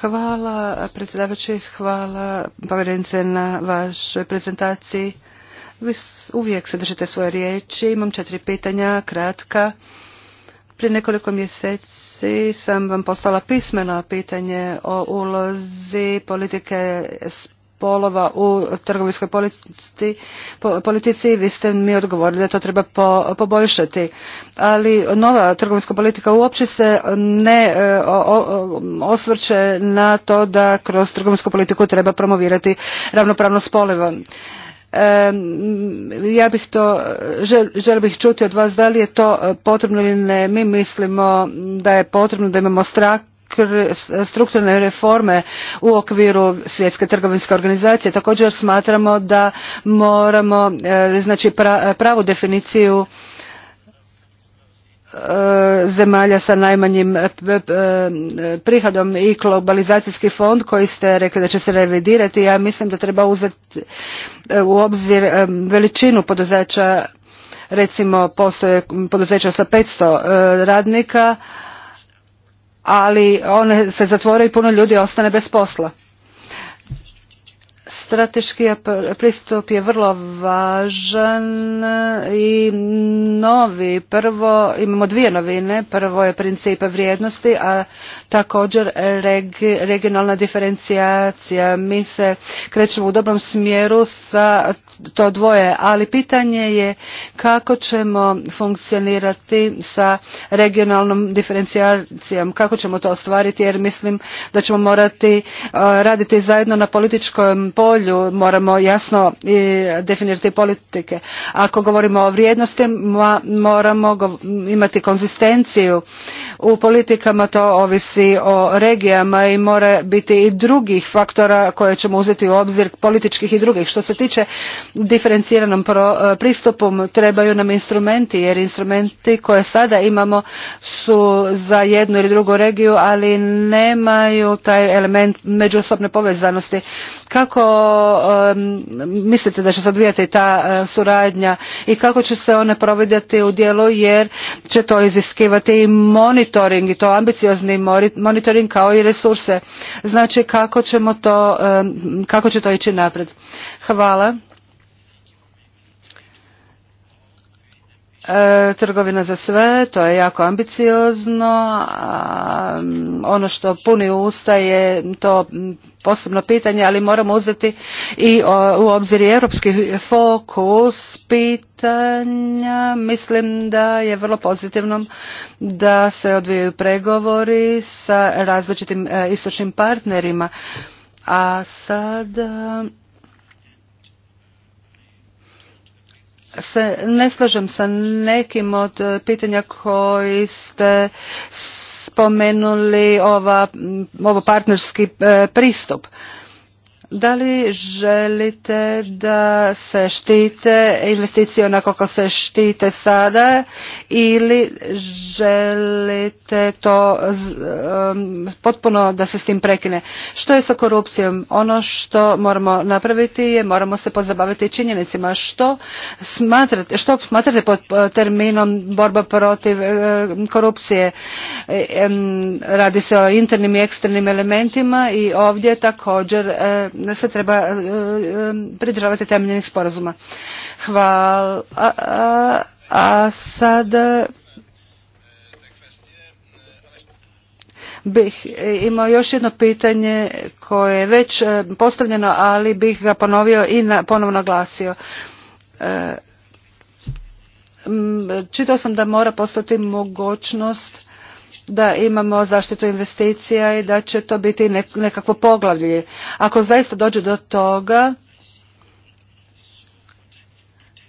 Hvala predsjedavajući, hvala povjerenice na vašoj prezentaciji. Vi uvijek se držite svoje riječi. Imam četiri pitanja, kratka. Prije nekoliko mjeseci sam vam poslala pismeno pitanje o ulozi politike polova u trgovinskoj politici, politici vi ste mi odgovorili da to treba poboljšati. Ali nova trgovinska politika uopće se ne e, osvrće na to da kroz trgovinsku politiku treba promovirati ravnopravnost polova. E, ja bih to, želio bih čuti od vas da li je to potrebno ili ne. Mi mislimo da je potrebno da imamo strah strukturne reforme u okviru svjetske trgovinske organizacije. Također smatramo da moramo e, znači pravu definiciju e, zemalja sa najmanjim e, prihodom i globalizacijski fond koji ste rekli da će se revidirati. Ja mislim da treba uzeti u obzir veličinu poduzeća recimo postoje poduzeća sa 500 radnika ali one se zatvore i puno ljudi ostane bez posla. Strateški pristup je vrlo važan i novi. Prvo, imamo dvije novine. Prvo je principe vrijednosti, a Također regionalna diferencijacija. Mi se krećemo u dobrom smjeru sa to dvoje, ali pitanje je kako ćemo funkcionirati sa regionalnom diferencijacijom, kako ćemo to ostvariti jer mislim da ćemo morati e, raditi zajedno na političkom polju, moramo jasno e, definirati politike. Ako govorimo o vrijednostima moramo imati konzistenciju u politikama, to ovisi o regijama i mora biti i drugih faktora koje ćemo uzeti u obzir političkih i drugih. Što se tiče diferenciranom e, pristupom trebaju nam instrumenti jer instrumenti koje sada imamo su za jednu ili drugu regiju ali nemaju taj element međusobne povezanosti. Kako mislite da će se odvijati ta e, suradnja i kako će se one provoditi u djelu jer će to iziskivati i monitoring i to ambiciozni monitoring kao i resurse. Znači kako ćemo to, kako će to ići napred. Hvala. E, trgovina za sve, to je jako ambiciozno. Mm, ono što puni usta je to mm, posebno pitanje, ali moramo uzeti i u obzir europski fokus pitanja. Mislim da je vrlo pozitivno da se odvijaju pregovori sa različitim e, istočnim partnerima. A sada se ne slažem sa nekim od e, pitanja koji ste spomenuli ovo partnerski e, pristup da li želite da se štite investicije onako kako se štite sada ili želite to um, potpuno da se s tim prekine? Što je sa korupcijom? Ono što moramo napraviti je moramo se pozabaviti činjenicima. Što smatrate, što smatrate pod uh, terminom borba protiv uh, korupcije? E, radi se o internim i eksternim elementima i ovdje također e, se treba e, e, pridržavati temeljenih sporazuma. Hvala. A, sada bih imao još jedno pitanje koje je već e, postavljeno, ali bih ga ponovio i ponovno glasio. čitao sam da mora postati mogućnost da imamo zaštitu investicija i da će to biti nekakvo poglavlje. Ako zaista dođe do toga,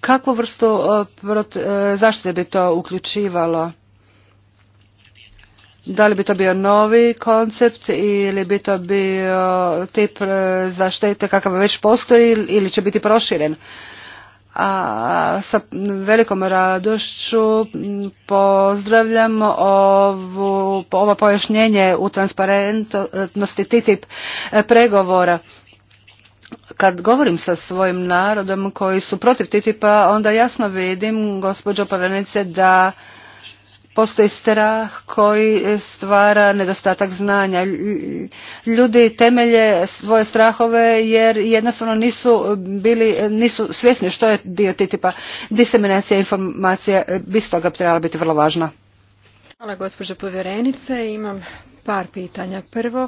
kakvu vrstu e, e, zaštite bi to uključivalo? Da li bi to bio novi koncept ili bi to bio tip e, zaštite kakav već postoji ili će biti proširen? a sa velikom radošću pozdravljam ovo pojašnjenje u transparentnosti TTIP e, pregovora. Kad govorim sa svojim narodom koji su protiv TTIP-a, onda jasno vidim, gospođo povjerenice da postoji strah koji stvara nedostatak znanja. Ljudi temelje svoje strahove jer jednostavno nisu bili, nisu svjesni što je dio TTIP-a. Diseminacija informacija bi stoga trebala biti vrlo važna. Hvala gospođo povjerenice. Imam par pitanja. Prvo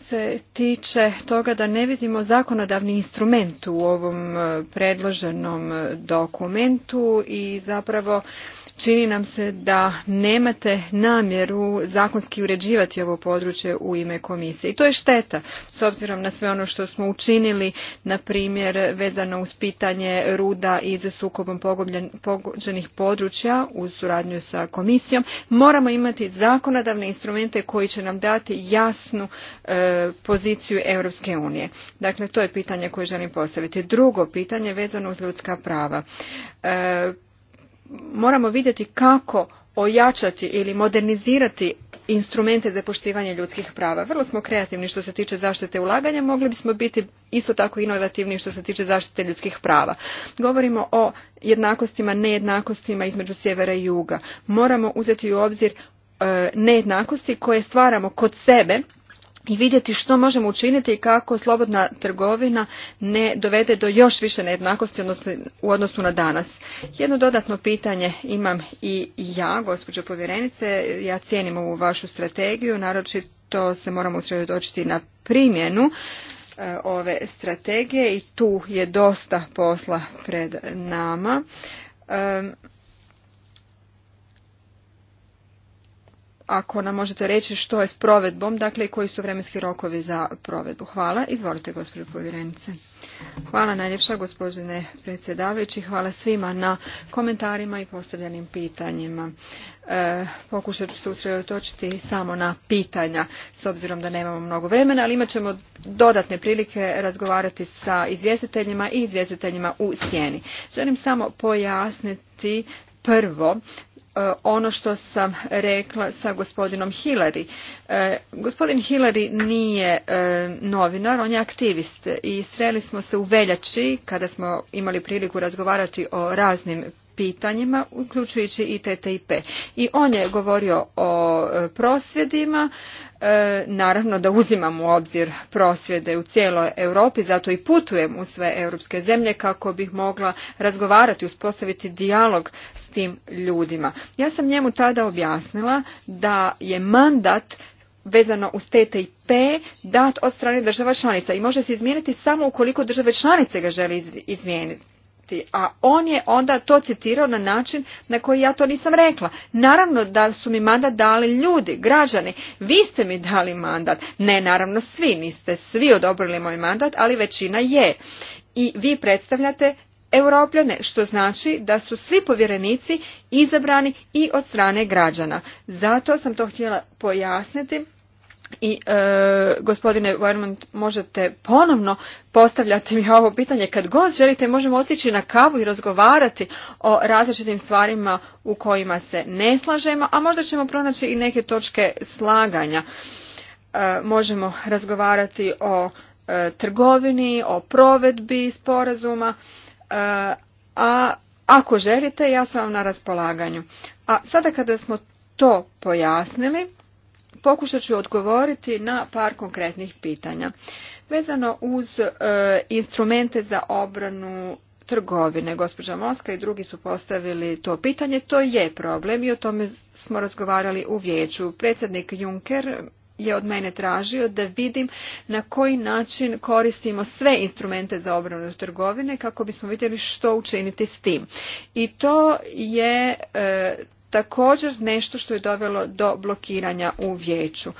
se tiče toga da ne vidimo zakonodavni instrument u ovom eh, predloženom eh, dokumentu i zapravo Čini nam se da nemate namjeru zakonski uređivati ovo područje u ime komisije. I to je šteta, s obzirom na sve ono što smo učinili, na primjer vezano uz pitanje ruda za sukobom pogođenih područja u suradnju sa komisijom. Moramo imati zakonodavne instrumente koji će nam dati jasnu e, poziciju Europske unije. Dakle, to je pitanje koje želim postaviti. Drugo pitanje vezano uz ljudska prava. E, moramo vidjeti kako ojačati ili modernizirati instrumente za poštivanje ljudskih prava. Vrlo smo kreativni što se tiče zaštite ulaganja, mogli bismo biti isto tako inovativni što se tiče zaštite ljudskih prava. Govorimo o jednakostima, nejednakostima između sjevera i juga. Moramo uzeti u obzir e, nejednakosti koje stvaramo kod sebe i vidjeti što možemo učiniti i kako slobodna trgovina ne dovede do još više nejednakosti u odnosu na danas. Jedno dodatno pitanje imam i ja, gospođo povjerenice. Ja cijenim ovu vašu strategiju, naročito se moramo usredotočiti na primjenu eh, ove strategije i tu je dosta posla pred nama. ako nam možete reći što je s provedbom, dakle i koji su vremenski rokovi za provedbu. Hvala. Izvolite, gospođo povjerenice. Hvala najljepša, gospodine predsjedavajući. Hvala svima na komentarima i postavljenim pitanjima. E, pokušat ću se usredotočiti samo na pitanja, s obzirom da nemamo mnogo vremena, ali imat ćemo dodatne prilike razgovarati sa izvjestiteljima i izvjestiteljima u sjeni. Želim samo pojasniti prvo E, ono što sam rekla sa gospodinom Hillary. E, gospodin Hillary nije e, novinar, on je aktivist i sreli smo se u veljači kada smo imali priliku razgovarati o raznim pitanjima, uključujući i TTIP. I on je govorio o prosvjedima, E, naravno da uzimam u obzir prosvjede u cijeloj Europi, zato i putujem u sve europske zemlje kako bih mogla razgovarati, uspostaviti dijalog s tim ljudima. Ja sam njemu tada objasnila da je mandat vezano uz TTIP dat od strane država članica i može se izmijeniti samo ukoliko države članice ga žele izmijeniti a on je onda to citirao na način na koji ja to nisam rekla. Naravno da su mi mandat dali ljudi, građani, vi ste mi dali mandat. Ne, naravno svi, niste svi odobrili moj mandat, ali većina je. I vi predstavljate europljane, što znači da su svi povjerenici izabrani i od strane građana. Zato sam to htjela pojasniti i e, gospodine Wermont, možete ponovno postavljati mi ovo pitanje kad god želite možemo otići na kavu i razgovarati o različitim stvarima u kojima se ne slažemo a možda ćemo pronaći i neke točke slaganja e, možemo razgovarati o e, trgovini o provedbi sporazuma a ako želite ja sam vam na raspolaganju a sada kada smo to pojasnili pokušat ću odgovoriti na par konkretnih pitanja. Vezano uz e, instrumente za obranu trgovine, gospođa Moska i drugi su postavili to pitanje, to je problem i o tome smo razgovarali u vijeću. Predsjednik Juncker je od mene tražio da vidim na koji način koristimo sve instrumente za obranu trgovine kako bismo vidjeli što učiniti s tim. I to je e, također nešto što je dovelo do blokiranja u vijeću.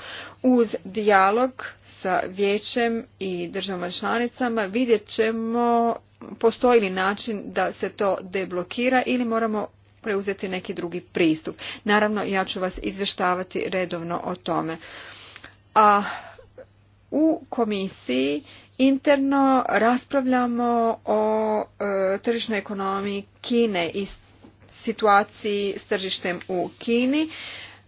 Uz dijalog sa vijećem i državama članicama vidjet ćemo postoji li način da se to deblokira ili moramo preuzeti neki drugi pristup. Naravno, ja ću vas izvještavati redovno o tome. A u komisiji interno raspravljamo o e, tržišnoj ekonomiji Kine i situaciji s tržištem u Kini.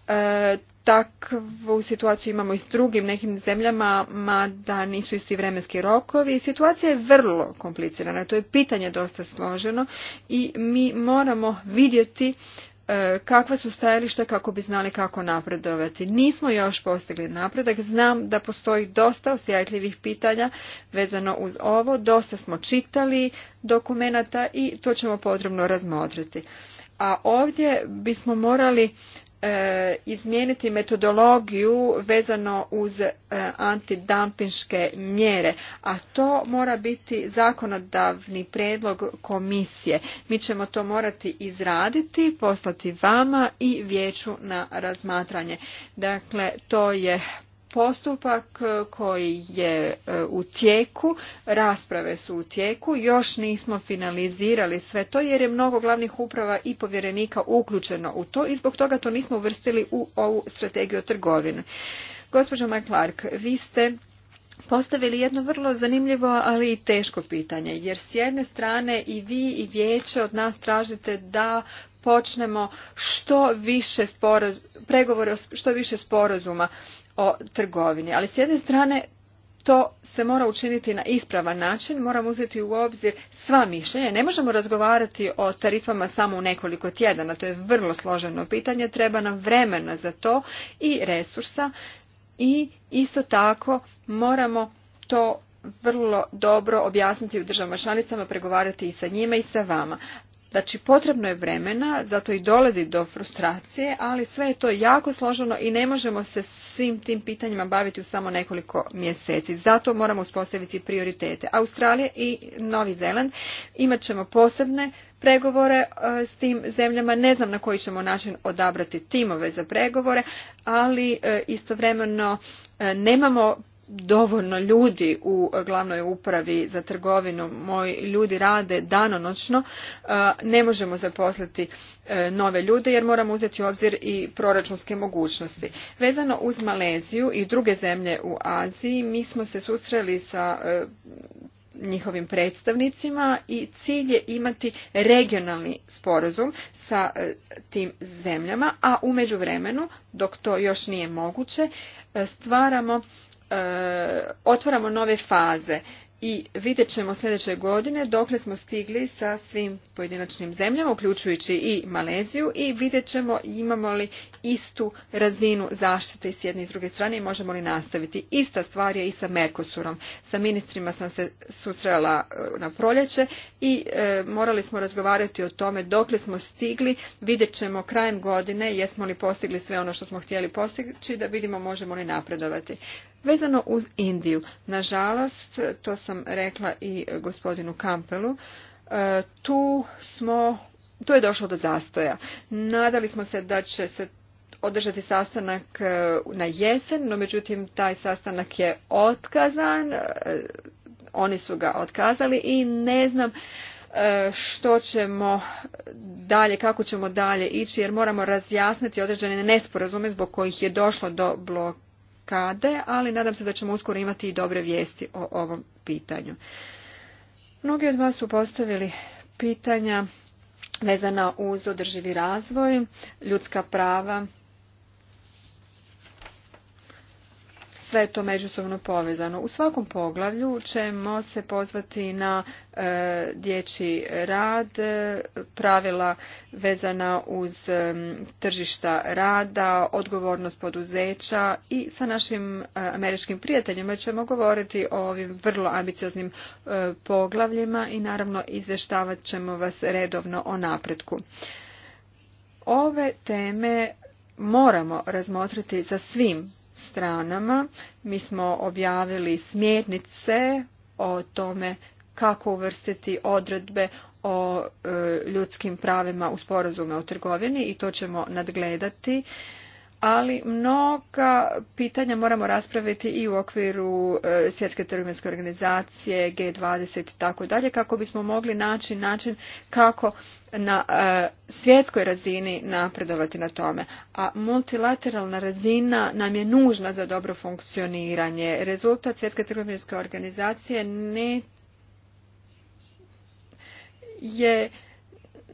E, takvu situaciju imamo i s drugim nekim zemljama, mada nisu isti vremenski rokovi. Situacija je vrlo komplicirana, to je pitanje dosta složeno i mi moramo vidjeti e, kakva su stajališta kako bi znali kako napredovati. Nismo još postigli napredak, znam da postoji dosta osjetljivih pitanja vezano uz ovo, dosta smo čitali dokumenata i to ćemo podrobno razmotriti a ovdje bismo morali e, izmijeniti metodologiju vezano uz e, antidampinške mjere, a to mora biti zakonodavni predlog komisije. Mi ćemo to morati izraditi, poslati vama i vijeću na razmatranje. Dakle, to je postupak e, koji je e, u tijeku, rasprave su u tijeku, još nismo finalizirali sve to jer je mnogo glavnih uprava i povjerenika uključeno u to i zbog toga to nismo uvrstili u ovu strategiju trgovine. Gospođo McClark, vi ste postavili jedno vrlo zanimljivo, ali i teško pitanje, jer s jedne strane i vi i vijeće od nas tražite da počnemo što više pregovore što više sporazuma o trgovini. Ali s jedne strane to se mora učiniti na ispravan način, moramo uzeti u obzir sva mišljenja. Ne možemo razgovarati o tarifama samo u nekoliko tjedana, to je vrlo složeno pitanje, treba nam vremena za to i resursa i isto tako moramo to vrlo dobro objasniti u državama članicama, pregovarati i sa njima i sa vama. Znači, potrebno je vremena, zato i dolazi do frustracije, ali sve je to jako složeno i ne možemo se svim tim pitanjima baviti u samo nekoliko mjeseci. Zato moramo uspostaviti prioritete. Australija i Novi Zeland imat ćemo posebne pregovore e, s tim zemljama. Ne znam na koji ćemo način odabrati timove za pregovore, ali e, istovremeno e, nemamo dovoljno ljudi u glavnoj upravi za trgovinu, moji ljudi rade danonoćno, e, ne možemo zaposliti e, nove ljude jer moramo uzeti u obzir i proračunske mogućnosti. Vezano uz Maleziju i druge zemlje u Aziji, mi smo se susreli sa e, njihovim predstavnicima i cilj je imati regionalni sporazum sa tim zemljama, a u međuvremenu, dok to još nije moguće, stvaramo E, otvaramo nove faze i vidjet ćemo sljedeće godine dokle smo stigli sa svim pojedinačnim zemljama, uključujući i Maleziju i vidjet ćemo imamo li istu razinu zaštite i s jedne i s druge strane i možemo li nastaviti. Ista stvar je i sa Merkosurom. Sa ministrima sam se susrela e, na proljeće i e, morali smo razgovarati o tome dokle smo stigli. Vidjet ćemo krajem godine jesmo li postigli sve ono što smo htjeli postići da vidimo možemo li napredovati. Vezano uz Indiju, nažalost, to sam rekla i gospodinu Kampelu, e, tu smo, tu je došlo do zastoja. Nadali smo se da će se održati sastanak e, na jesen, no međutim taj sastanak je otkazan, e, oni su ga otkazali i ne znam što ćemo dalje, kako ćemo dalje ići jer moramo razjasniti određene nesporazume zbog kojih je došlo do blok blokade, ali nadam se da ćemo uskoro imati i dobre vijesti o ovom pitanju. Mnogi od vas su postavili pitanja vezana uz održivi razvoj, ljudska prava sve je to međusobno povezano. U svakom poglavlju ćemo se pozvati na e, dječji rad, e, pravila vezana uz e, tržišta rada, odgovornost poduzeća i sa našim američkim prijateljima ćemo govoriti o ovim vrlo ambicioznim poglavljima i naravno izvještavat ćemo vas redovno o napretku. Ove teme moramo razmotriti sa svim stranama. Mi smo objavili smjernice o tome kako uvrstiti odredbe o e, ljudskim pravima u sporazume o trgovini i to ćemo nadgledati ali mnoga pitanja moramo raspraviti i u okviru e, svjetske trgovinske organizacije, G20 i tako dalje, kako bismo mogli naći način kako na e, svjetskoj razini napredovati na tome. A multilateralna razina nam je nužna za dobro funkcioniranje. Rezultat svjetske trgovinske organizacije ne je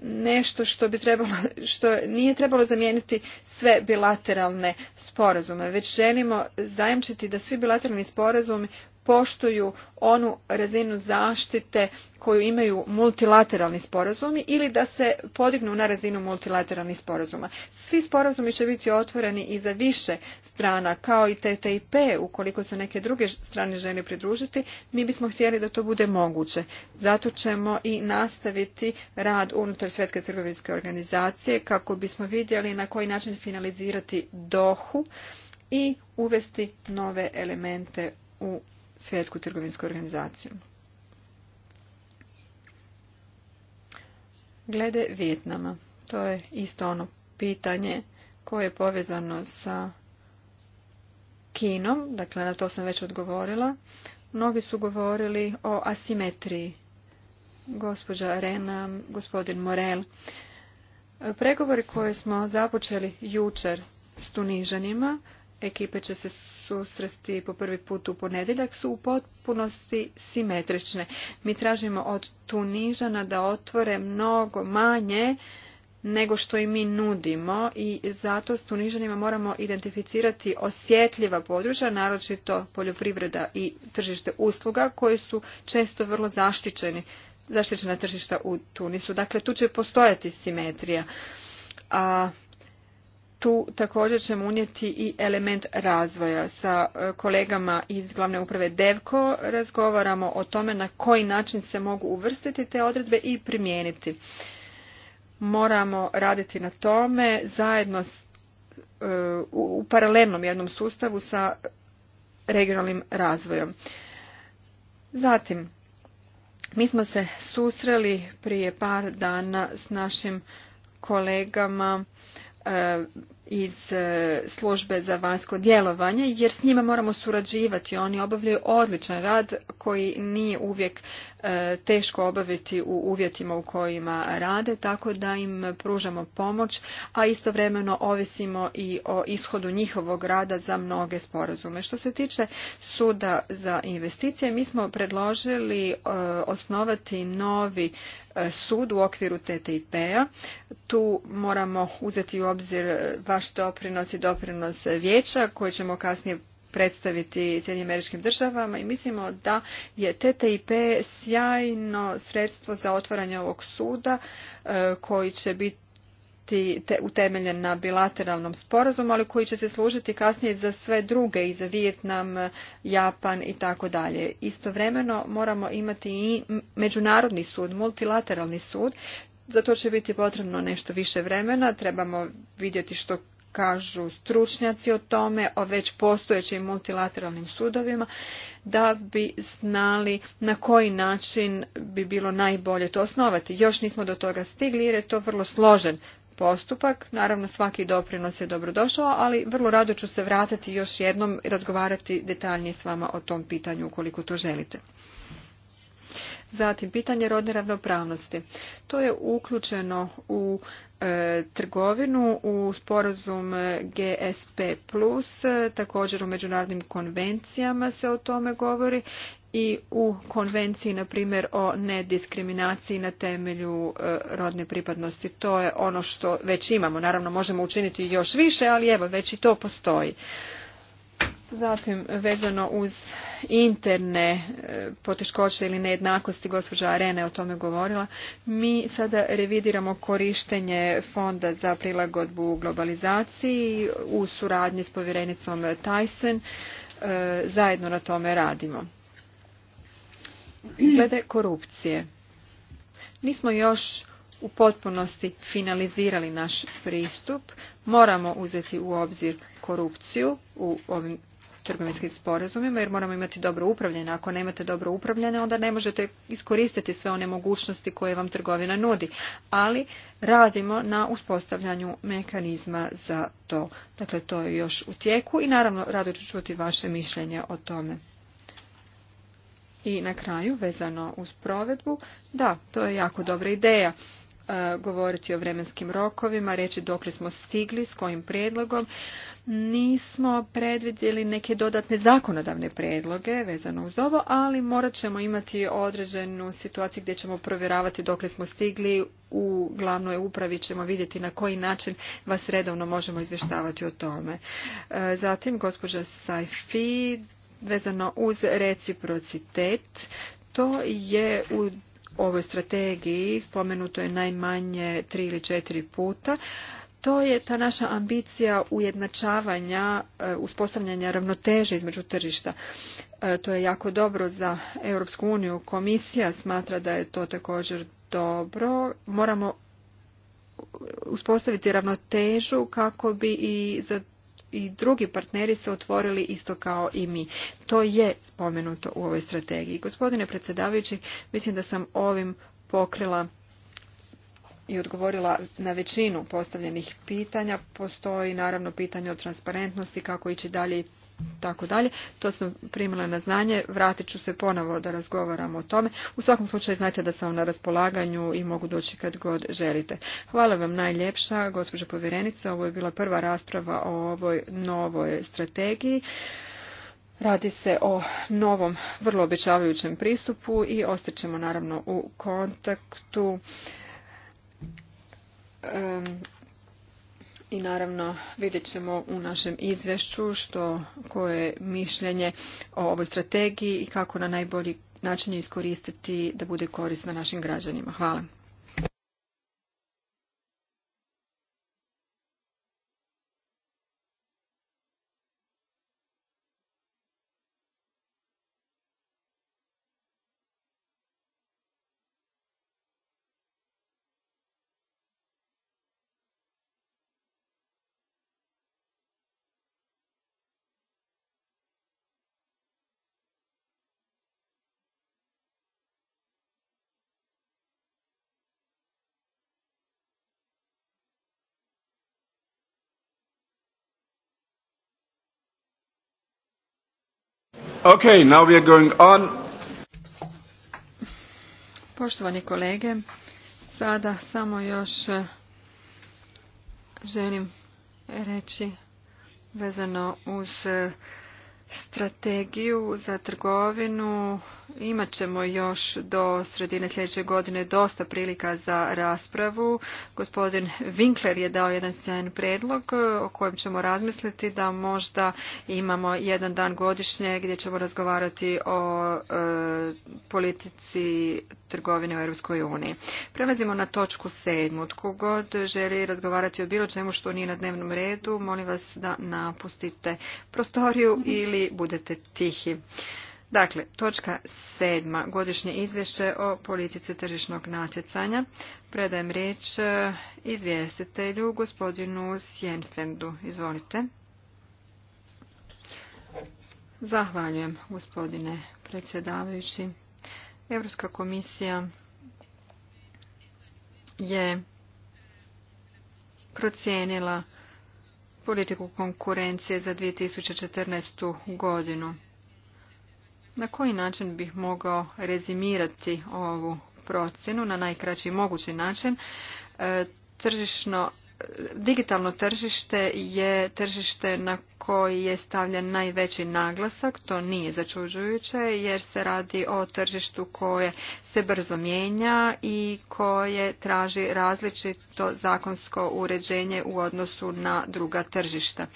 nešto što bi trebalo, što nije trebalo zamijeniti sve bilateralne sporazume, već želimo zajamčiti da svi bilateralni sporazumi poštuju onu razinu zaštite koju imaju multilateralni sporazumi ili da se podignu na razinu multilateralnih sporazuma. Svi sporazumi će biti otvoreni i za više strana, kao i TTIP, ukoliko se neke druge strane žele pridružiti, mi bismo htjeli da to bude moguće. Zato ćemo i nastaviti rad unutar Svjetske trgovinske organizacije kako bismo vidjeli na koji način finalizirati dohu i uvesti nove elemente u svjetsku trgovinsku organizaciju. Glede Vjetnama, to je isto ono pitanje koje je povezano sa Kinom, dakle na to sam već odgovorila. Mnogi su govorili o asimetriji. Gospođa arena gospodin Morel. Pregovori koje smo započeli jučer s Tunižanima ekipe će se susresti po prvi put u ponedjeljak su u potpunosti simetrične. Mi tražimo od Tunižana da otvore mnogo manje nego što i mi nudimo i zato s Tunižanima moramo identificirati osjetljiva područja, naročito poljoprivreda i tržište usluga koji su često vrlo zaštićeni, zaštićena tržišta u Tunisu. Dakle, tu će postojati simetrija. A tu također ćemo unijeti i element razvoja. Sa e, kolegama iz glavne uprave DEVKO razgovaramo o tome na koji način se mogu uvrstiti te odredbe i primijeniti. Moramo raditi na tome zajedno e, u paralelnom jednom sustavu sa regionalnim razvojom. Zatim, mi smo se susreli prije par dana s našim kolegama E, iz e, službe za vanjsko djelovanje jer s njima moramo surađivati. Oni obavljaju odličan rad koji nije uvijek e, teško obaviti u uvjetima u kojima rade, tako da im pružamo pomoć, a istovremeno ovisimo i o ishodu njihovog rada za mnoge sporazume. Što se tiče suda za investicije, mi smo predložili osnovati novi sud u okviru TTIP-a. Tu moramo uzeti u obzir vaš doprinos i doprinos vijeća koji ćemo kasnije predstaviti Sjedinim američkim državama i mislimo da je TTIP sjajno sredstvo za otvaranje ovog suda e, koji će biti biti utemeljen na bilateralnom sporazumu, ali koji će se služiti kasnije za sve druge, i za Vijetnam, Japan i tako dalje. Istovremeno moramo imati i međunarodni sud, multilateralni sud, za to će biti potrebno nešto više vremena, trebamo vidjeti što kažu stručnjaci o tome, o već postojećim multilateralnim sudovima, da bi znali na koji način bi bilo najbolje to osnovati. Još nismo do toga stigli jer je to vrlo složen postupak. Naravno, svaki doprinos je dobrodošao, ali vrlo rado ću se vratiti još jednom i razgovarati detaljnije s vama o tom pitanju ukoliko to želite. Zatim, pitanje rodne ravnopravnosti. To je uključeno u e, trgovinu, u sporazum GSP+, također u međunarodnim konvencijama se o tome govori i u konvenciji, na primjer, o nediskriminaciji na temelju e, rodne pripadnosti. To je ono što već imamo. Naravno, možemo učiniti još više, ali evo, već i to postoji. Zatim, vezano uz interne e, poteškoće ili nejednakosti, gospođa Arena je o tome govorila, mi sada revidiramo korištenje fonda za prilagodbu globalizaciji u suradnji s povjerenicom Tyson. E, zajedno na tome radimo. Glede korupcije. Nismo još u potpunosti finalizirali naš pristup. Moramo uzeti u obzir korupciju u ovim trgovinskim sporazumima jer moramo imati dobro upravljanje. Ako nemate dobro upravljanje onda ne možete iskoristiti sve one mogućnosti koje vam trgovina nudi. Ali radimo na uspostavljanju mekanizma za to. Dakle, to je još u tijeku i naravno rado ću čuti vaše mišljenje o tome. I na kraju, vezano uz provedbu, da, to je jako dobra ideja e, govoriti o vremenskim rokovima, reći dokle smo stigli, s kojim prijedlogom. Nismo predvidjeli neke dodatne zakonodavne prijedloge vezano uz ovo, ali morat ćemo imati određenu situaciju gdje ćemo provjeravati dokle smo stigli. U glavnoj upravi ćemo vidjeti na koji način vas redovno možemo izvještavati o tome. E, zatim, gospođa Sajfi vezano uz reciprocitet. To je u ovoj strategiji spomenuto je najmanje tri ili četiri puta. To je ta naša ambicija ujednačavanja, e, uspostavljanja ravnoteže između tržišta. E, to je jako dobro za Europsku uniju. Komisija smatra da je to također dobro. Moramo uspostaviti ravnotežu kako bi i za i drugi partneri se otvorili isto kao i mi. To je spomenuto u ovoj strategiji. Gospodine predsjedavajući, mislim da sam ovim pokrila i odgovorila na većinu postavljenih pitanja. Postoji naravno pitanje o transparentnosti, kako ići dalje i tako dalje. To sam primila na znanje. Vratit ću se ponovo da razgovaramo o tome. U svakom slučaju znajte da sam na raspolaganju i mogu doći kad god želite. Hvala vam najljepša, gospođa povjerenica. Ovo je bila prva rasprava o ovoj novoj strategiji. Radi se o novom, vrlo obećavajućem pristupu i ostaćemo naravno u kontaktu i naravno vidjet ćemo u našem izvješću što koje mišljenje o ovoj strategiji i kako na najbolji način je iskoristiti da bude korisna našim građanima. Hvala. Okay, now we are going on. Poštovani kolege, sada samo još e, želim reći vezano uz e, strategiju za trgovinu imat ćemo još do sredine sljedeće godine dosta prilika za raspravu. Gospodin Winkler je dao jedan sjajan predlog o kojem ćemo razmisliti da možda imamo jedan dan godišnje gdje ćemo razgovarati o e, politici trgovine u Europskoj uniji. Prelazimo na točku sedmu. Tko god želi razgovarati o bilo čemu što nije na dnevnom redu, molim vas da napustite prostoriju ili budete tihi. Dakle, točka sedma, godišnje izvješće o politici tržišnog natjecanja. Predajem riječ e, izvjestitelju, gospodinu Sjenfendu. Izvolite. Zahvaljujem, gospodine predsjedavajući. Europska komisija je procijenila politiku konkurencije za 2014. godinu. Na koji način bih mogao rezimirati ovu procjenu na najkraći mogući način? E, tržišno digitalno tržište je tržište na koji je stavljen najveći naglasak, to nije začuđujuće jer se radi o tržištu koje se brzo mijenja i koje traži različito zakonsko uređenje u odnosu na druga tržišta.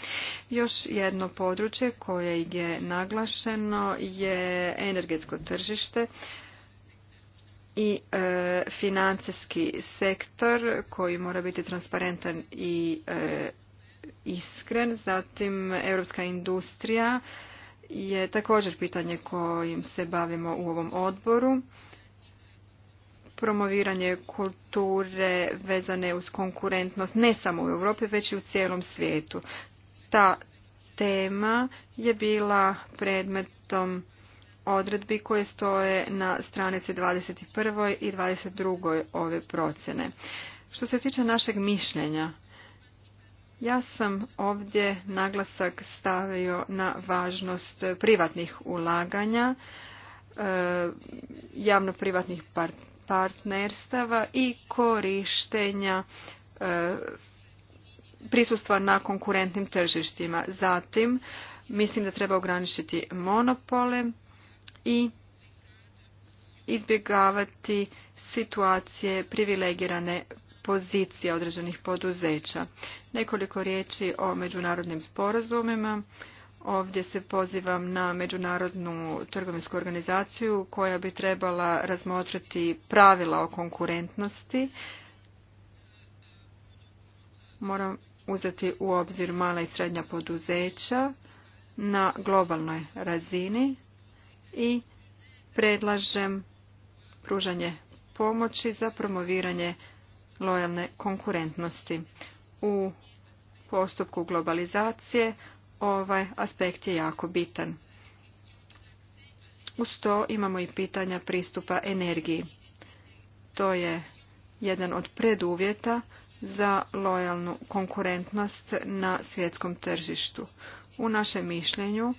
Još jedno područje koje je naglašeno je energetsko tržište i e, financijski sektor koji mora biti transparentan i e, iskren. Zatim europska industrija je također pitanje kojim se bavimo u ovom odboru. Promoviranje kulture vezane uz konkurentnost ne samo u Europi već i u cijelom svijetu. Ta tema je bila predmetom odredbi koje stoje na stranici 21. i 22. ove procjene. Što se tiče našeg mišljenja, ja sam ovdje naglasak stavio na važnost privatnih ulaganja, e, javno-privatnih partnerstava i korištenja e, prisustva na konkurentnim tržištima. Zatim, mislim da treba ograničiti monopole, i izbjegavati situacije privilegirane pozicije određenih poduzeća. Nekoliko riječi o međunarodnim sporazumima. Ovdje se pozivam na Međunarodnu trgovinsku organizaciju koja bi trebala razmotriti pravila o konkurentnosti. Moram uzeti u obzir mala i srednja poduzeća na globalnoj razini i predlažem pružanje pomoći za promoviranje lojalne konkurentnosti. U postupku globalizacije ovaj aspekt je jako bitan. Uz to imamo i pitanja pristupa energiji. To je jedan od preduvjeta za lojalnu konkurentnost na svjetskom tržištu. U našem mišljenju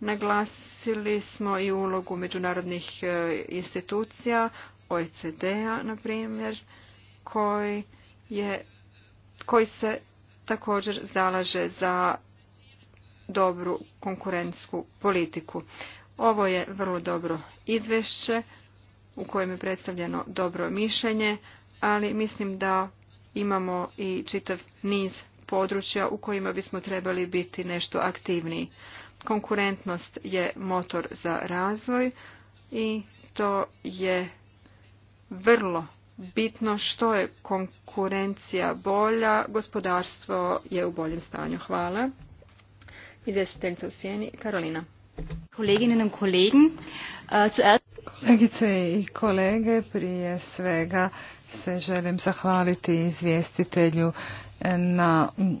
Naglasili smo i ulogu međunarodnih e, institucija, OECD-a, na primjer, koji, je, koji se također zalaže za dobru konkurentsku politiku. Ovo je vrlo dobro izvješće u kojem je predstavljeno dobro mišljenje, ali mislim da imamo i čitav niz područja u kojima bismo trebali biti nešto aktivniji konkurentnost je motor za razvoj i to je vrlo bitno što je konkurencija bolja, gospodarstvo je u boljem stanju. Hvala. Izvjestiteljica u Sjeni, Karolina. Eh, Kolegice i kolege, prije svega se želim zahvaliti izvjestitelju eh, na mm,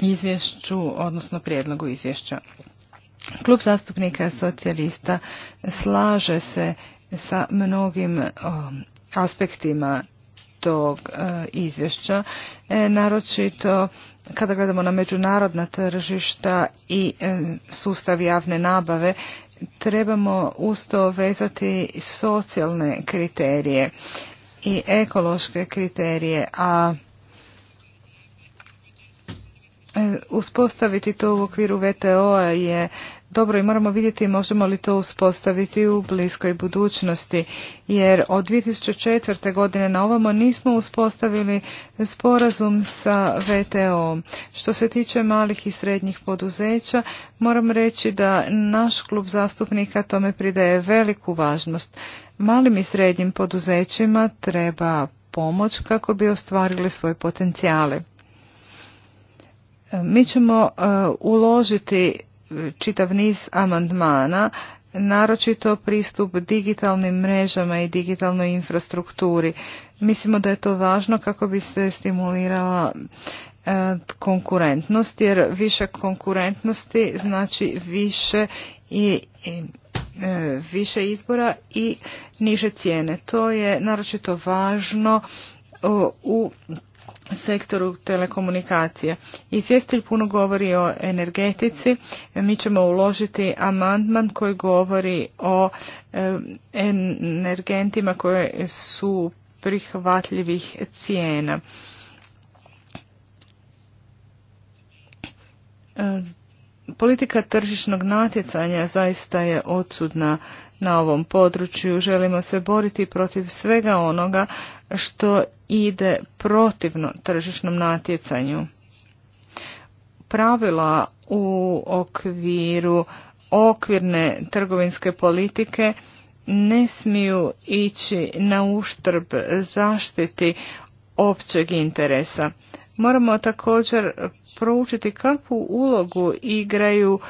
izvješću, odnosno prijedlogu izvješća. Klub zastupnika socijalista slaže se sa mnogim um, aspektima tog uh, izvješća, e, naročito kada gledamo na međunarodna tržišta i e, sustav javne nabave, trebamo usto vezati socijalne kriterije i ekološke kriterije, a e, uspostaviti to u okviru VTO-a je dobro i moramo vidjeti možemo li to uspostaviti u bliskoj budućnosti jer od 2004. godine na ovamo nismo uspostavili sporazum sa VTO. Što se tiče malih i srednjih poduzeća moram reći da naš klub zastupnika tome pridaje veliku važnost. Malim i srednjim poduzećima treba pomoć kako bi ostvarili svoje potencijale. Mi ćemo e, uložiti čitav niz amandmana, naročito pristup digitalnim mrežama i digitalnoj infrastrukturi. Mislimo da je to važno kako bi se stimulirala e, konkurentnost, jer više konkurentnosti znači više i, e, više izbora i niže cijene. To je naročito važno e, u sektoru telekomunikacije. Izvjestilj puno govori o energetici. Mi ćemo uložiti amandman koji govori o eh, energentima koje su prihvatljivih cijena. Eh, politika tržišnog natjecanja zaista je odsudna na ovom području. Želimo se boriti protiv svega onoga što ide protivno tržišnom natjecanju. Pravila u okviru okvirne trgovinske politike ne smiju ići na uštrb zaštiti općeg interesa. Moramo također proučiti kakvu ulogu igraju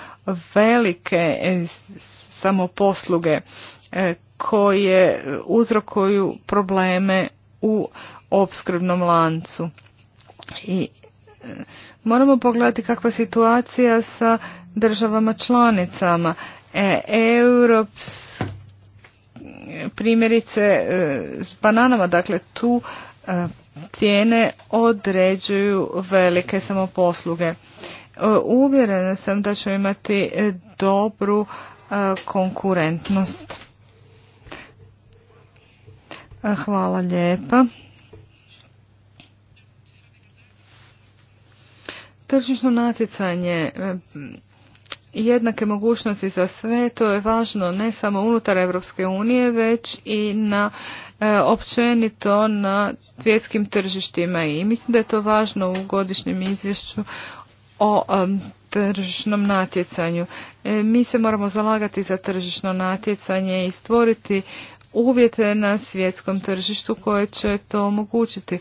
velike samoposluge e, koje uzrokuju probleme u opskrbnom lancu. I e, moramo pogledati kakva je situacija sa državama članicama. E, Europs, primjerice e, s bananama, dakle tu cijene određuju velike samoposluge. Uvjerena sam da ćemo imati dobru E, konkurentnost. E, hvala lijepa. Tržišno natjecanje e, jednake mogućnosti za sve, to je važno ne samo unutar Europske unije, već i na općenito na svjetskim tržištima i mislim da je to važno u godišnjem izvješću o tržišnom natjecanju. E, mi se moramo zalagati za tržišno natjecanje i stvoriti uvjete na svjetskom tržištu koje će to omogućiti. E,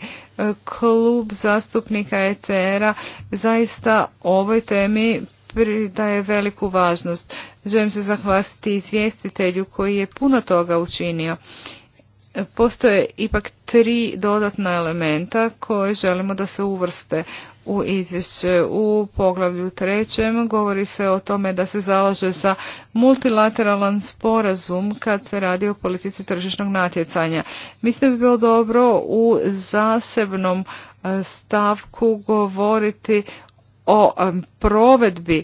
klub zastupnika ecr zaista ovoj temi daje veliku važnost. Želim se zahvaliti izvjestitelju koji je puno toga učinio postoje ipak tri dodatna elementa koje želimo da se uvrste u izvješće. U poglavlju trećem govori se o tome da se zalaže za multilateralan sporazum kad se radi o politici tržišnog natjecanja. Mislim bi bilo dobro u zasebnom e, stavku govoriti o e, provedbi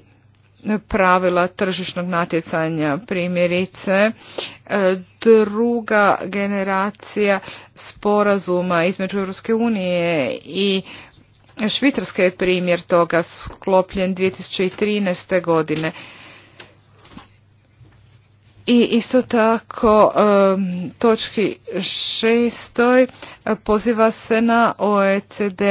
pravila tržišnog natjecanja primjerice e, druga generacija sporazuma između Europske unije i Švicarske je primjer toga sklopljen 2013. godine. I isto tako točki šestoj poziva se na OECD.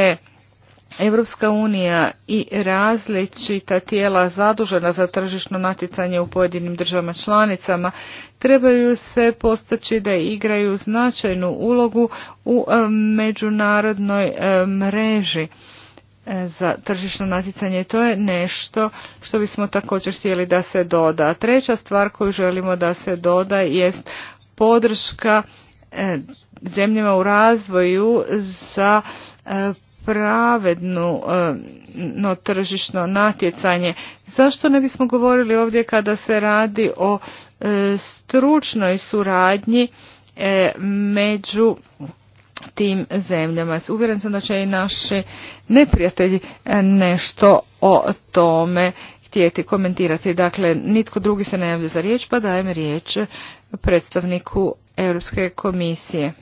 Europska unija i različita tijela zadužena za tržišno natjecanje u pojedinim državama članicama trebaju se postaći da igraju značajnu ulogu u e, međunarodnoj e, mreži e, za tržišno natjecanje. To je nešto što bismo također htjeli da se doda. Treća stvar koju želimo da se doda jest podrška zemljama u razvoju za pravedno eh, no, tržišno natjecanje. Zašto ne bismo govorili ovdje kada se radi o eh, stručnoj suradnji eh, među tim zemljama. Uvjeren sam da će i naši neprijatelji nešto o tome htjeti komentirati. Dakle, nitko drugi se ne javlja za riječ, pa dajem riječ predstavniku Europske komisije.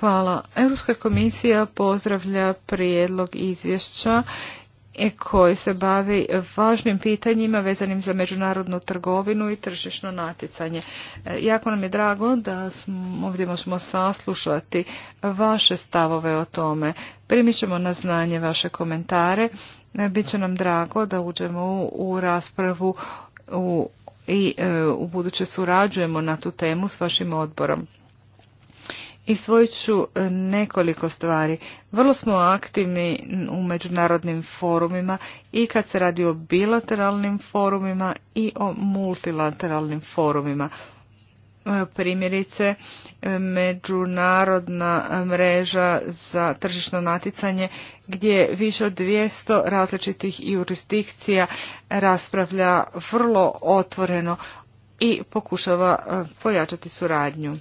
Hvala. Europska komisija pozdravlja prijedlog izvješća koji se bavi važnim pitanjima vezanim za međunarodnu trgovinu i tržišno natjecanje. E, jako nam je drago da smo, ovdje možemo saslušati vaše stavove o tome. Primit ćemo na znanje vaše komentare. E, Biće nam drago da uđemo u, raspravu u, i e, u buduće surađujemo na tu temu s vašim odborom. Isvojit ću e, nekoliko stvari. Vrlo smo aktivni u međunarodnim forumima i kad se radi o bilateralnim forumima i o multilateralnim forumima. E, primjerice, e, međunarodna mreža za tržišno naticanje gdje više od 200 različitih jurisdikcija raspravlja vrlo otvoreno i pokušava pojačati suradnju.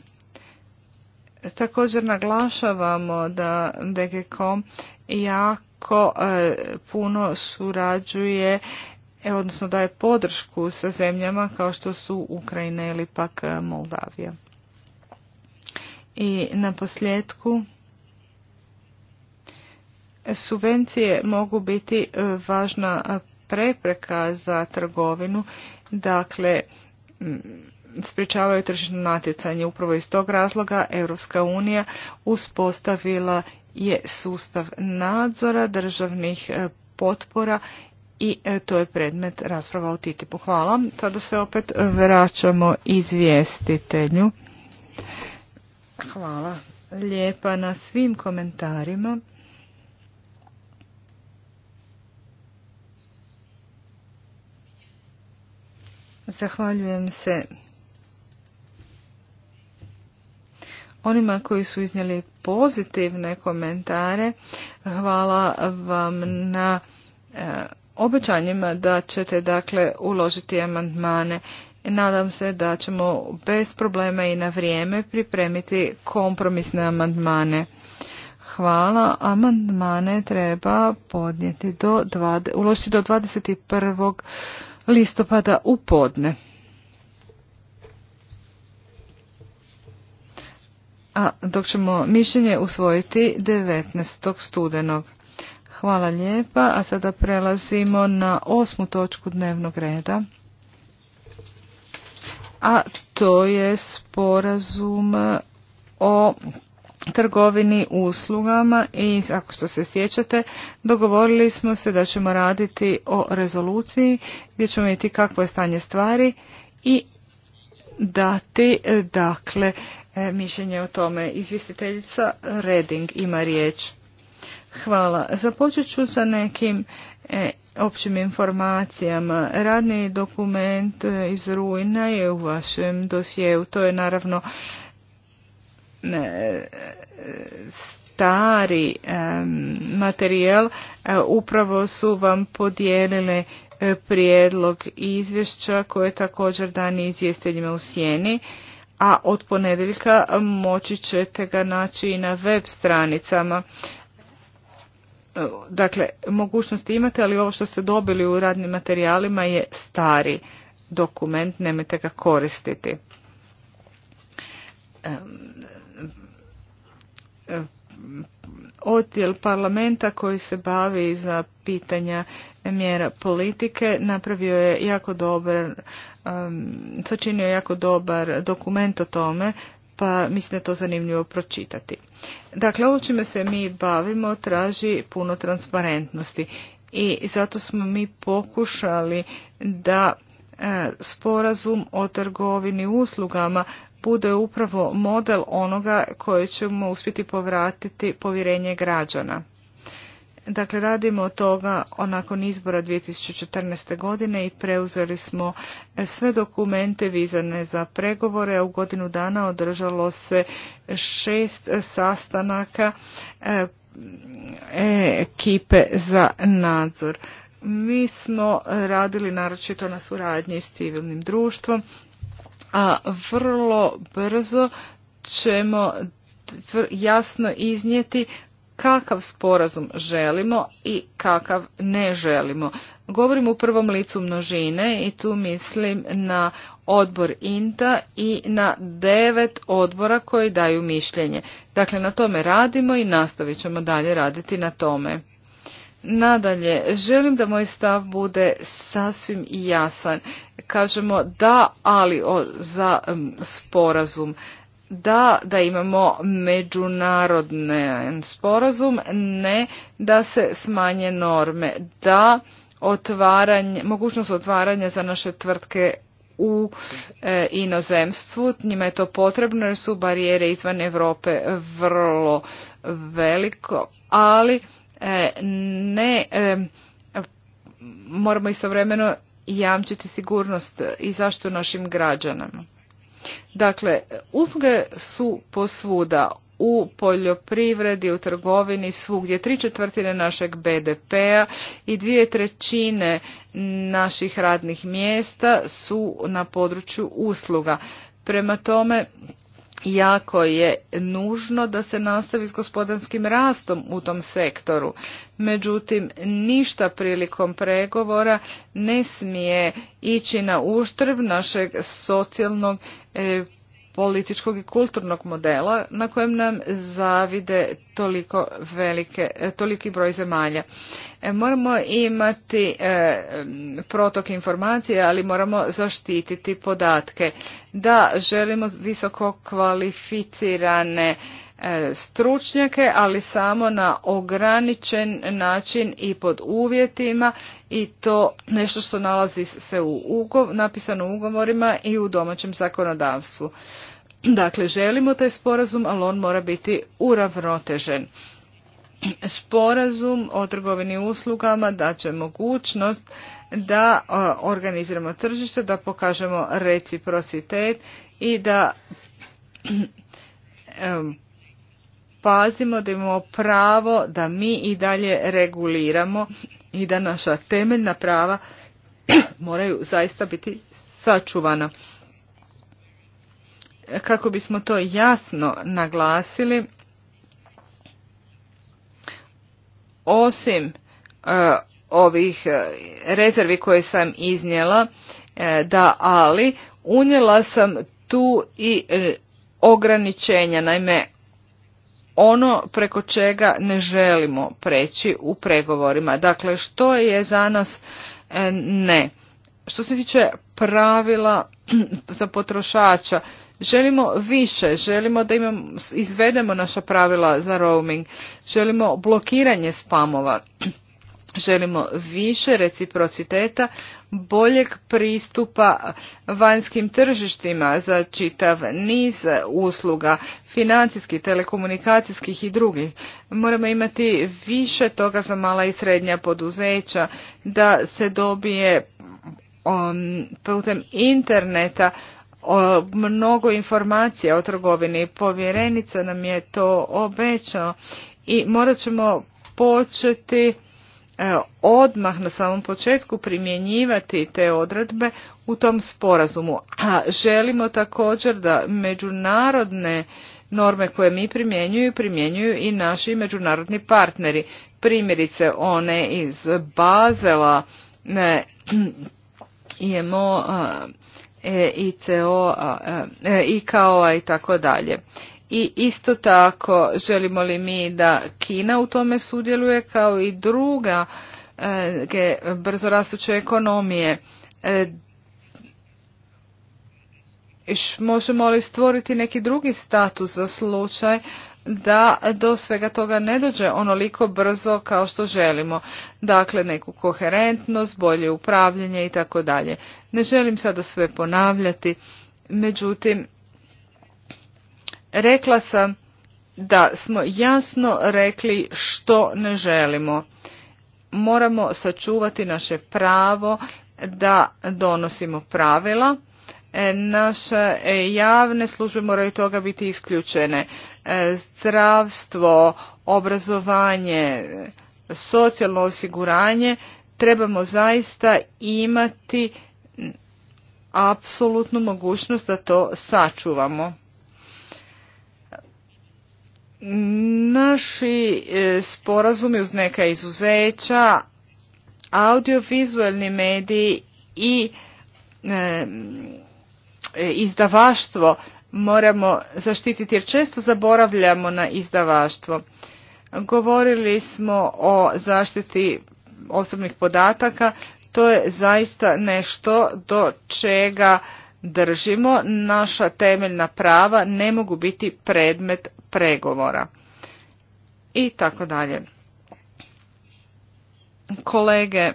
Također naglašavamo da DGCOM jako e, puno surađuje, e, odnosno daje podršku sa zemljama kao što su Ukrajina ili pak e, Moldavija. I na posljedku subvencije mogu biti važna prepreka za trgovinu, dakle sprječavaju tržišno natjecanje. Upravo iz tog razloga Europska unija uspostavila je sustav nadzora državnih e, potpora i e, to je predmet rasprava o TTIP-u. Hvala. Sada se opet vraćamo izvjestitelju. Hvala lijepa na svim komentarima. Zahvaljujem se Onima koji su iznijeli pozitivne komentare, hvala vam na e, obećanjima da ćete dakle uložiti amandmane. Nadam se da ćemo bez problema i na vrijeme pripremiti kompromisne amandmane. Hvala. Amandmane treba podnijeti do, uložiti do 21. listopada u podne. a dok ćemo mišljenje usvojiti 19. studenog. Hvala lijepa, a sada prelazimo na osmu točku dnevnog reda. A to je sporazum o trgovini uslugama i ako što se sjećate dogovorili smo se da ćemo raditi o rezoluciji gdje ćemo vidjeti kakvo je stanje stvari i dati dakle E, mišljenje o tome. Izvjestiteljica Reding ima riječ. Hvala. Započet ću sa nekim e, općim informacijama. Radni dokument e, iz rujna je u vašem dosjeu. To je naravno stari materijal. Upravo su vam podijelile prijedlog izvješća koje također dani izvjestiteljima u sjeni a od ponedjeljka moći ćete ga naći i na web stranicama. Dakle, mogućnosti imate, ali ovo što ste dobili u radnim materijalima je stari dokument, nemojte ga koristiti odjel parlamenta koji se bavi za pitanja mjera politike napravio je jako dobar, um, sačinio jako dobar dokument o tome, pa mislim da je to zanimljivo pročitati. Dakle, ovo čime se mi bavimo traži puno transparentnosti i zato smo mi pokušali da e, sporazum o trgovini uslugama bude upravo model onoga koje ćemo uspjeti povratiti povjerenje građana. Dakle, radimo od toga nakon izbora 2014. godine i preuzeli smo sve dokumente vizane za pregovore, a u godinu dana održalo se šest sastanaka e, e, ekipe za nadzor. Mi smo radili naročito na suradnji s civilnim društvom, a vrlo brzo ćemo jasno iznijeti kakav sporazum želimo i kakav ne želimo. Govorim u prvom licu množine i tu mislim na odbor INTA i na devet odbora koji daju mišljenje. Dakle, na tome radimo i nastavit ćemo dalje raditi na tome. Nadalje, želim da moj stav bude sasvim jasan. Kažemo da, ali za sporazum. Da, da imamo međunarodni sporazum, ne da se smanje norme. Da, otvaranje, mogućnost otvaranja za naše tvrtke u e, inozemstvu. Njima je to potrebno jer su barijere izvan Europe vrlo veliko, ali E, ne e, moramo istovremeno jamčiti sigurnost i zaštitu našim građanama. Dakle, usluge su posvuda u poljoprivredi, u trgovini, svugdje. Tri četvrtine našeg BDP-a i dvije trećine naših radnih mjesta su na području usluga. Prema tome, jako je nužno da se nastavi s gospodarskim rastom u tom sektoru. Međutim, ništa prilikom pregovora ne smije ići na uštrb našeg socijalnog e, političkog i kulturnog modela na kojem nam zavide toliko velike, e, toliki broj zemalja. E, moramo imati e, protok informacije, ali moramo zaštititi podatke. Da, želimo visoko kvalificirane E, stručnjake, ali samo na ograničen način i pod uvjetima i to nešto što nalazi se u napisano u ugovorima i u domaćem zakonodavstvu. Dakle, želimo taj sporazum, ali on mora biti uravnotežen. Sporazum o trgovini uslugama daće mogućnost da e, organiziramo tržište, da pokažemo reciprocitet i da pazimo da imamo pravo da mi i dalje reguliramo i da naša temeljna prava moraju zaista biti sačuvana. Kako bismo to jasno naglasili, osim e, ovih e, rezervi koje sam iznijela, e, da ali, unijela sam tu i ograničenja, naime ono preko čega ne želimo preći u pregovorima. Dakle, što je za nas e, ne. Što se tiče pravila za potrošača, želimo više, želimo da imamo, izvedemo naša pravila za roaming, želimo blokiranje spamova. želimo više reciprociteta, boljeg pristupa vanjskim tržištima za čitav niz usluga, financijskih, telekomunikacijskih i drugih. Moramo imati više toga za mala i srednja poduzeća, da se dobije um, putem interneta mnogo informacija o trgovini. Povjerenica nam je to obećao i morat ćemo početi E, odmah na samom početku primjenjivati te odredbe u tom sporazumu. A želimo također da međunarodne norme koje mi primjenjuju, primjenjuju i naši međunarodni partneri. Primjerice one iz Bazela, e, IMO, e, ICO, kao i tako dalje i isto tako želimo li mi da Kina u tome sudjeluje kao i druga e, brzo rastuće ekonomije. Eh, možemo li stvoriti neki drugi status za slučaj da do svega toga ne dođe onoliko brzo kao što želimo. Dakle, neku koherentnost, bolje upravljanje i tako dalje. Ne želim sada sve ponavljati, međutim, Rekla sam da smo jasno rekli što ne želimo. Moramo sačuvati naše pravo da donosimo pravila. E, naše javne službe moraju toga biti isključene. E, zdravstvo, obrazovanje, socijalno osiguranje trebamo zaista imati apsolutnu mogućnost da to sačuvamo. Naši e, sporazumi uz neka izuzeća, audiovizualni mediji i e, e, izdavaštvo moramo zaštititi jer često zaboravljamo na izdavaštvo. Govorili smo o zaštiti osobnih podataka, to je zaista nešto do čega držimo. Naša temeljna prava ne mogu biti predmet pregovora i tako dalje. Kolege,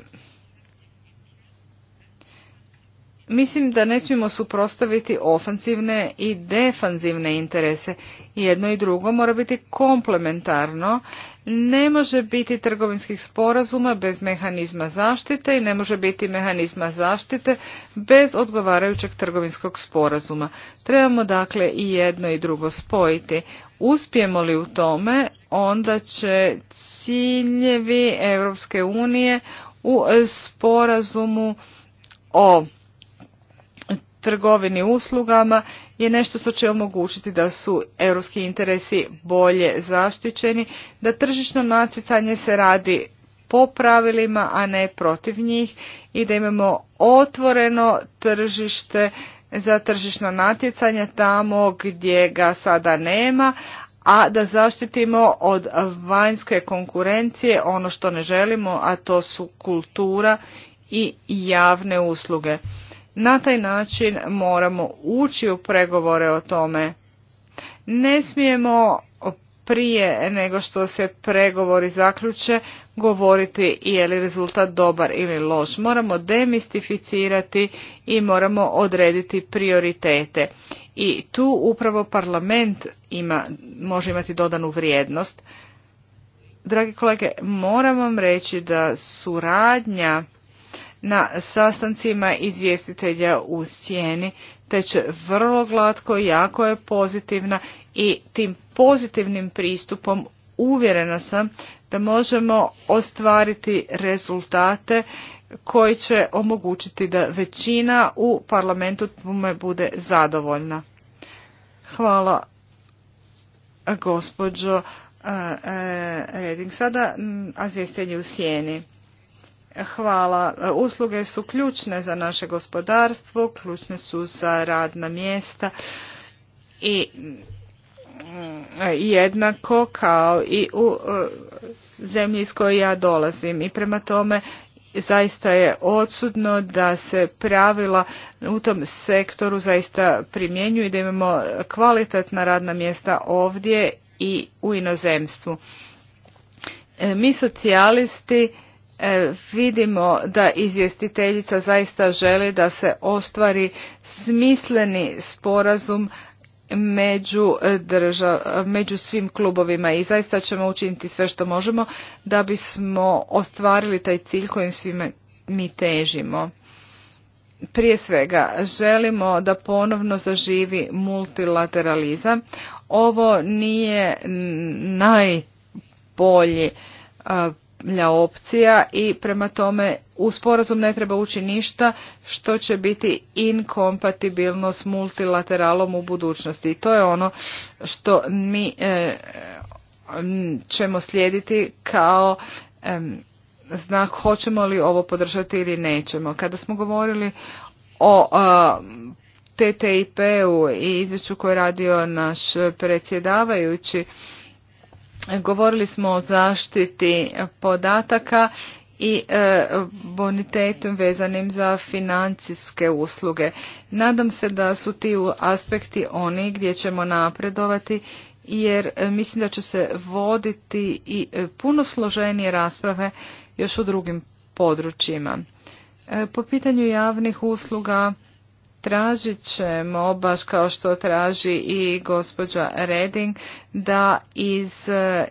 mislim da ne smijemo suprostaviti ofensivne i defanzivne interese. Jedno i drugo mora biti komplementarno ne može biti trgovinskih sporazuma bez mehanizma zaštite i ne može biti mehanizma zaštite bez odgovarajućeg trgovinskog sporazuma. Trebamo dakle i jedno i drugo spojiti. Uspijemo li u tome, onda će ciljevi Europske unije u sporazumu o trgovini uslugama je nešto što će omogućiti da su europski interesi bolje zaštićeni, da tržišno natjecanje se radi po pravilima, a ne protiv njih i da imamo otvoreno tržište za tržišno natjecanje tamo gdje ga sada nema, a da zaštitimo od vanjske konkurencije ono što ne želimo, a to su kultura i javne usluge. Na taj način moramo ući u pregovore o tome. Ne smijemo prije nego što se pregovori zaključe govoriti je li rezultat dobar ili loš. Moramo demistificirati i moramo odrediti prioritete. I tu upravo parlament ima, može imati dodanu vrijednost. Dragi kolege, moram vam reći da suradnja na sastancima izvjestitelja u sjeni, će vrlo glatko, jako je pozitivna i tim pozitivnim pristupom uvjerena sam da možemo ostvariti rezultate koji će omogućiti da većina u parlamentu bude zadovoljna. Hvala gospođo Reding. Sada izvjestitelji u sjeni. Hvala. Usluge su ključne za naše gospodarstvo, ključne su za radna mjesta i mm, jednako kao i u e, zemlji iz koje ja dolazim i prema tome zaista je odsudno da se pravila u tom sektoru zaista primjenjuju i da imamo kvalitetna radna mjesta ovdje i u inozemstvu. E, mi socijalisti E, vidimo da izvjestiteljica zaista želi da se ostvari smisleni sporazum e, među, svim klubovima i zaista ćemo učiniti sve što možemo da bismo ostvarili taj cilj kojim svima mi težimo. Prije svega želimo da ponovno zaživi multilateralizam. Ovo nije najbolji opcija i prema tome u sporazum ne treba ući ništa što će biti inkompatibilno s multilateralom u budućnosti. I to je ono što mi e, ćemo slijediti kao znak hoćemo li ovo podržati ili nećemo. Kada smo govorili o tTp e, TTIP-u i izvješću koje je radio naš predsjedavajući, Govorili smo o zaštiti podataka i e, bonitetom vezanim za financijske usluge. Nadam se da su ti aspekti oni gdje ćemo napredovati jer e, mislim da će se voditi i e, puno složenije rasprave još u drugim područjima. Po pitanju javnih usluga tražit ćemo, baš kao što traži i gospođa Reding, da iz eh,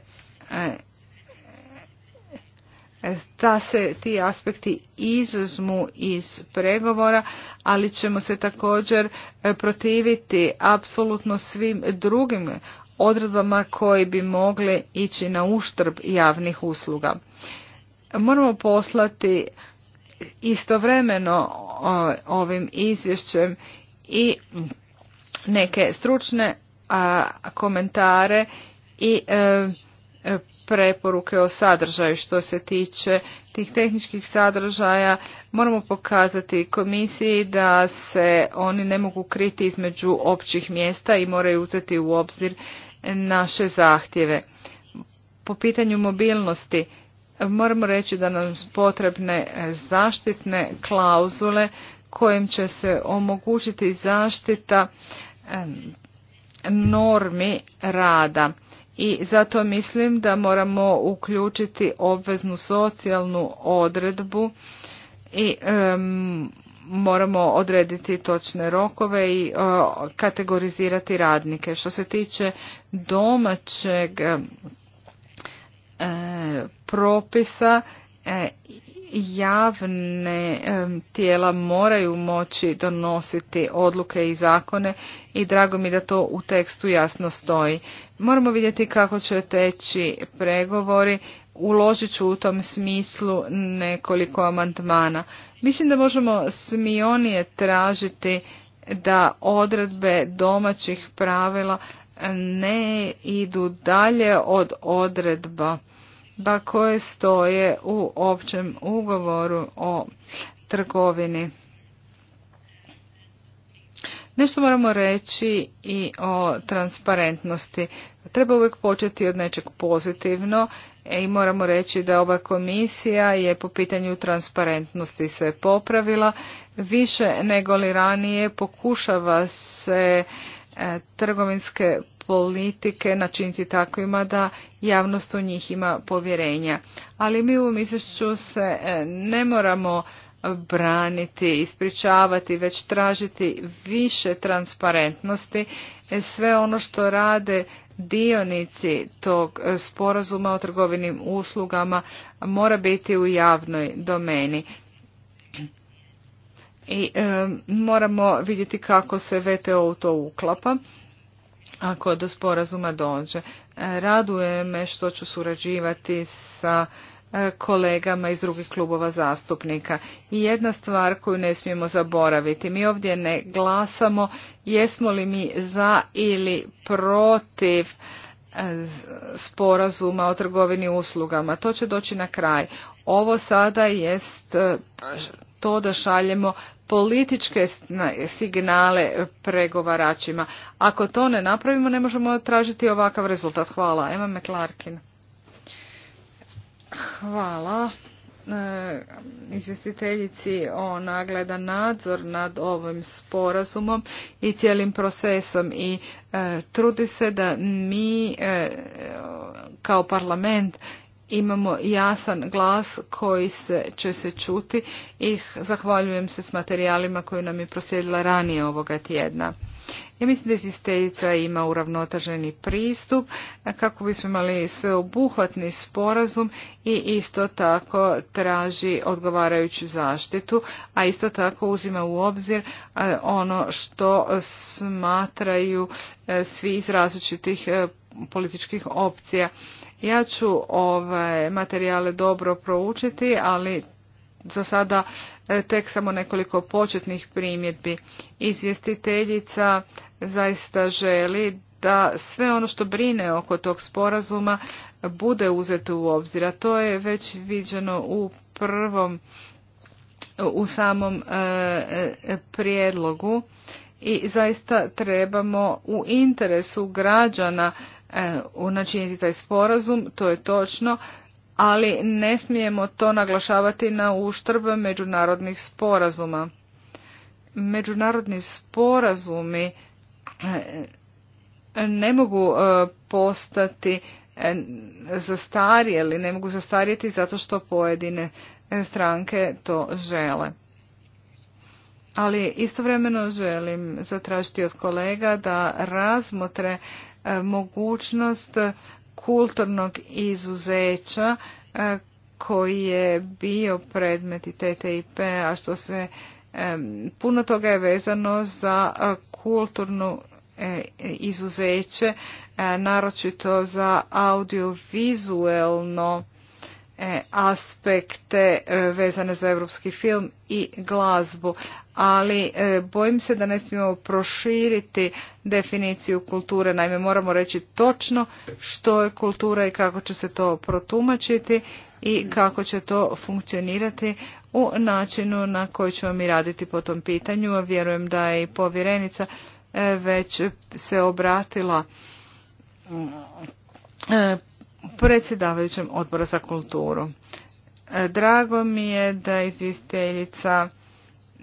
da se ti aspekti izuzmu iz pregovora, ali ćemo se također eh, protiviti apsolutno svim drugim odredbama koji bi mogle ići na uštrb javnih usluga. Moramo poslati istovremeno ovim izvješćem i neke stručne komentare i e, e, preporuke o sadržaju što se tiče tih tehničkih sadržaja moramo pokazati komisiji da se oni ne mogu kriti između općih mjesta i moraju uzeti u obzir naše zahtjeve po pitanju mobilnosti moramo reći da nam potrebne e, zaštitne klauzule kojim će se omogućiti zaštita e, normi rada. I zato mislim da moramo uključiti obveznu socijalnu odredbu i moramo odrediti točne rokove i e, kategorizirati radnike. Što se tiče domaćeg propisa e, javne e, tijela moraju moći donositi odluke i zakone i drago mi da to u tekstu jasno stoji. Moramo vidjeti kako će teći pregovori. Uložit ću u tom smislu nekoliko amandmana. Mislim da možemo smionije tražiti da odredbe domaćih pravila ne idu dalje od odredba ba koje stoje u općem ugovoru o trgovini. Nešto moramo reći i o transparentnosti. Treba uvijek početi od nečeg pozitivno e, i moramo reći da ova komisija je po pitanju transparentnosti se popravila više nego li ranije pokušava se e, trgovinske politike načiniti takvima da javnost u njih ima povjerenja. Ali mi u ovom izvješću se e, ne moramo braniti, ispričavati, već tražiti više transparentnosti. E, sve ono što rade dionici tog e, sporazuma o trgovinim uslugama mora biti u javnoj domeni. I moramo vidjeti kako se VTO u to uklapa ako do sporazuma dođe. E, raduje me što ću surađivati sa e, kolegama iz drugih klubova zastupnika. I jedna stvar koju ne smijemo zaboraviti, mi ovdje ne glasamo jesmo li mi za ili protiv e, sporazuma o trgovini uslugama. To će doći na kraj. Ovo sada jest to da šaljemo političke signale pregovaračima. Ako to ne napravimo, ne možemo tražiti ovakav rezultat. Hvala. Ema McClarkin. Hvala e, izvjestiteljici o nagleda nadzor nad ovim sporazumom i cijelim procesom i e, trudi se da mi e, kao parlament imamo jasan glas koji se, će se čuti i zahvaljujem se s materijalima koje nam je proslijedila ranije ovoga tjedna. Ja mislim da izvjestiteljica ima uravnoteženi pristup kako bismo imali sveobuhvatni sporazum i isto tako traži odgovarajuću zaštitu, a isto tako uzima u obzir ono što smatraju e, svi iz različitih e, političkih opcija ja ću ove materijale dobro proučiti, ali za sada e, tek samo nekoliko početnih primjedbi. Izvjestiteljica zaista želi da sve ono što brine oko tog sporazuma bude uzeto u obzir, a to je već viđeno u prvom u samom e, e, prijedlogu i zaista trebamo u interesu građana načiniti e, taj sporazum, to je točno, ali ne smijemo to naglašavati na uštrb međunarodnih sporazuma. Međunarodni sporazumi e, ne mogu e, postati zastarijeli, ne mogu zastarjeti zato što pojedine stranke to žele. Ali istovremeno želim zatražiti od kolega da razmotre E, mogućnost kulturnog izuzeća e, koji je bio predmet i TTIP-a što se e, puno toga je vezano za kulturnu izuzeće naročito za audiovizuelno E, aspekte e, vezane za europski film i glazbu, ali e, bojim se da ne smijemo proširiti definiciju kulture. Naime, moramo reći točno što je kultura i kako će se to protumačiti i kako će to funkcionirati u načinu na koji ćemo mi raditi po tom pitanju. Vjerujem da je i povjerenica već se obratila predsjedavajućem odbora za kulturu. E, drago mi je da je izvjestiteljica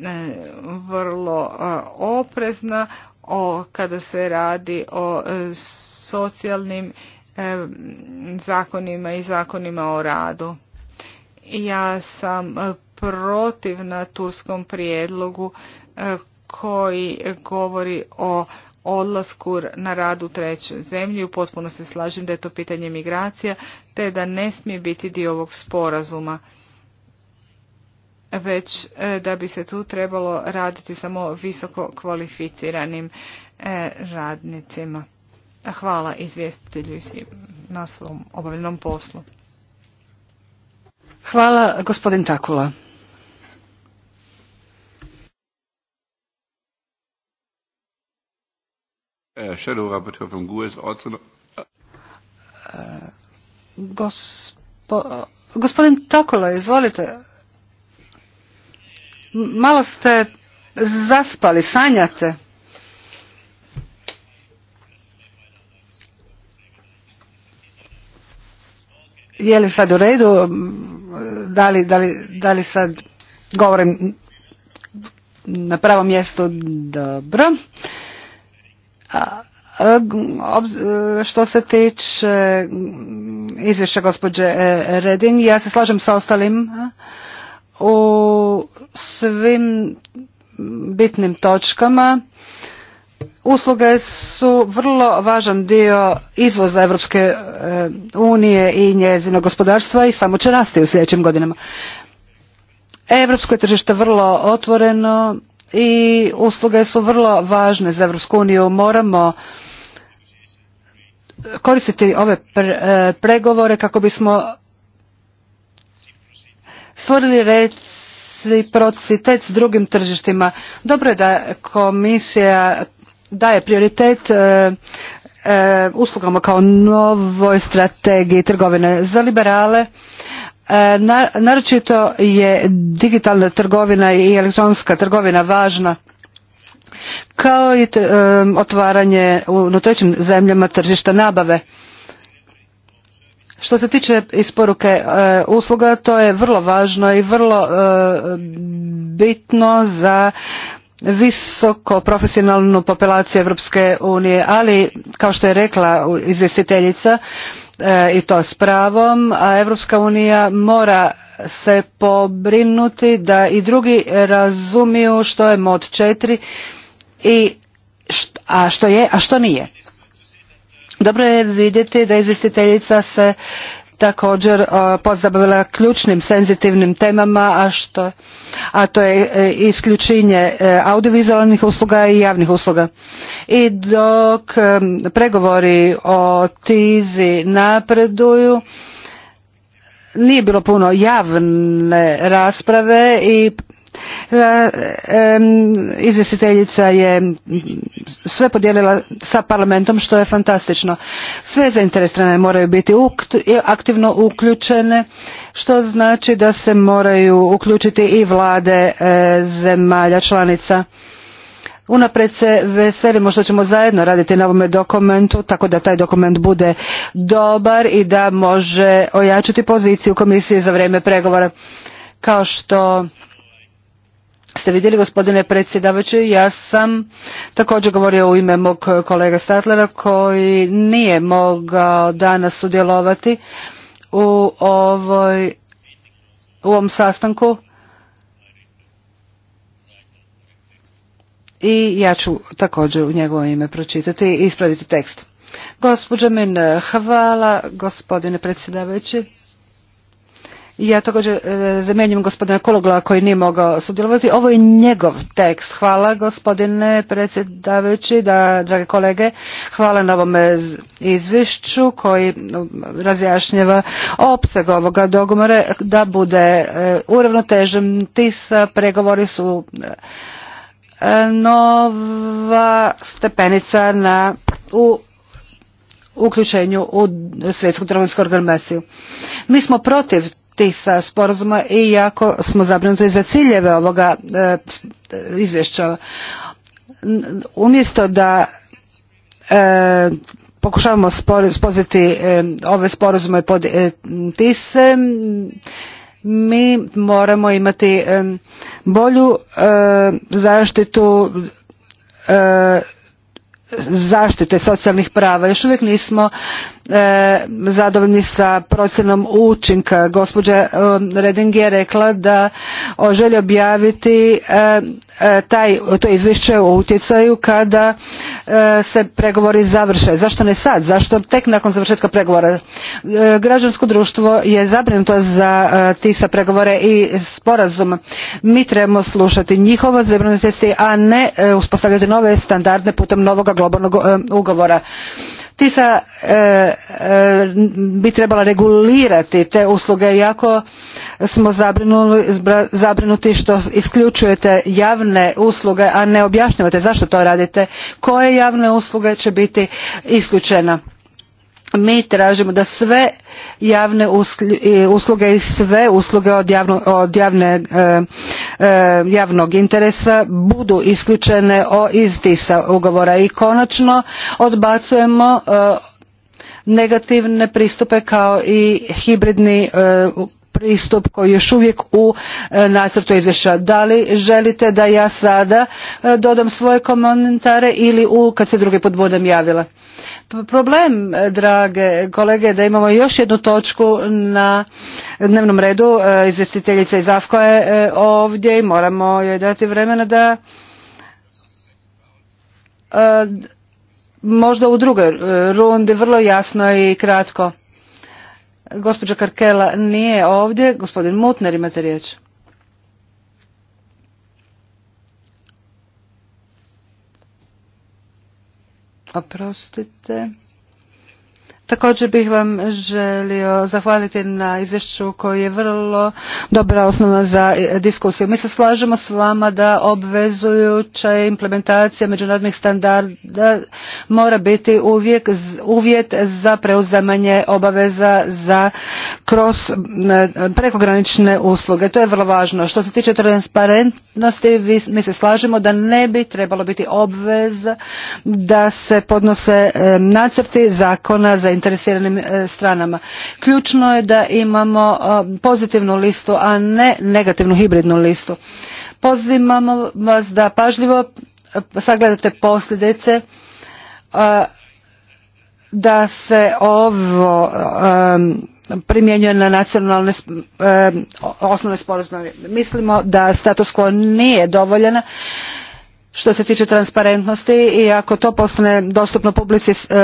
e, vrlo e, oprezna o, kada se radi o socijalnim zakonima i zakonima o radu. Ja sam na turskom prijedlogu koji govori o odlasku na radu u treću zemlju. U potpuno se slažem da je to pitanje migracija, te da ne smije biti dio ovog sporazuma već e, da bi se tu trebalo raditi samo visoko kvalificiranim e, radnicima. Hvala izvjestitelju na svom obavljenom poslu. Hvala gospodin Takula. Eh, eh, eh, gospodin Takola, izvolite. Malo ste zaspali, sanjate. Je li sad u redu? Da li, da li sad govorim na pravom mjestu? Dobro. E, što se tiče mm, izvješća gospođe e, Reding, ja se slažem sa ostalim u svim bitnim točkama. Usluge su vrlo važan dio izvoza Europske e, unije i njezinog gospodarstva i samo će rasti u sljedećim godinama. Europsko je tržište vrlo otvoreno i usluge su vrlo važne za Europsku uniju. Moramo e, koristiti ove e, pregovore kako bismo stvorili reciprocitet s drugim tržištima. Dobro je da komisija daje prioritet e, uslugama kao novoj strategiji trgovine za liberale naročito je digitalna trgovina i elektronska trgovina važna kao i otvaranje u trećim zemljama tržišta nabave. Što se tiče isporuke e, usluga, to je vrlo važno i vrlo e, bitno za visoko profesionalnu populaciju Europske unije, ali kao što je rekla izvjestiteljica, E, i to s pravom, a Europska unija mora se pobrinuti da i drugi razumiju što je mod četiri, i a što je, a što nije. Dobro je vidjeti da izvjestiteljica se također e, pozabavila ključnim senzitivnim temama, a, što, a to je e, isključenje e, audiovizualnih usluga i javnih usluga. I dok pregovori o tizi napreduju, nije bilo puno javne rasprave i E, izvjestiteljica je sve podijelila sa parlamentom što je fantastično. Sve zainteresirane moraju biti aktivno uključene što znači da se moraju uključiti i vlade e, zemalja članica. Unapred se veselimo što ćemo zajedno raditi na ovome dokumentu, tako da taj dokument bude dobar i da može ojačiti poziciju komisije za vrijeme pregovora. Kao što ste vidjeli gospodine predsjedavajući ja sam također govorio u ime mog kolega Statlera koji nije mogao danas sudjelovati u ovoj u ovom sastanku i ja ću također u njegovo ime pročitati i ispraviti tekst. Gospođo Min, hvala gospodine predsjedavajući. Ja također e, zamjenjujem gospodina Kologla koji nije mogao sudjelovati. Ovo je njegov tekst. Hvala gospodine predsjedavajući, da, drage kolege, hvala na ovom e, izvješću koji e, razjašnjava opseg ovoga dogovora da bude uravnotežen. Ti pregovori su nova stepenica na, u uključenju u svjetsku trgovinsku organizaciju. Mi smo protiv tih sa eh, sporazuma i jako smo zabrinuti za ciljeve ovoga eh, izvješća. Umjesto da eh, pokušavamo spoziti ove sporazume pod tise, mi moramo imati bolju zaštitu zaštite socijalnih prava. Još uvijek nismo e, zadovoljni sa procjenom učinka. Gospođa e, Reding je rekla da želi objaviti e, e, taj, to izvješće o utjecaju kada se pregovori završe. Zašto ne sad? Zašto tek nakon završetka pregovora? Građansko društvo je zabrinuto za tisa pregovore i sporazum. Mi trebamo slušati njihovo zabrinutosti, a ne uspostavljati nove standarde putem novog globalnog e, ugovora. TISA e, e, bi trebala regulirati te usluge iako smo zabrinuti što isključujete javne usluge, a ne objašnjavate zašto to radite, koje javne usluge će biti isključena mi tražimo da sve javne usluge i sve usluge od, javno, od javne, e, e, javnog interesa budu isključene iz tisa ugovora i konačno odbacujemo e, negativne pristupe kao i hibridni e, pristup koji još uvijek u e, nacrtu izvješća. Da li želite da ja sada e, dodam svoje komentare ili u, kad se drugi put budem javila? Problem, e, drage kolege, da imamo još jednu točku na dnevnom redu. Izvjestiteljica iz AFKO je ovdje i moramo joj dati vremena da možda u drugoj rundi vrlo jasno i kratko Gospođa Karkela nije ovdje. Gospodin Mutner imate riječ. Oprostite. Također bih vam želio zahvaliti na izvješću koji je vrlo dobra osnova za e, diskusiju. Mi se slažemo s vama da obvezujuća implementacija međunarodnih standarda mora biti uvijek uvjet za preuzamanje obaveza za kroz prekogranične usluge. To je vrlo važno. Što se tiče transparentnosti, mi se slažemo da ne bi trebalo biti obvez da se podnose e, nacrti zakona za zainteresiranim e, stranama. Ključno je da imamo e, pozitivnu listu, a ne negativnu hibridnu listu. Pozivamo vas da pažljivo e, sagledate posljedice da se ovo primjenjuje na nacionalne osnovne sporazume. Mislimo da status quo nije dovoljena što se tiče transparentnosti i ako to postane dostupno publici e,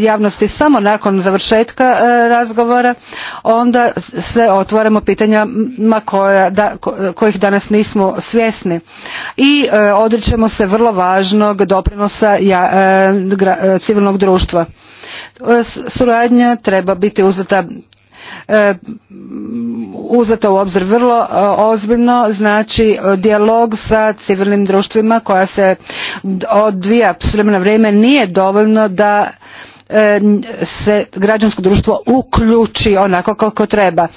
javnosti samo nakon završetka e, razgovora onda se otvaramo pitanjama kojih danas nismo svjesni i e, odričemo se vrlo važnog doprinosa civilnog društva suradnja treba biti uzeta E, uzeta u obzir vrlo e, ozbiljno, znači e, dijalog sa civilnim društvima koja se odvija s vremena vrijeme nije dovoljno da se građansko društvo uključi onako kako treba.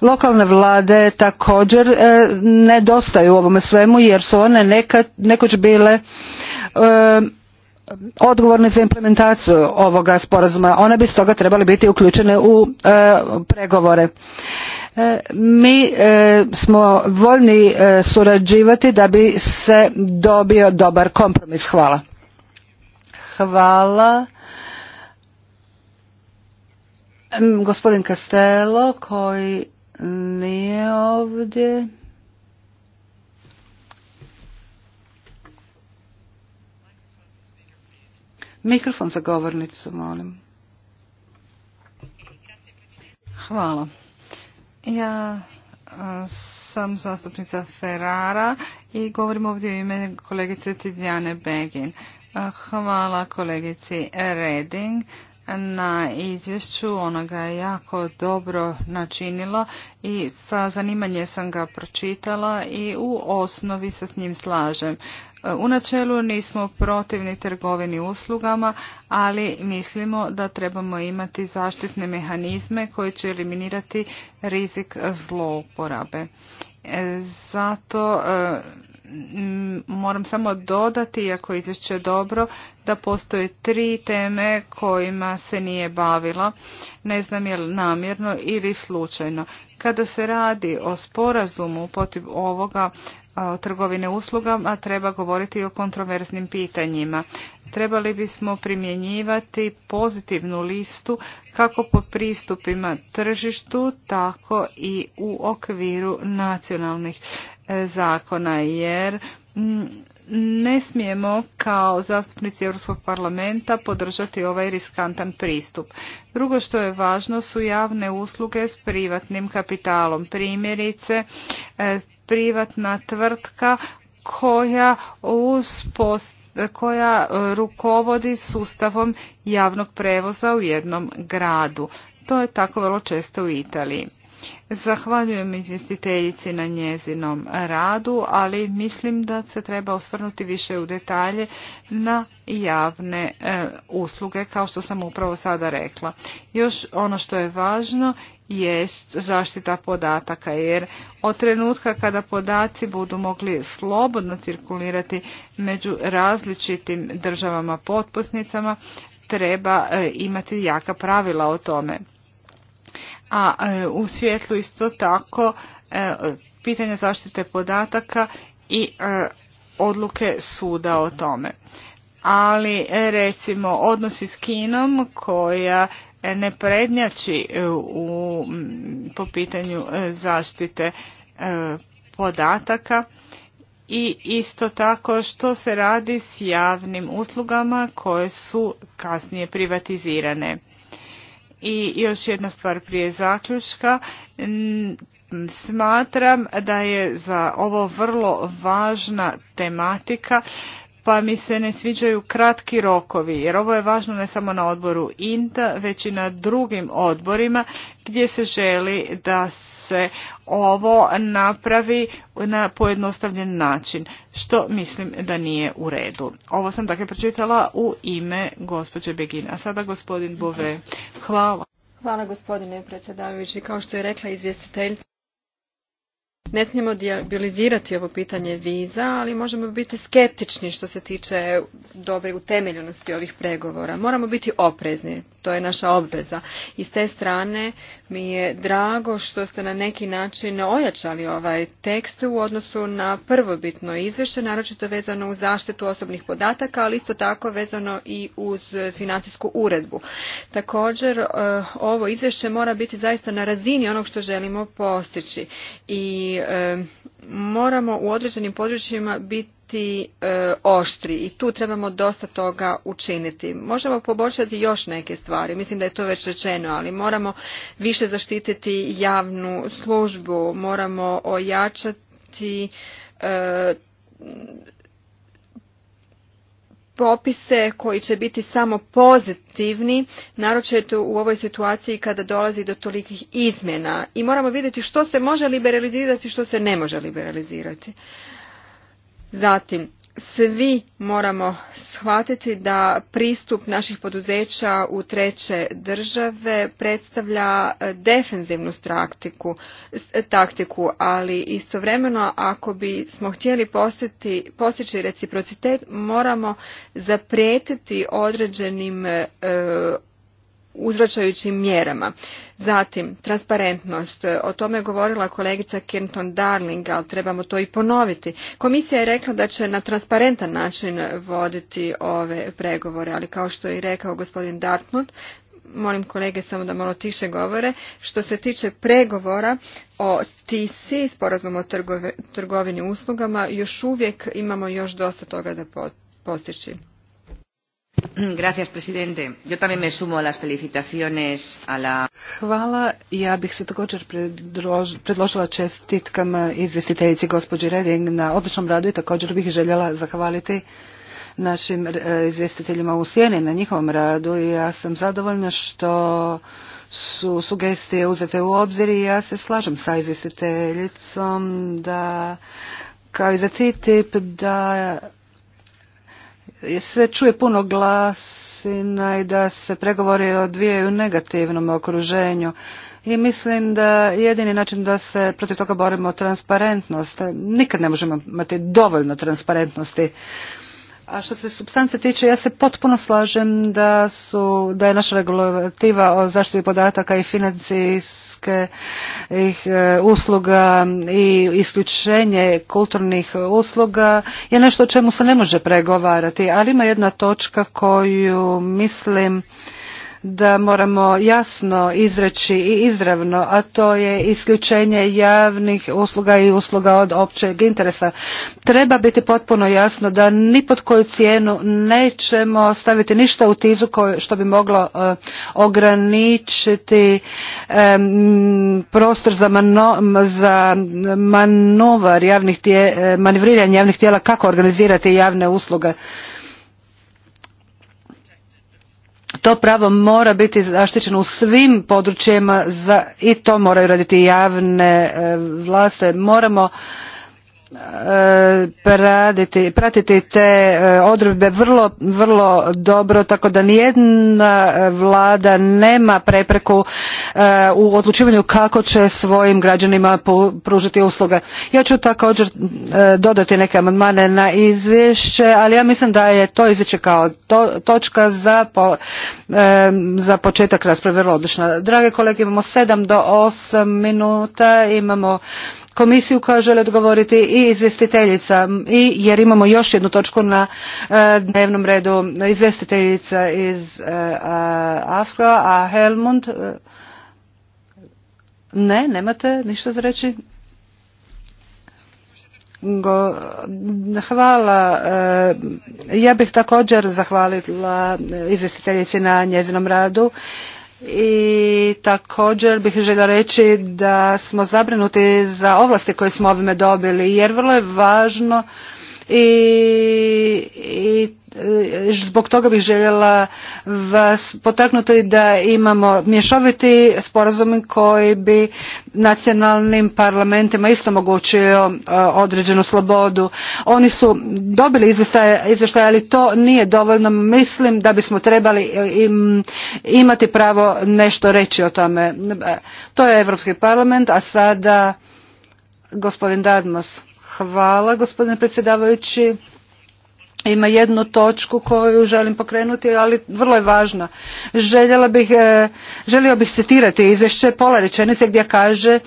Lokalne vlade također nedostaju u ovome svemu jer su one nekoć bile odgovorne za implementaciju ovoga sporazuma. One bi stoga trebali biti uključene u e, pregovore. E, mi e, smo voljni surađivati da bi se dobio dobar kompromis. Hvala. Hvala. Gospodin Castello, koji nije ovdje. Mikrofon za govornicu, molim. Hvala. Ja sam zastupnica Ferrara i govorim ovdje u ime kolegice Tidjane Begin. Hvala kolegici Reding na izvješću, ona ga je jako dobro načinila i sa zanimanje sam ga pročitala i u osnovi se s njim slažem. U načelu nismo protivni trgovini uslugama, ali mislimo da trebamo imati zaštitne mehanizme koji će eliminirati rizik zlouporabe. E, zato e, Mm, moram samo dodati, iako izvješće dobro, da postoje tri teme kojima se nije bavila, ne znam je li namjerno ili slučajno. Kada se radi o sporazumu protiv ovoga o trgovine uslugama, treba govoriti o kontroverznim pitanjima. Trebali bismo primjenjivati pozitivnu listu kako po pristupima tržištu, tako i u okviru nacionalnih zakona jer mm, ne smijemo kao zastupnici Europskog parlamenta podržati ovaj riskantan pristup. Drugo što je važno su javne usluge s privatnim kapitalom. Primjerice, e, privatna tvrtka koja koja e, rukovodi sustavom javnog prevoza u jednom gradu. To je tako vrlo često u Italiji. Zahvaljujem izvjestiteljici na njezinom radu, ali mislim da se treba osvrnuti više u detalje na javne e, usluge, kao što sam upravo sada rekla. Još ono što je važno jest zaštita podataka, jer od trenutka kada podaci budu mogli slobodno cirkulirati među različitim državama potpisnicama, treba e, imati jaka pravila o tome a e, u svjetlu isto tako e, pitanja zaštite podataka i e, odluke suda o tome. Ali recimo odnosi s Kinom koja ne prednjači u, po pitanju zaštite podataka i isto tako što se radi s javnim uslugama koje su kasnije privatizirane. I još jedna stvar prije zaključka. Smatram da je za ovo vrlo važna tematika pa mi se ne sviđaju kratki rokovi, jer ovo je važno ne samo na odboru INTA, već i na drugim odborima gdje se želi da se ovo napravi na pojednostavljen način, što mislim da nije u redu. Ovo sam dakle pročitala u ime gospođe Begin. A sada gospodin Bove. Hvala. Hvala gospodine predsjedavajući. Kao što je rekla izvjestiteljica, ne smijemo dijabilizirati ovo pitanje viza, ali možemo biti skeptični što se tiče dobre utemeljenosti ovih pregovora. Moramo biti oprezni, to je naša obveza. I s te strane mi je drago što ste na neki način ojačali ovaj tekst u odnosu na prvobitno izvješće, naročito vezano uz zaštitu osobnih podataka, ali isto tako vezano i uz financijsku uredbu. Također, eh, ovo izvješće mora biti zaista na razini onog što želimo postići. I E, moramo u određenim područjima biti e, oštri i tu trebamo dosta toga učiniti. Možemo poboljšati još neke stvari, mislim da je to već rečeno, ali moramo više zaštititi javnu službu, moramo ojačati e, popise koji će biti samo pozitivni, naročito u ovoj situaciji kada dolazi do tolikih izmjena. I moramo vidjeti što se može liberalizirati, što se ne može liberalizirati. Zatim, svi moramo shvatiti da pristup naših poduzeća u treće države predstavlja e, defenzivnu taktiku, ali istovremeno ako bi smo htjeli postići reciprocitet moramo zaprijetiti određenim e, uzvraćajućim mjerama. Zatim, transparentnost. O tome je govorila kolegica Kenton Darling, ali trebamo to i ponoviti. Komisija je rekla da će na transparentan način voditi ove pregovore, ali kao što je i rekao gospodin Dartmouth, molim kolege samo da malo tiše govore, što se tiče pregovora o TISI, sporazum o trgovini uslugama, još uvijek imamo još dosta toga da postići. Gracias, presidente. Yo también me sumo a a Hvala. Ja bih se također predložila čestitkama izvjestiteljici gospođi Reding na odličnom radu i također bih željela zahvaliti našim e, izvjestiteljima u Sjeni na njihovom radu ja sam zadovoljna što su sugestije uzete u obzir i ja se slažem sa izvjestiteljicom da kao i za da se čuje puno glasina i da se pregovori odvijaju u negativnom okruženju. I mislim da jedini način da se protiv toga borimo transparentnost. Nikad ne možemo imati dovoljno transparentnosti. A što se substance tiče, ja se potpuno slažem da, su, da je naša regulativa o zaštiti podataka i financijske ih, e, usluga i isključenje kulturnih usluga je nešto o čemu se ne može pregovarati, ali ima jedna točka koju mislim da moramo jasno izreći i izravno, a to je isključenje javnih usluga i usluga od općeg interesa. Treba biti potpuno jasno da ni pod koju cijenu nećemo staviti ništa u tizu što bi moglo e, ograničiti prostor za, za manovar javnih tije, e, javnih tijela kako organizirati javne usluge. to pravo mora biti zaštićeno u svim područjima i to moraju raditi javne e, vlasti. Moramo E, pratiti, pratiti te e, odredbe vrlo, vrlo dobro, tako da nijedna vlada nema prepreku e, u odlučivanju kako će svojim građanima pružiti usluge. Ja ću također dodati neke amandmane na izvješće, ali ja mislim da je to izvješće kao točka za, po, za početak rasprave vrlo odlična. Drage kolege, imamo sedam do osam minuta, imamo komisiju koja želi odgovoriti i izvjestiteljica i jer imamo još jednu točku na e, dnevnom redu izvjestiteljica iz Afro, e, a Helmund e, ne, nemate ništa za reći? Go, hvala. Ja bih također zahvalila izvjestiteljici na njezinom radu i također bih željela reći da smo zabrinuti za ovlasti koje smo ovime dobili jer vrlo je važno i, i zbog toga bih željela vas potaknuti da imamo mješoviti sporazum koji bi nacionalnim parlamentima isto omogućio e, određenu slobodu. Oni su dobili izvještaje, ali to nije dovoljno. Mislim da bismo trebali e, im imati pravo nešto reći o tome. E, to je Europski parlament, a sada gospodin Dadmos. Hvala gospodine predsjedavajući. Ima jednu točku koju želim pokrenuti, ali vrlo je važna. Željela bih, e, želio bih citirati izvješće pola rečenice gdje kaže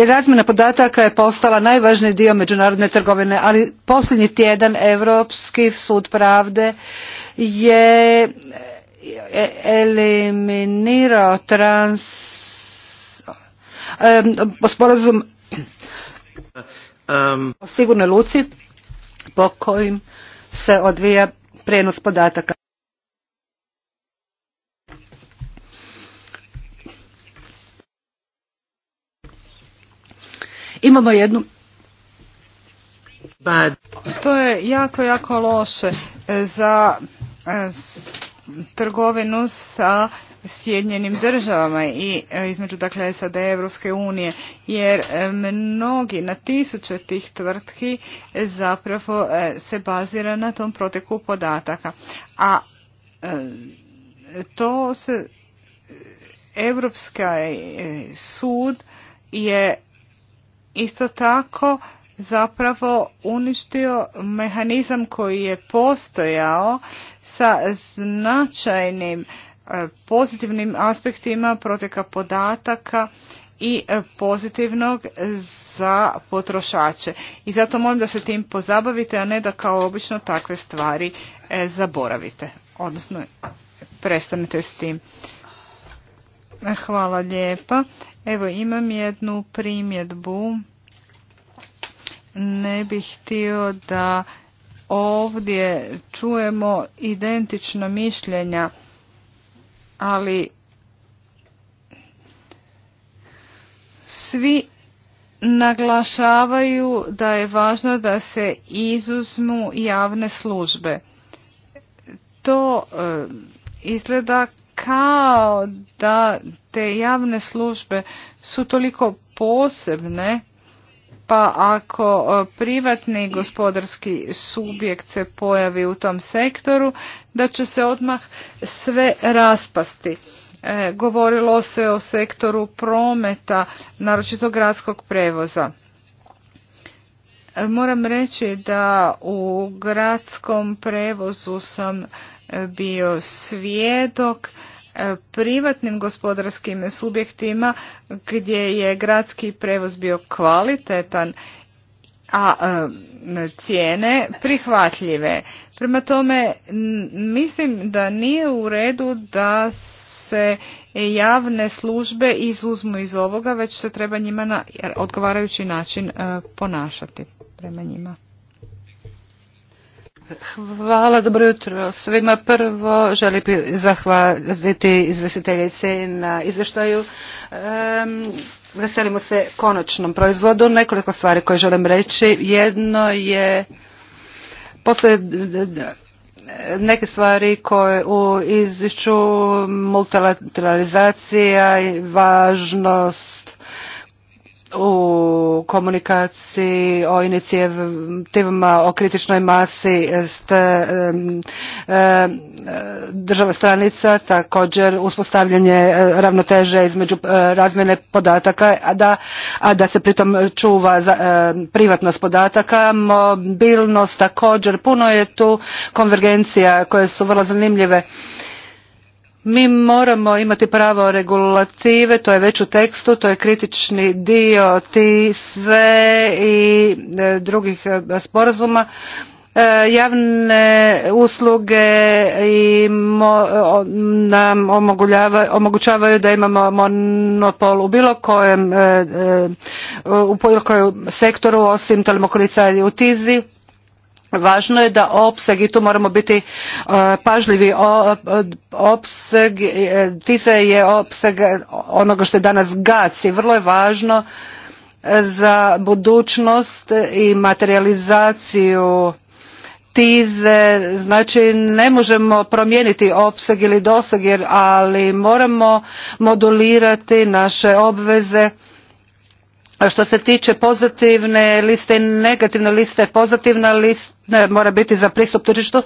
e, razmjena podataka je postala najvažniji dio međunarodne trgovine, ali posljednji tjedan Europski sud pravde je e, eliminirao trans sporazum o sigurnoj luci po kojim se odvija prenos podataka. Imamo jednu To je jako, jako loše za eh, trgovinu sa Sjedinjenim državama i e, između dakle SAD i Europske unije jer e, mnogi na tisuće tih tvrtki e, zapravo se bazira na tom proteku podataka. A to se Europski sud je isto tako zapravo uništio mehanizam koji je postojao sa značajnim E, pozitivnim aspektima proteka podataka i e, pozitivnog za potrošače. I zato molim da se tim pozabavite, a ne da kao obično takve stvari e, zaboravite, odnosno prestanete s tim. Hvala lijepa. Evo imam jednu primjedbu. Ne bih htio da ovdje čujemo identična mišljenja ali svi naglašavaju da je važno da se izuzmu javne službe. To e, izgleda kao da te javne službe su toliko posebne pa ako e, privatni gospodarski subjekt se pojavi u tom sektoru, da će se odmah sve raspasti. E, govorilo se o sektoru prometa, naročito gradskog prevoza. E, moram reći da u gradskom prevozu sam bio svjedok privatnim gospodarskim subjektima gdje je gradski prevoz bio kvalitetan a e, cijene prihvatljive. Prema tome mislim da nije u redu da se javne službe izuzmu iz ovoga, već se treba njima na odgovarajući način e, ponašati prema njima. Hvala, dobro jutro svima. Prvo želim zahvaliti izvjestiteljici na izvještaju. veselimo se konačnom proizvodu. Nekoliko stvari koje želim reći. Jedno je posle neke stvari koje u izvješću multilateralizacija, i važnost u komunikaciji o inicijativama o kritičnoj masi ste, država stranica, također uspostavljanje e, ravnoteže između e, razmjene podataka, a da, a da se pritom čuva e, privatnost podataka, mobilnost također, puno je tu konvergencija koje su vrlo zanimljive mi moramo imati pravo regulative, to je već u tekstu, to je kritični dio TISE i e, drugih e, sporazuma. E, javne usluge nam omogućavaju da imamo monopol u bilo kojem, u sektoru osim telemokonica i u TIZI Važno je da opseg, i tu moramo biti e, pažljivi, opseg, e, tisa je opseg onoga što je danas GAC vrlo je važno za budućnost i materializaciju tize, znači ne možemo promijeniti opseg ili doseg, ali moramo modulirati naše obveze što se tiče pozitivne liste i negativne liste, pozitivna lista mora biti za pristup tržištu,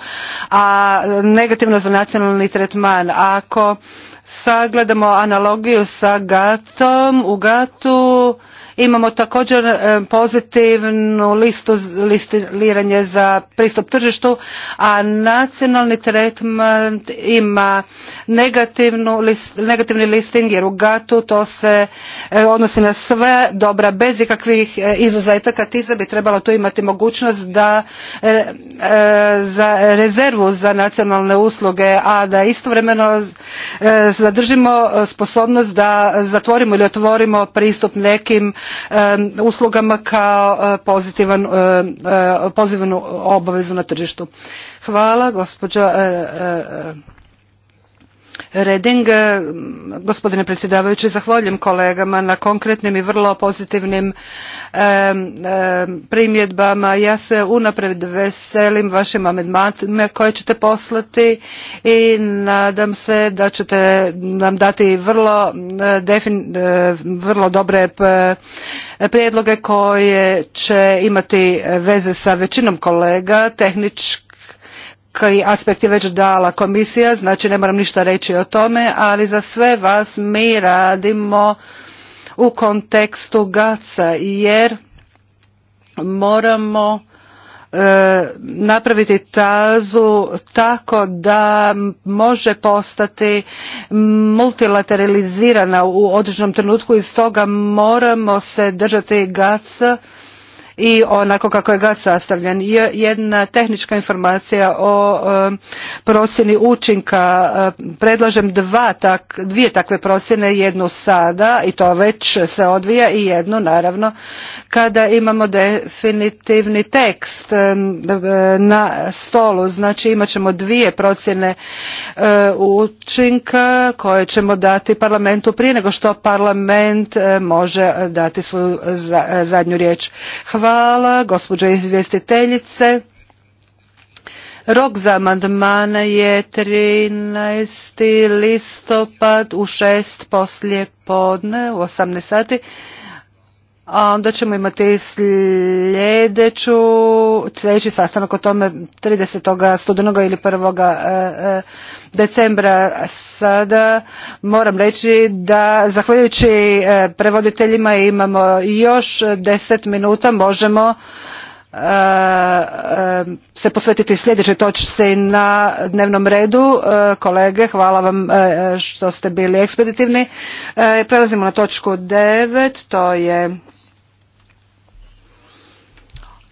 a negativno za nacionalni tretman. Ako sagledamo analogiju sa gatom, u gatu Imamo također e, pozitivnu listu, listiranje za pristup tržištu, a nacionalni tretman ima negativni listing jer u GATU to se e, odnosi na sve dobra bez ikakvih e, izuzetaka. TISA bi trebalo tu imati mogućnost da za rezervu za nacionalne usluge, a da istovremeno zadržimo sposobnost da zatvorimo ili otvorimo pristup nekim uslugama kao e, pozitivan, e, e, pozivanu obavezu na tržištu. Hvala, gospođa Reding. Eh, gospodine predsjedavajući, zahvaljujem kolegama na konkretnim i vrlo pozitivnim primjedbama. Ja se unaprijed veselim vašim amedmatima koje ćete poslati i nadam se da ćete nam dati vrlo, eh, eh, dobre prijedloge koje će imati veze sa većinom kolega, tehnički koji aspekt je već dala komisija, znači ne moram ništa reći o tome, ali za sve vas mi radimo u kontekstu gac jer moramo e, napraviti tazu tako da može postati multilateralizirana u određenom trenutku i stoga moramo se držati GAC-a i onako kako je ga sastavljen. Jedna tehnička informacija o procjeni učinka. Predlažem dva, tak, dvije takve procjene, jednu sada i to već se odvija i jednu naravno kada imamo definitivni tekst na stolu. Znači imat ćemo dvije procjene učinka koje ćemo dati parlamentu prije nego što parlament može dati svoju zadnju riječ. Hvala Hvala, gospođo izvjestiteljice. Rok za amandmane je 13. listopad u 6 poslije podne u 18 sati a onda ćemo imati sljedeću, sljedeći sastanak o tome 30. studenoga ili 1. E, e, decembra. Sada moram reći da zahvaljujući e, prevoditeljima imamo još 10 minuta, možemo se posvetiti sljedećoj točci na dnevnom redu. Kolege, hvala vam što ste bili ekspeditivni. Prelazimo na točku 9, to je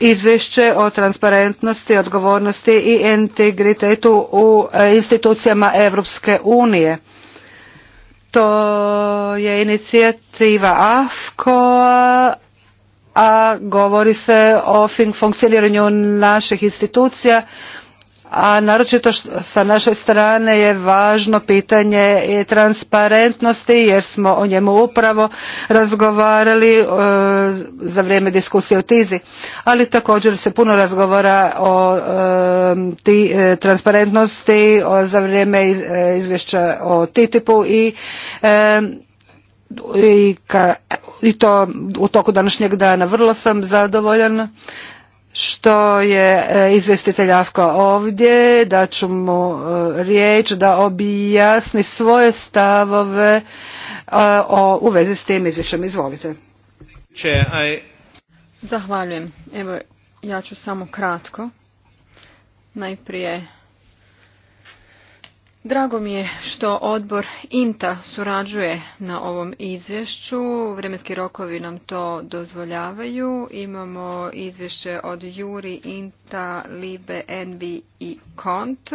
izvješće o transparentnosti, odgovornosti i integritetu u e, institucijama Europske unije. To je inicijativa AFKO, a govori se o funkcioniranju naših institucija a naročito sa naše strane je važno pitanje transparentnosti jer smo o njemu upravo razgovarali e, za vrijeme diskusije o tizi ali također se puno razgovara o e, ti e, transparentnosti za vrijeme izvješća o TTIP-u i i to u toku današnjeg dana. Vrlo sam zadovoljan što je e, izvjestitelj Avko ovdje, da ću mu e, riječ da objasni svoje stavove e, o, u vezi s tim izvješćem. Izvolite. Zahvaljujem. Evo, ja ću samo kratko. Najprije Drago mi je što odbor INTA surađuje na ovom izvješću. Vremenski rokovi nam to dozvoljavaju. Imamo izvješće od Juri, INTA, Libe, Envi i KONT,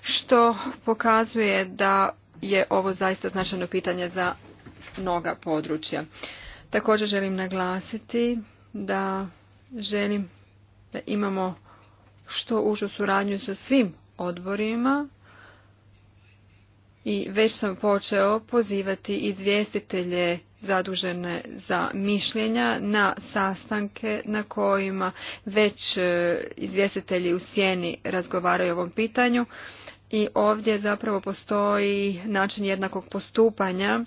što pokazuje da je ovo zaista značajno pitanje za mnoga područja. Također želim naglasiti da želim da imamo što užu suradnju sa svim odborima i već sam počeo pozivati izvjestitelje zadužene za mišljenja na sastanke na kojima već e, izvjestitelji u sjeni razgovaraju o ovom pitanju i ovdje zapravo postoji način jednakog postupanja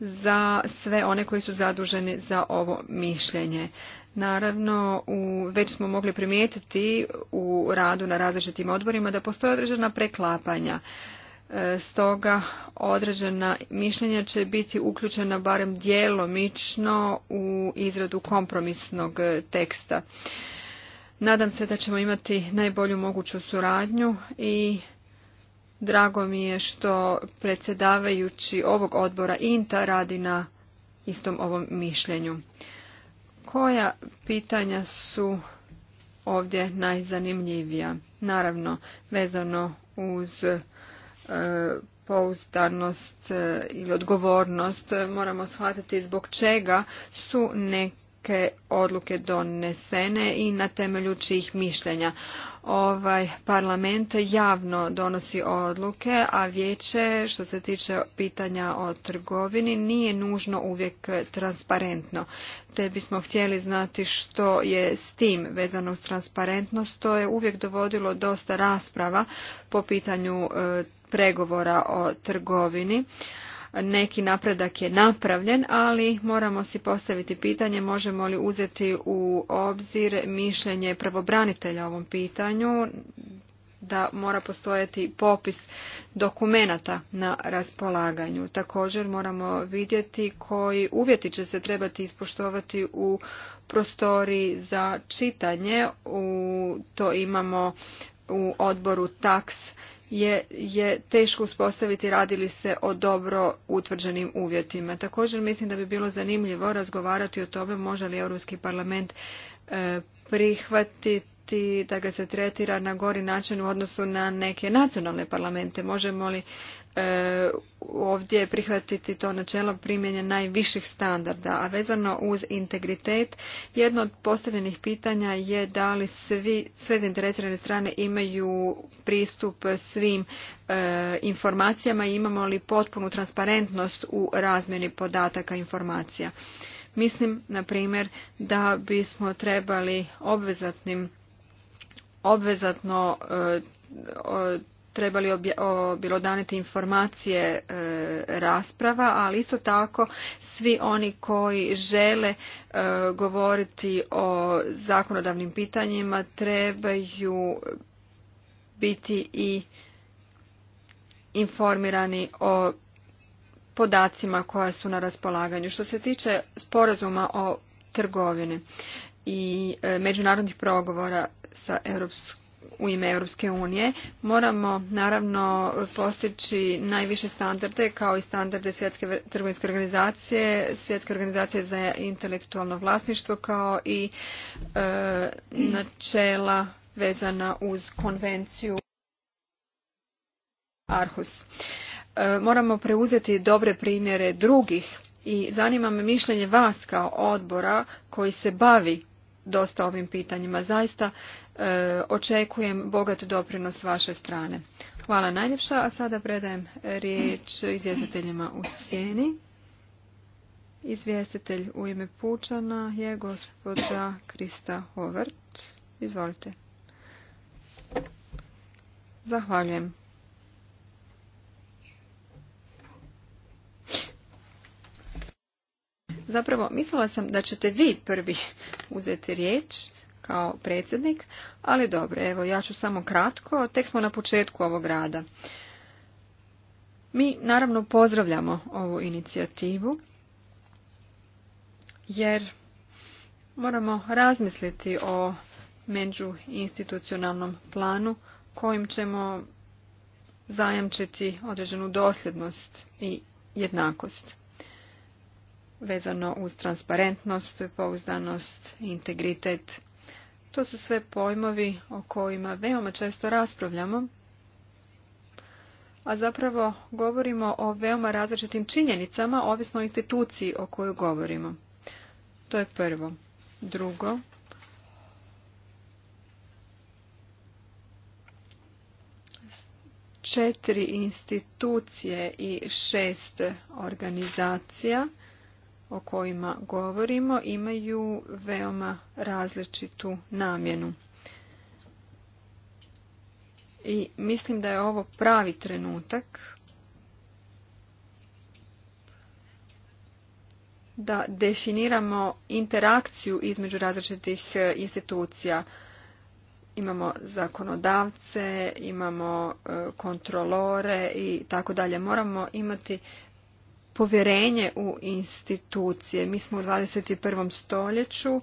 za sve one koji su zaduženi za ovo mišljenje. Naravno, u, već smo mogli primijetiti u radu na različitim odborima da postoje određena preklapanja. E, stoga određena mišljenja će biti uključena barem djelomično u izradu kompromisnog teksta. Nadam se da ćemo imati najbolju moguću suradnju i drago mi je što predsjedavajući ovog odbora INTA radi na istom ovom mišljenju. Koja pitanja su ovdje najzanimljivija? Naravno, vezano uz E, pouzdanost e, ili odgovornost moramo shvatiti zbog čega su neke odluke donesene i na temelju čijih mišljenja. Ovaj parlament javno donosi odluke, a vijeće što se tiče pitanja o trgovini nije nužno uvijek transparentno. Te bismo htjeli znati što je s tim vezano uz transparentnost. To je uvijek dovodilo dosta rasprava po pitanju e, pregovora o trgovini. Neki napredak je napravljen, ali moramo si postaviti pitanje možemo li uzeti u obzir mišljenje pravobranitelja o ovom pitanju da mora postojati popis dokumenata na raspolaganju. Također moramo vidjeti koji uvjeti će se trebati ispoštovati u prostori za čitanje. U, to imamo u odboru taks je, je teško uspostaviti radili se o dobro utvrđenim uvjetima. Također mislim da bi bilo zanimljivo razgovarati o tome može li Europski parlament e, prihvatiti da ga se tretira na gori način u odnosu na neke nacionalne parlamente. Možemo li E, ovdje prihvatiti to načelo primjenja najviših standarda, a vezano uz integritet, jedno od postavljenih pitanja je da li svi, sve zainteresirane strane imaju pristup svim e, informacijama i imamo li potpunu transparentnost u razmjeni podataka informacija. Mislim, na primjer, da bismo trebali obvezatnim obvezatno e, trebali objelodaniti informacije e, rasprava, ali isto tako svi oni koji žele e, govoriti o zakonodavnim pitanjima trebaju biti i informirani o podacima koja su na raspolaganju. Što se tiče sporazuma o trgovini i e, međunarodnih progovora sa Europskom u ime Europske unije. Moramo naravno postići najviše standarde kao i standarde Svjetske trgovinske organizacije, Svjetske organizacije za intelektualno vlasništvo kao i e, načela vezana uz konvenciju Arhus. E, moramo preuzeti dobre primjere drugih i zanima me mišljenje vas kao odbora koji se bavi dosta ovim pitanjima. Zaista e, očekujem bogat doprinos vaše strane. Hvala najljepša, a sada predajem riječ izvjestiteljima u sjeni. Izvjestitelj u ime Pučana je gospođa Krista Hovert. Izvolite. Zahvaljujem. Zapravo, mislila sam da ćete vi prvi uzeti riječ kao predsjednik, ali dobro, evo, ja ću samo kratko, tek smo na početku ovog rada. Mi naravno pozdravljamo ovu inicijativu, jer moramo razmisliti o međuinstitucionalnom planu kojim ćemo zajamčiti određenu dosljednost i jednakost vezano uz transparentnost, pouzdanost, integritet. To su sve pojmovi o kojima veoma često raspravljamo, a zapravo govorimo o veoma različitim činjenicama, ovisno o instituciji o kojoj govorimo. To je prvo. Drugo, četiri institucije i šest organizacija o kojima govorimo imaju veoma različitu namjenu. I mislim da je ovo pravi trenutak da definiramo interakciju između različitih e, institucija. Imamo zakonodavce, imamo e, kontrolore i tako dalje. Moramo imati povjerenje u institucije. Mi smo u 21. stoljeću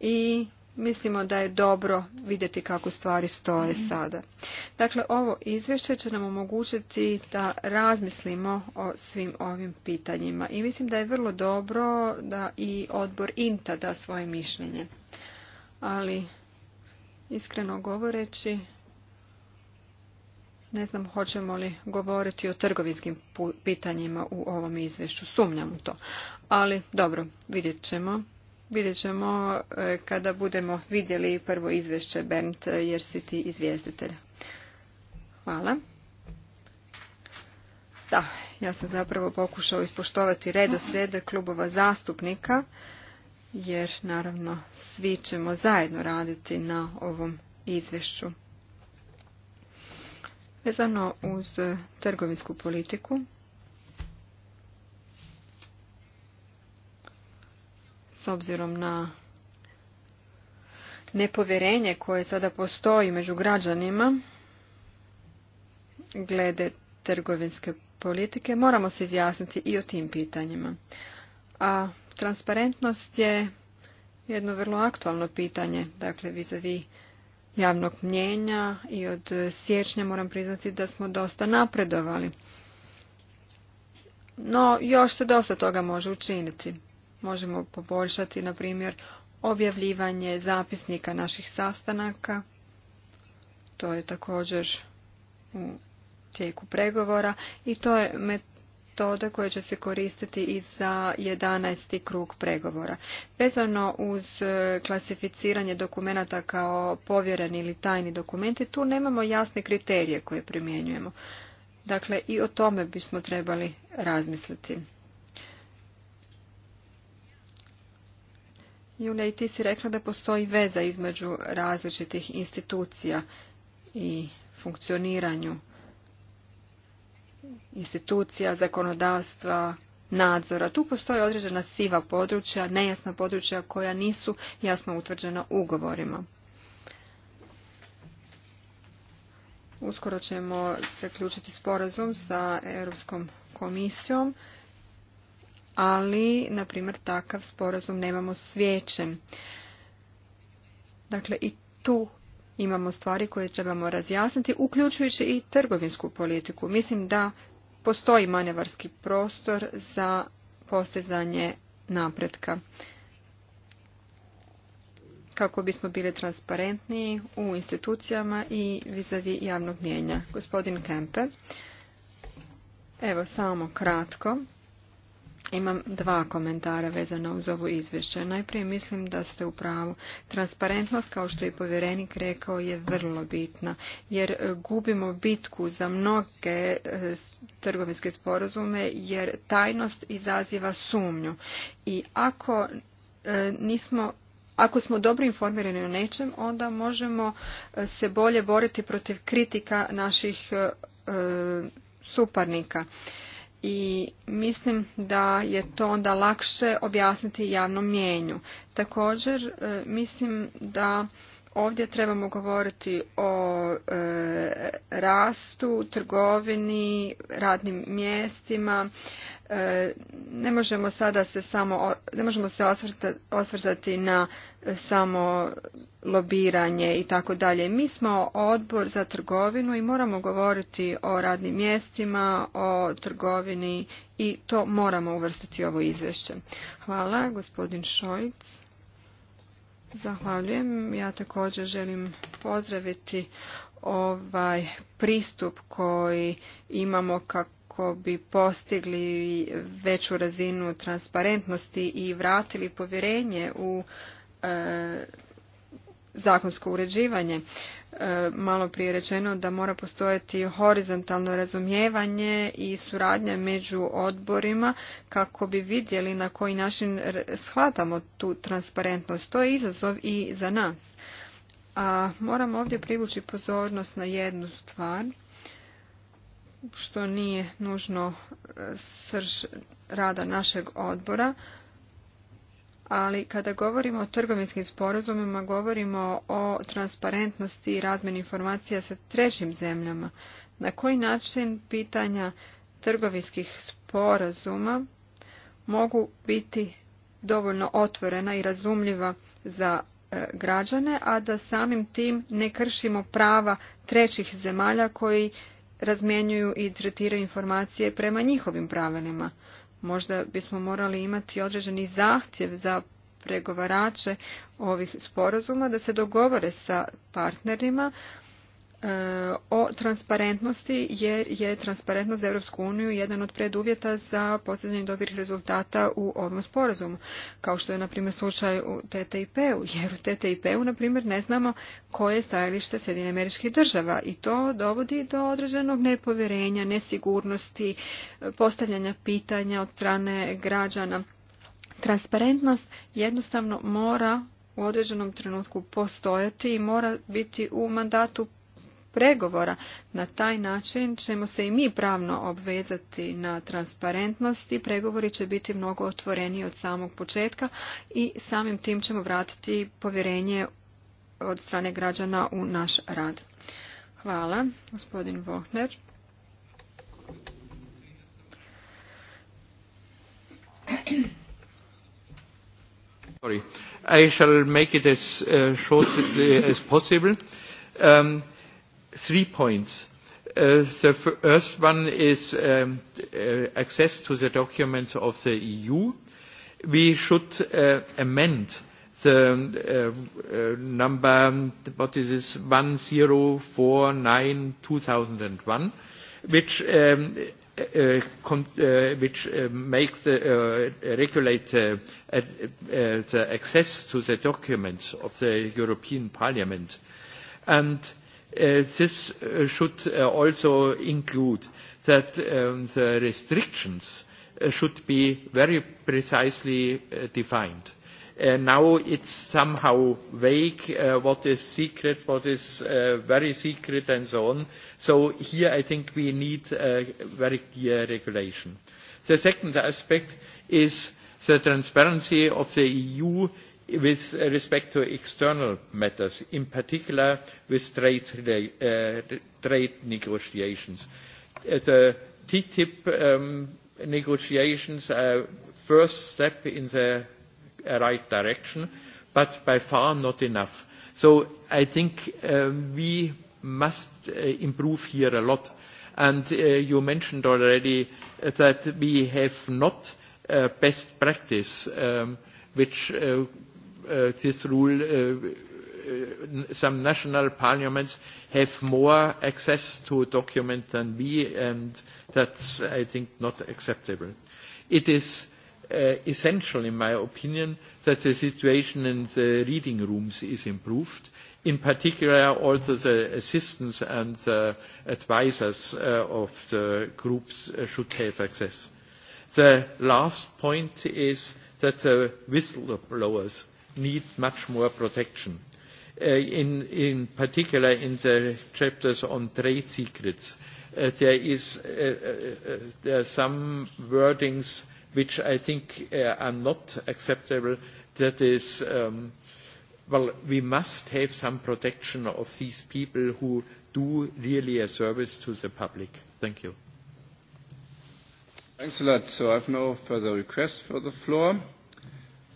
i mislimo da je dobro vidjeti kako stvari stoje mhm. sada. Dakle, ovo izvješće će nam omogućiti da razmislimo o svim ovim pitanjima i mislim da je vrlo dobro da i odbor INTA da svoje mišljenje. Ali, iskreno govoreći, ne znam hoćemo li govoriti o trgovinskim pitanjima u ovom izvješću. Sumnjam u to. Ali dobro, vidjet ćemo. Vidjet ćemo e, kada budemo vidjeli prvo izvješće Bernd e, jer si ti izvjestitelj. Hvala. Da, ja sam zapravo pokušao ispoštovati redoslijede klubova zastupnika, jer naravno svi ćemo zajedno raditi na ovom izvješću. Vezano uz e, trgovinsku politiku, s obzirom na nepovjerenje koje sada postoji među građanima glede trgovinske politike, moramo se izjasniti i o tim pitanjima. A transparentnost je jedno vrlo aktualno pitanje, dakle, vis javnog mnjenja i od siječnja moram priznati da smo dosta napredovali. No, još se dosta toga može učiniti. Možemo poboljšati, na primjer, objavljivanje zapisnika naših sastanaka. To je također u tijeku pregovora i to je metode koje će se koristiti i za 11. krug pregovora. Vezano uz e, klasificiranje dokumenata kao povjereni ili tajni dokumenti, tu nemamo jasne kriterije koje primjenjujemo. Dakle, i o tome bismo trebali razmisliti. Julija, i ti si rekla da postoji veza između različitih institucija i funkcioniranju institucija, zakonodavstva, nadzora. Tu postoje određena siva područja, nejasna područja koja nisu jasno utvrđena ugovorima. Uskoro ćemo zaključiti sporazum sa Europskom komisijom, ali, na primjer, takav sporazum nemamo svijećen. Dakle, i tu imamo stvari koje trebamo razjasniti, uključujući i trgovinsku politiku. Mislim da postoji manevarski prostor za postizanje napretka. Kako bismo bili transparentniji u institucijama i vizavi javnog mijenja. Gospodin Kempe, evo samo kratko. Imam dva komentara vezana uz ovo izvješće. Najprije mislim da ste u pravu. Transparentnost, kao što je povjerenik rekao, je vrlo bitna, jer e, gubimo bitku za mnoge e, trgovinske sporazume, jer tajnost izaziva sumnju. I ako e, nismo ako smo dobro informirani o nečem, onda možemo se bolje boriti protiv kritika naših suparnika i mislim da je to onda lakše objasniti javnom mjenju. Također e, mislim da Ovdje trebamo govoriti o e, rastu, trgovini, radnim mjestima. E, ne možemo sada se samo, ne možemo se osvrta, osvrtati na samo lobiranje i tako dalje. Mi smo odbor za trgovinu i moramo govoriti o radnim mjestima, o trgovini i to moramo uvrstiti u ovo izvješće. Hvala, gospodin Šojc. Zahvaljujem. Ja također želim pozdraviti ovaj pristup koji imamo kako bi postigli veću razinu transparentnosti i vratili povjerenje u e, zakonsko uređivanje. E, malo prije rečeno da mora postojati horizontalno razumijevanje i suradnja među odborima kako bi vidjeli na koji način shvatamo tu transparentnost. To je izazov i za nas. A moram ovdje privući pozornost na jednu stvar što nije nužno e, srž rada našeg odbora, ali kada govorimo o trgovinskim sporazumima govorimo o transparentnosti i razmeni informacija sa trećim zemljama. Na koji način pitanja trgovinskih sporazuma mogu biti dovoljno otvorena i razumljiva za e, građane, a da samim tim ne kršimo prava trećih zemalja koji razmjenjuju i tretiraju informacije prema njihovim pravilima. Možda bismo morali imati određeni zahtjev za pregovarače ovih sporazuma da se dogovore sa partnerima E, o transparentnosti jer je transparentnost za Europsku uniju jedan od preduvjeta za postizanje dobrih rezultata u ovom sporazumu, kao što je na primjer slučaj u TTIP-u, jer u TTIP-u na primjer ne znamo koje je stajalište Sjedine američkih država i to dovodi do određenog nepovjerenja, nesigurnosti, e, postavljanja pitanja od strane građana. Transparentnost jednostavno mora u određenom trenutku postojati i mora biti u mandatu pregovora. Na taj način ćemo se i mi pravno obvezati na transparentnost i pregovori će biti mnogo otvoreniji od samog početka i samim tim ćemo vratiti povjerenje od strane građana u naš rad. Hvala, gospodin Vohner. Sorry. I shall make it as uh, as possible. Um, three points. Uh, the first one is um, uh, access to the documents of the EU. We should uh, amend the um, number, what is this, 1049-2001, which um, uh, con which makes regulate the access to the documents of the European Parliament. And Uh, this uh, should uh, also include that um, the restrictions should be very precisely defined. Now it's somehow vague what is secret, what is very secret and so on. So here I think we need a very clear regulation. The second aspect is the transparency of the EU with respect to external matters, in particular with trade, uh, trade negotiations. Uh, the TTIP um, negotiations are first step in the right direction, but by far not enough. So I think um, we must uh, improve here a lot. And you mentioned already that we have not best practice um, which Äh, this rule äh, äh, some national parliaments have more access to documents than we and that's I think not acceptable. It is Uh, essential in my opinion that the situation in the reading rooms is improved in particular also the assistants and the advisors uh, of the groups should have access the last point is that the whistleblowers need much more protection uh, in, in particular in the chapters on trade secrets uh, there is uh, uh, there are some wordings which i think are not acceptable that is um, well we must have some protection of these people who do really a service to the public thank you Thanks a lot. So I have no further requests for the floor.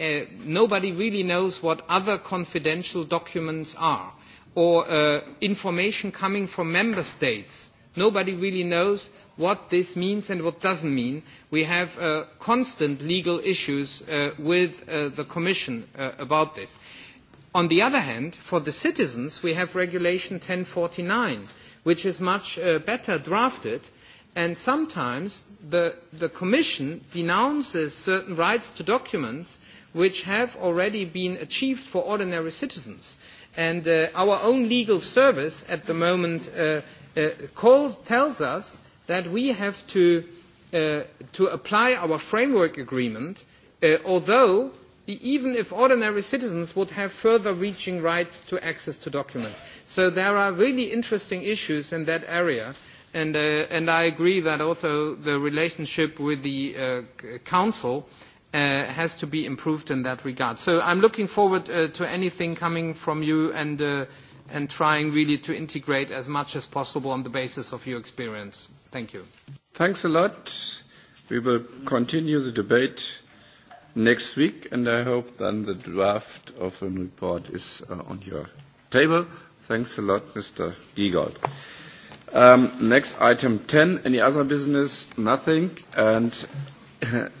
Uh, nobody really knows what other confidential documents are or uh, information coming from member states nobody really knows what this means and what doesn't mean we have uh, constant legal issues with the commission about this on the other hand for the citizens we have regulation 1049 which is much better drafted and sometimes the commission denounces certain rights to documents which have already been achieved for ordinary citizens. And uh, our own legal service at the moment uh, uh, calls, tells us that we have to, to apply our framework agreement, although e, even if ordinary citizens would have further reaching rights to access to documents. So there are really interesting issues in that area. And, and I agree that also the relationship with the Council Uh, has to be improved in that regard. So I'm looking forward uh, to anything coming from you and, uh, and trying really to integrate as much as possible on the basis of your experience. Thank you. Thanks a lot. We will continue the debate next week, and I hope then the draft of a report is uh, on your table. Thanks a lot, Mr. Giegold. Um, next item 10, any other business? Nothing. And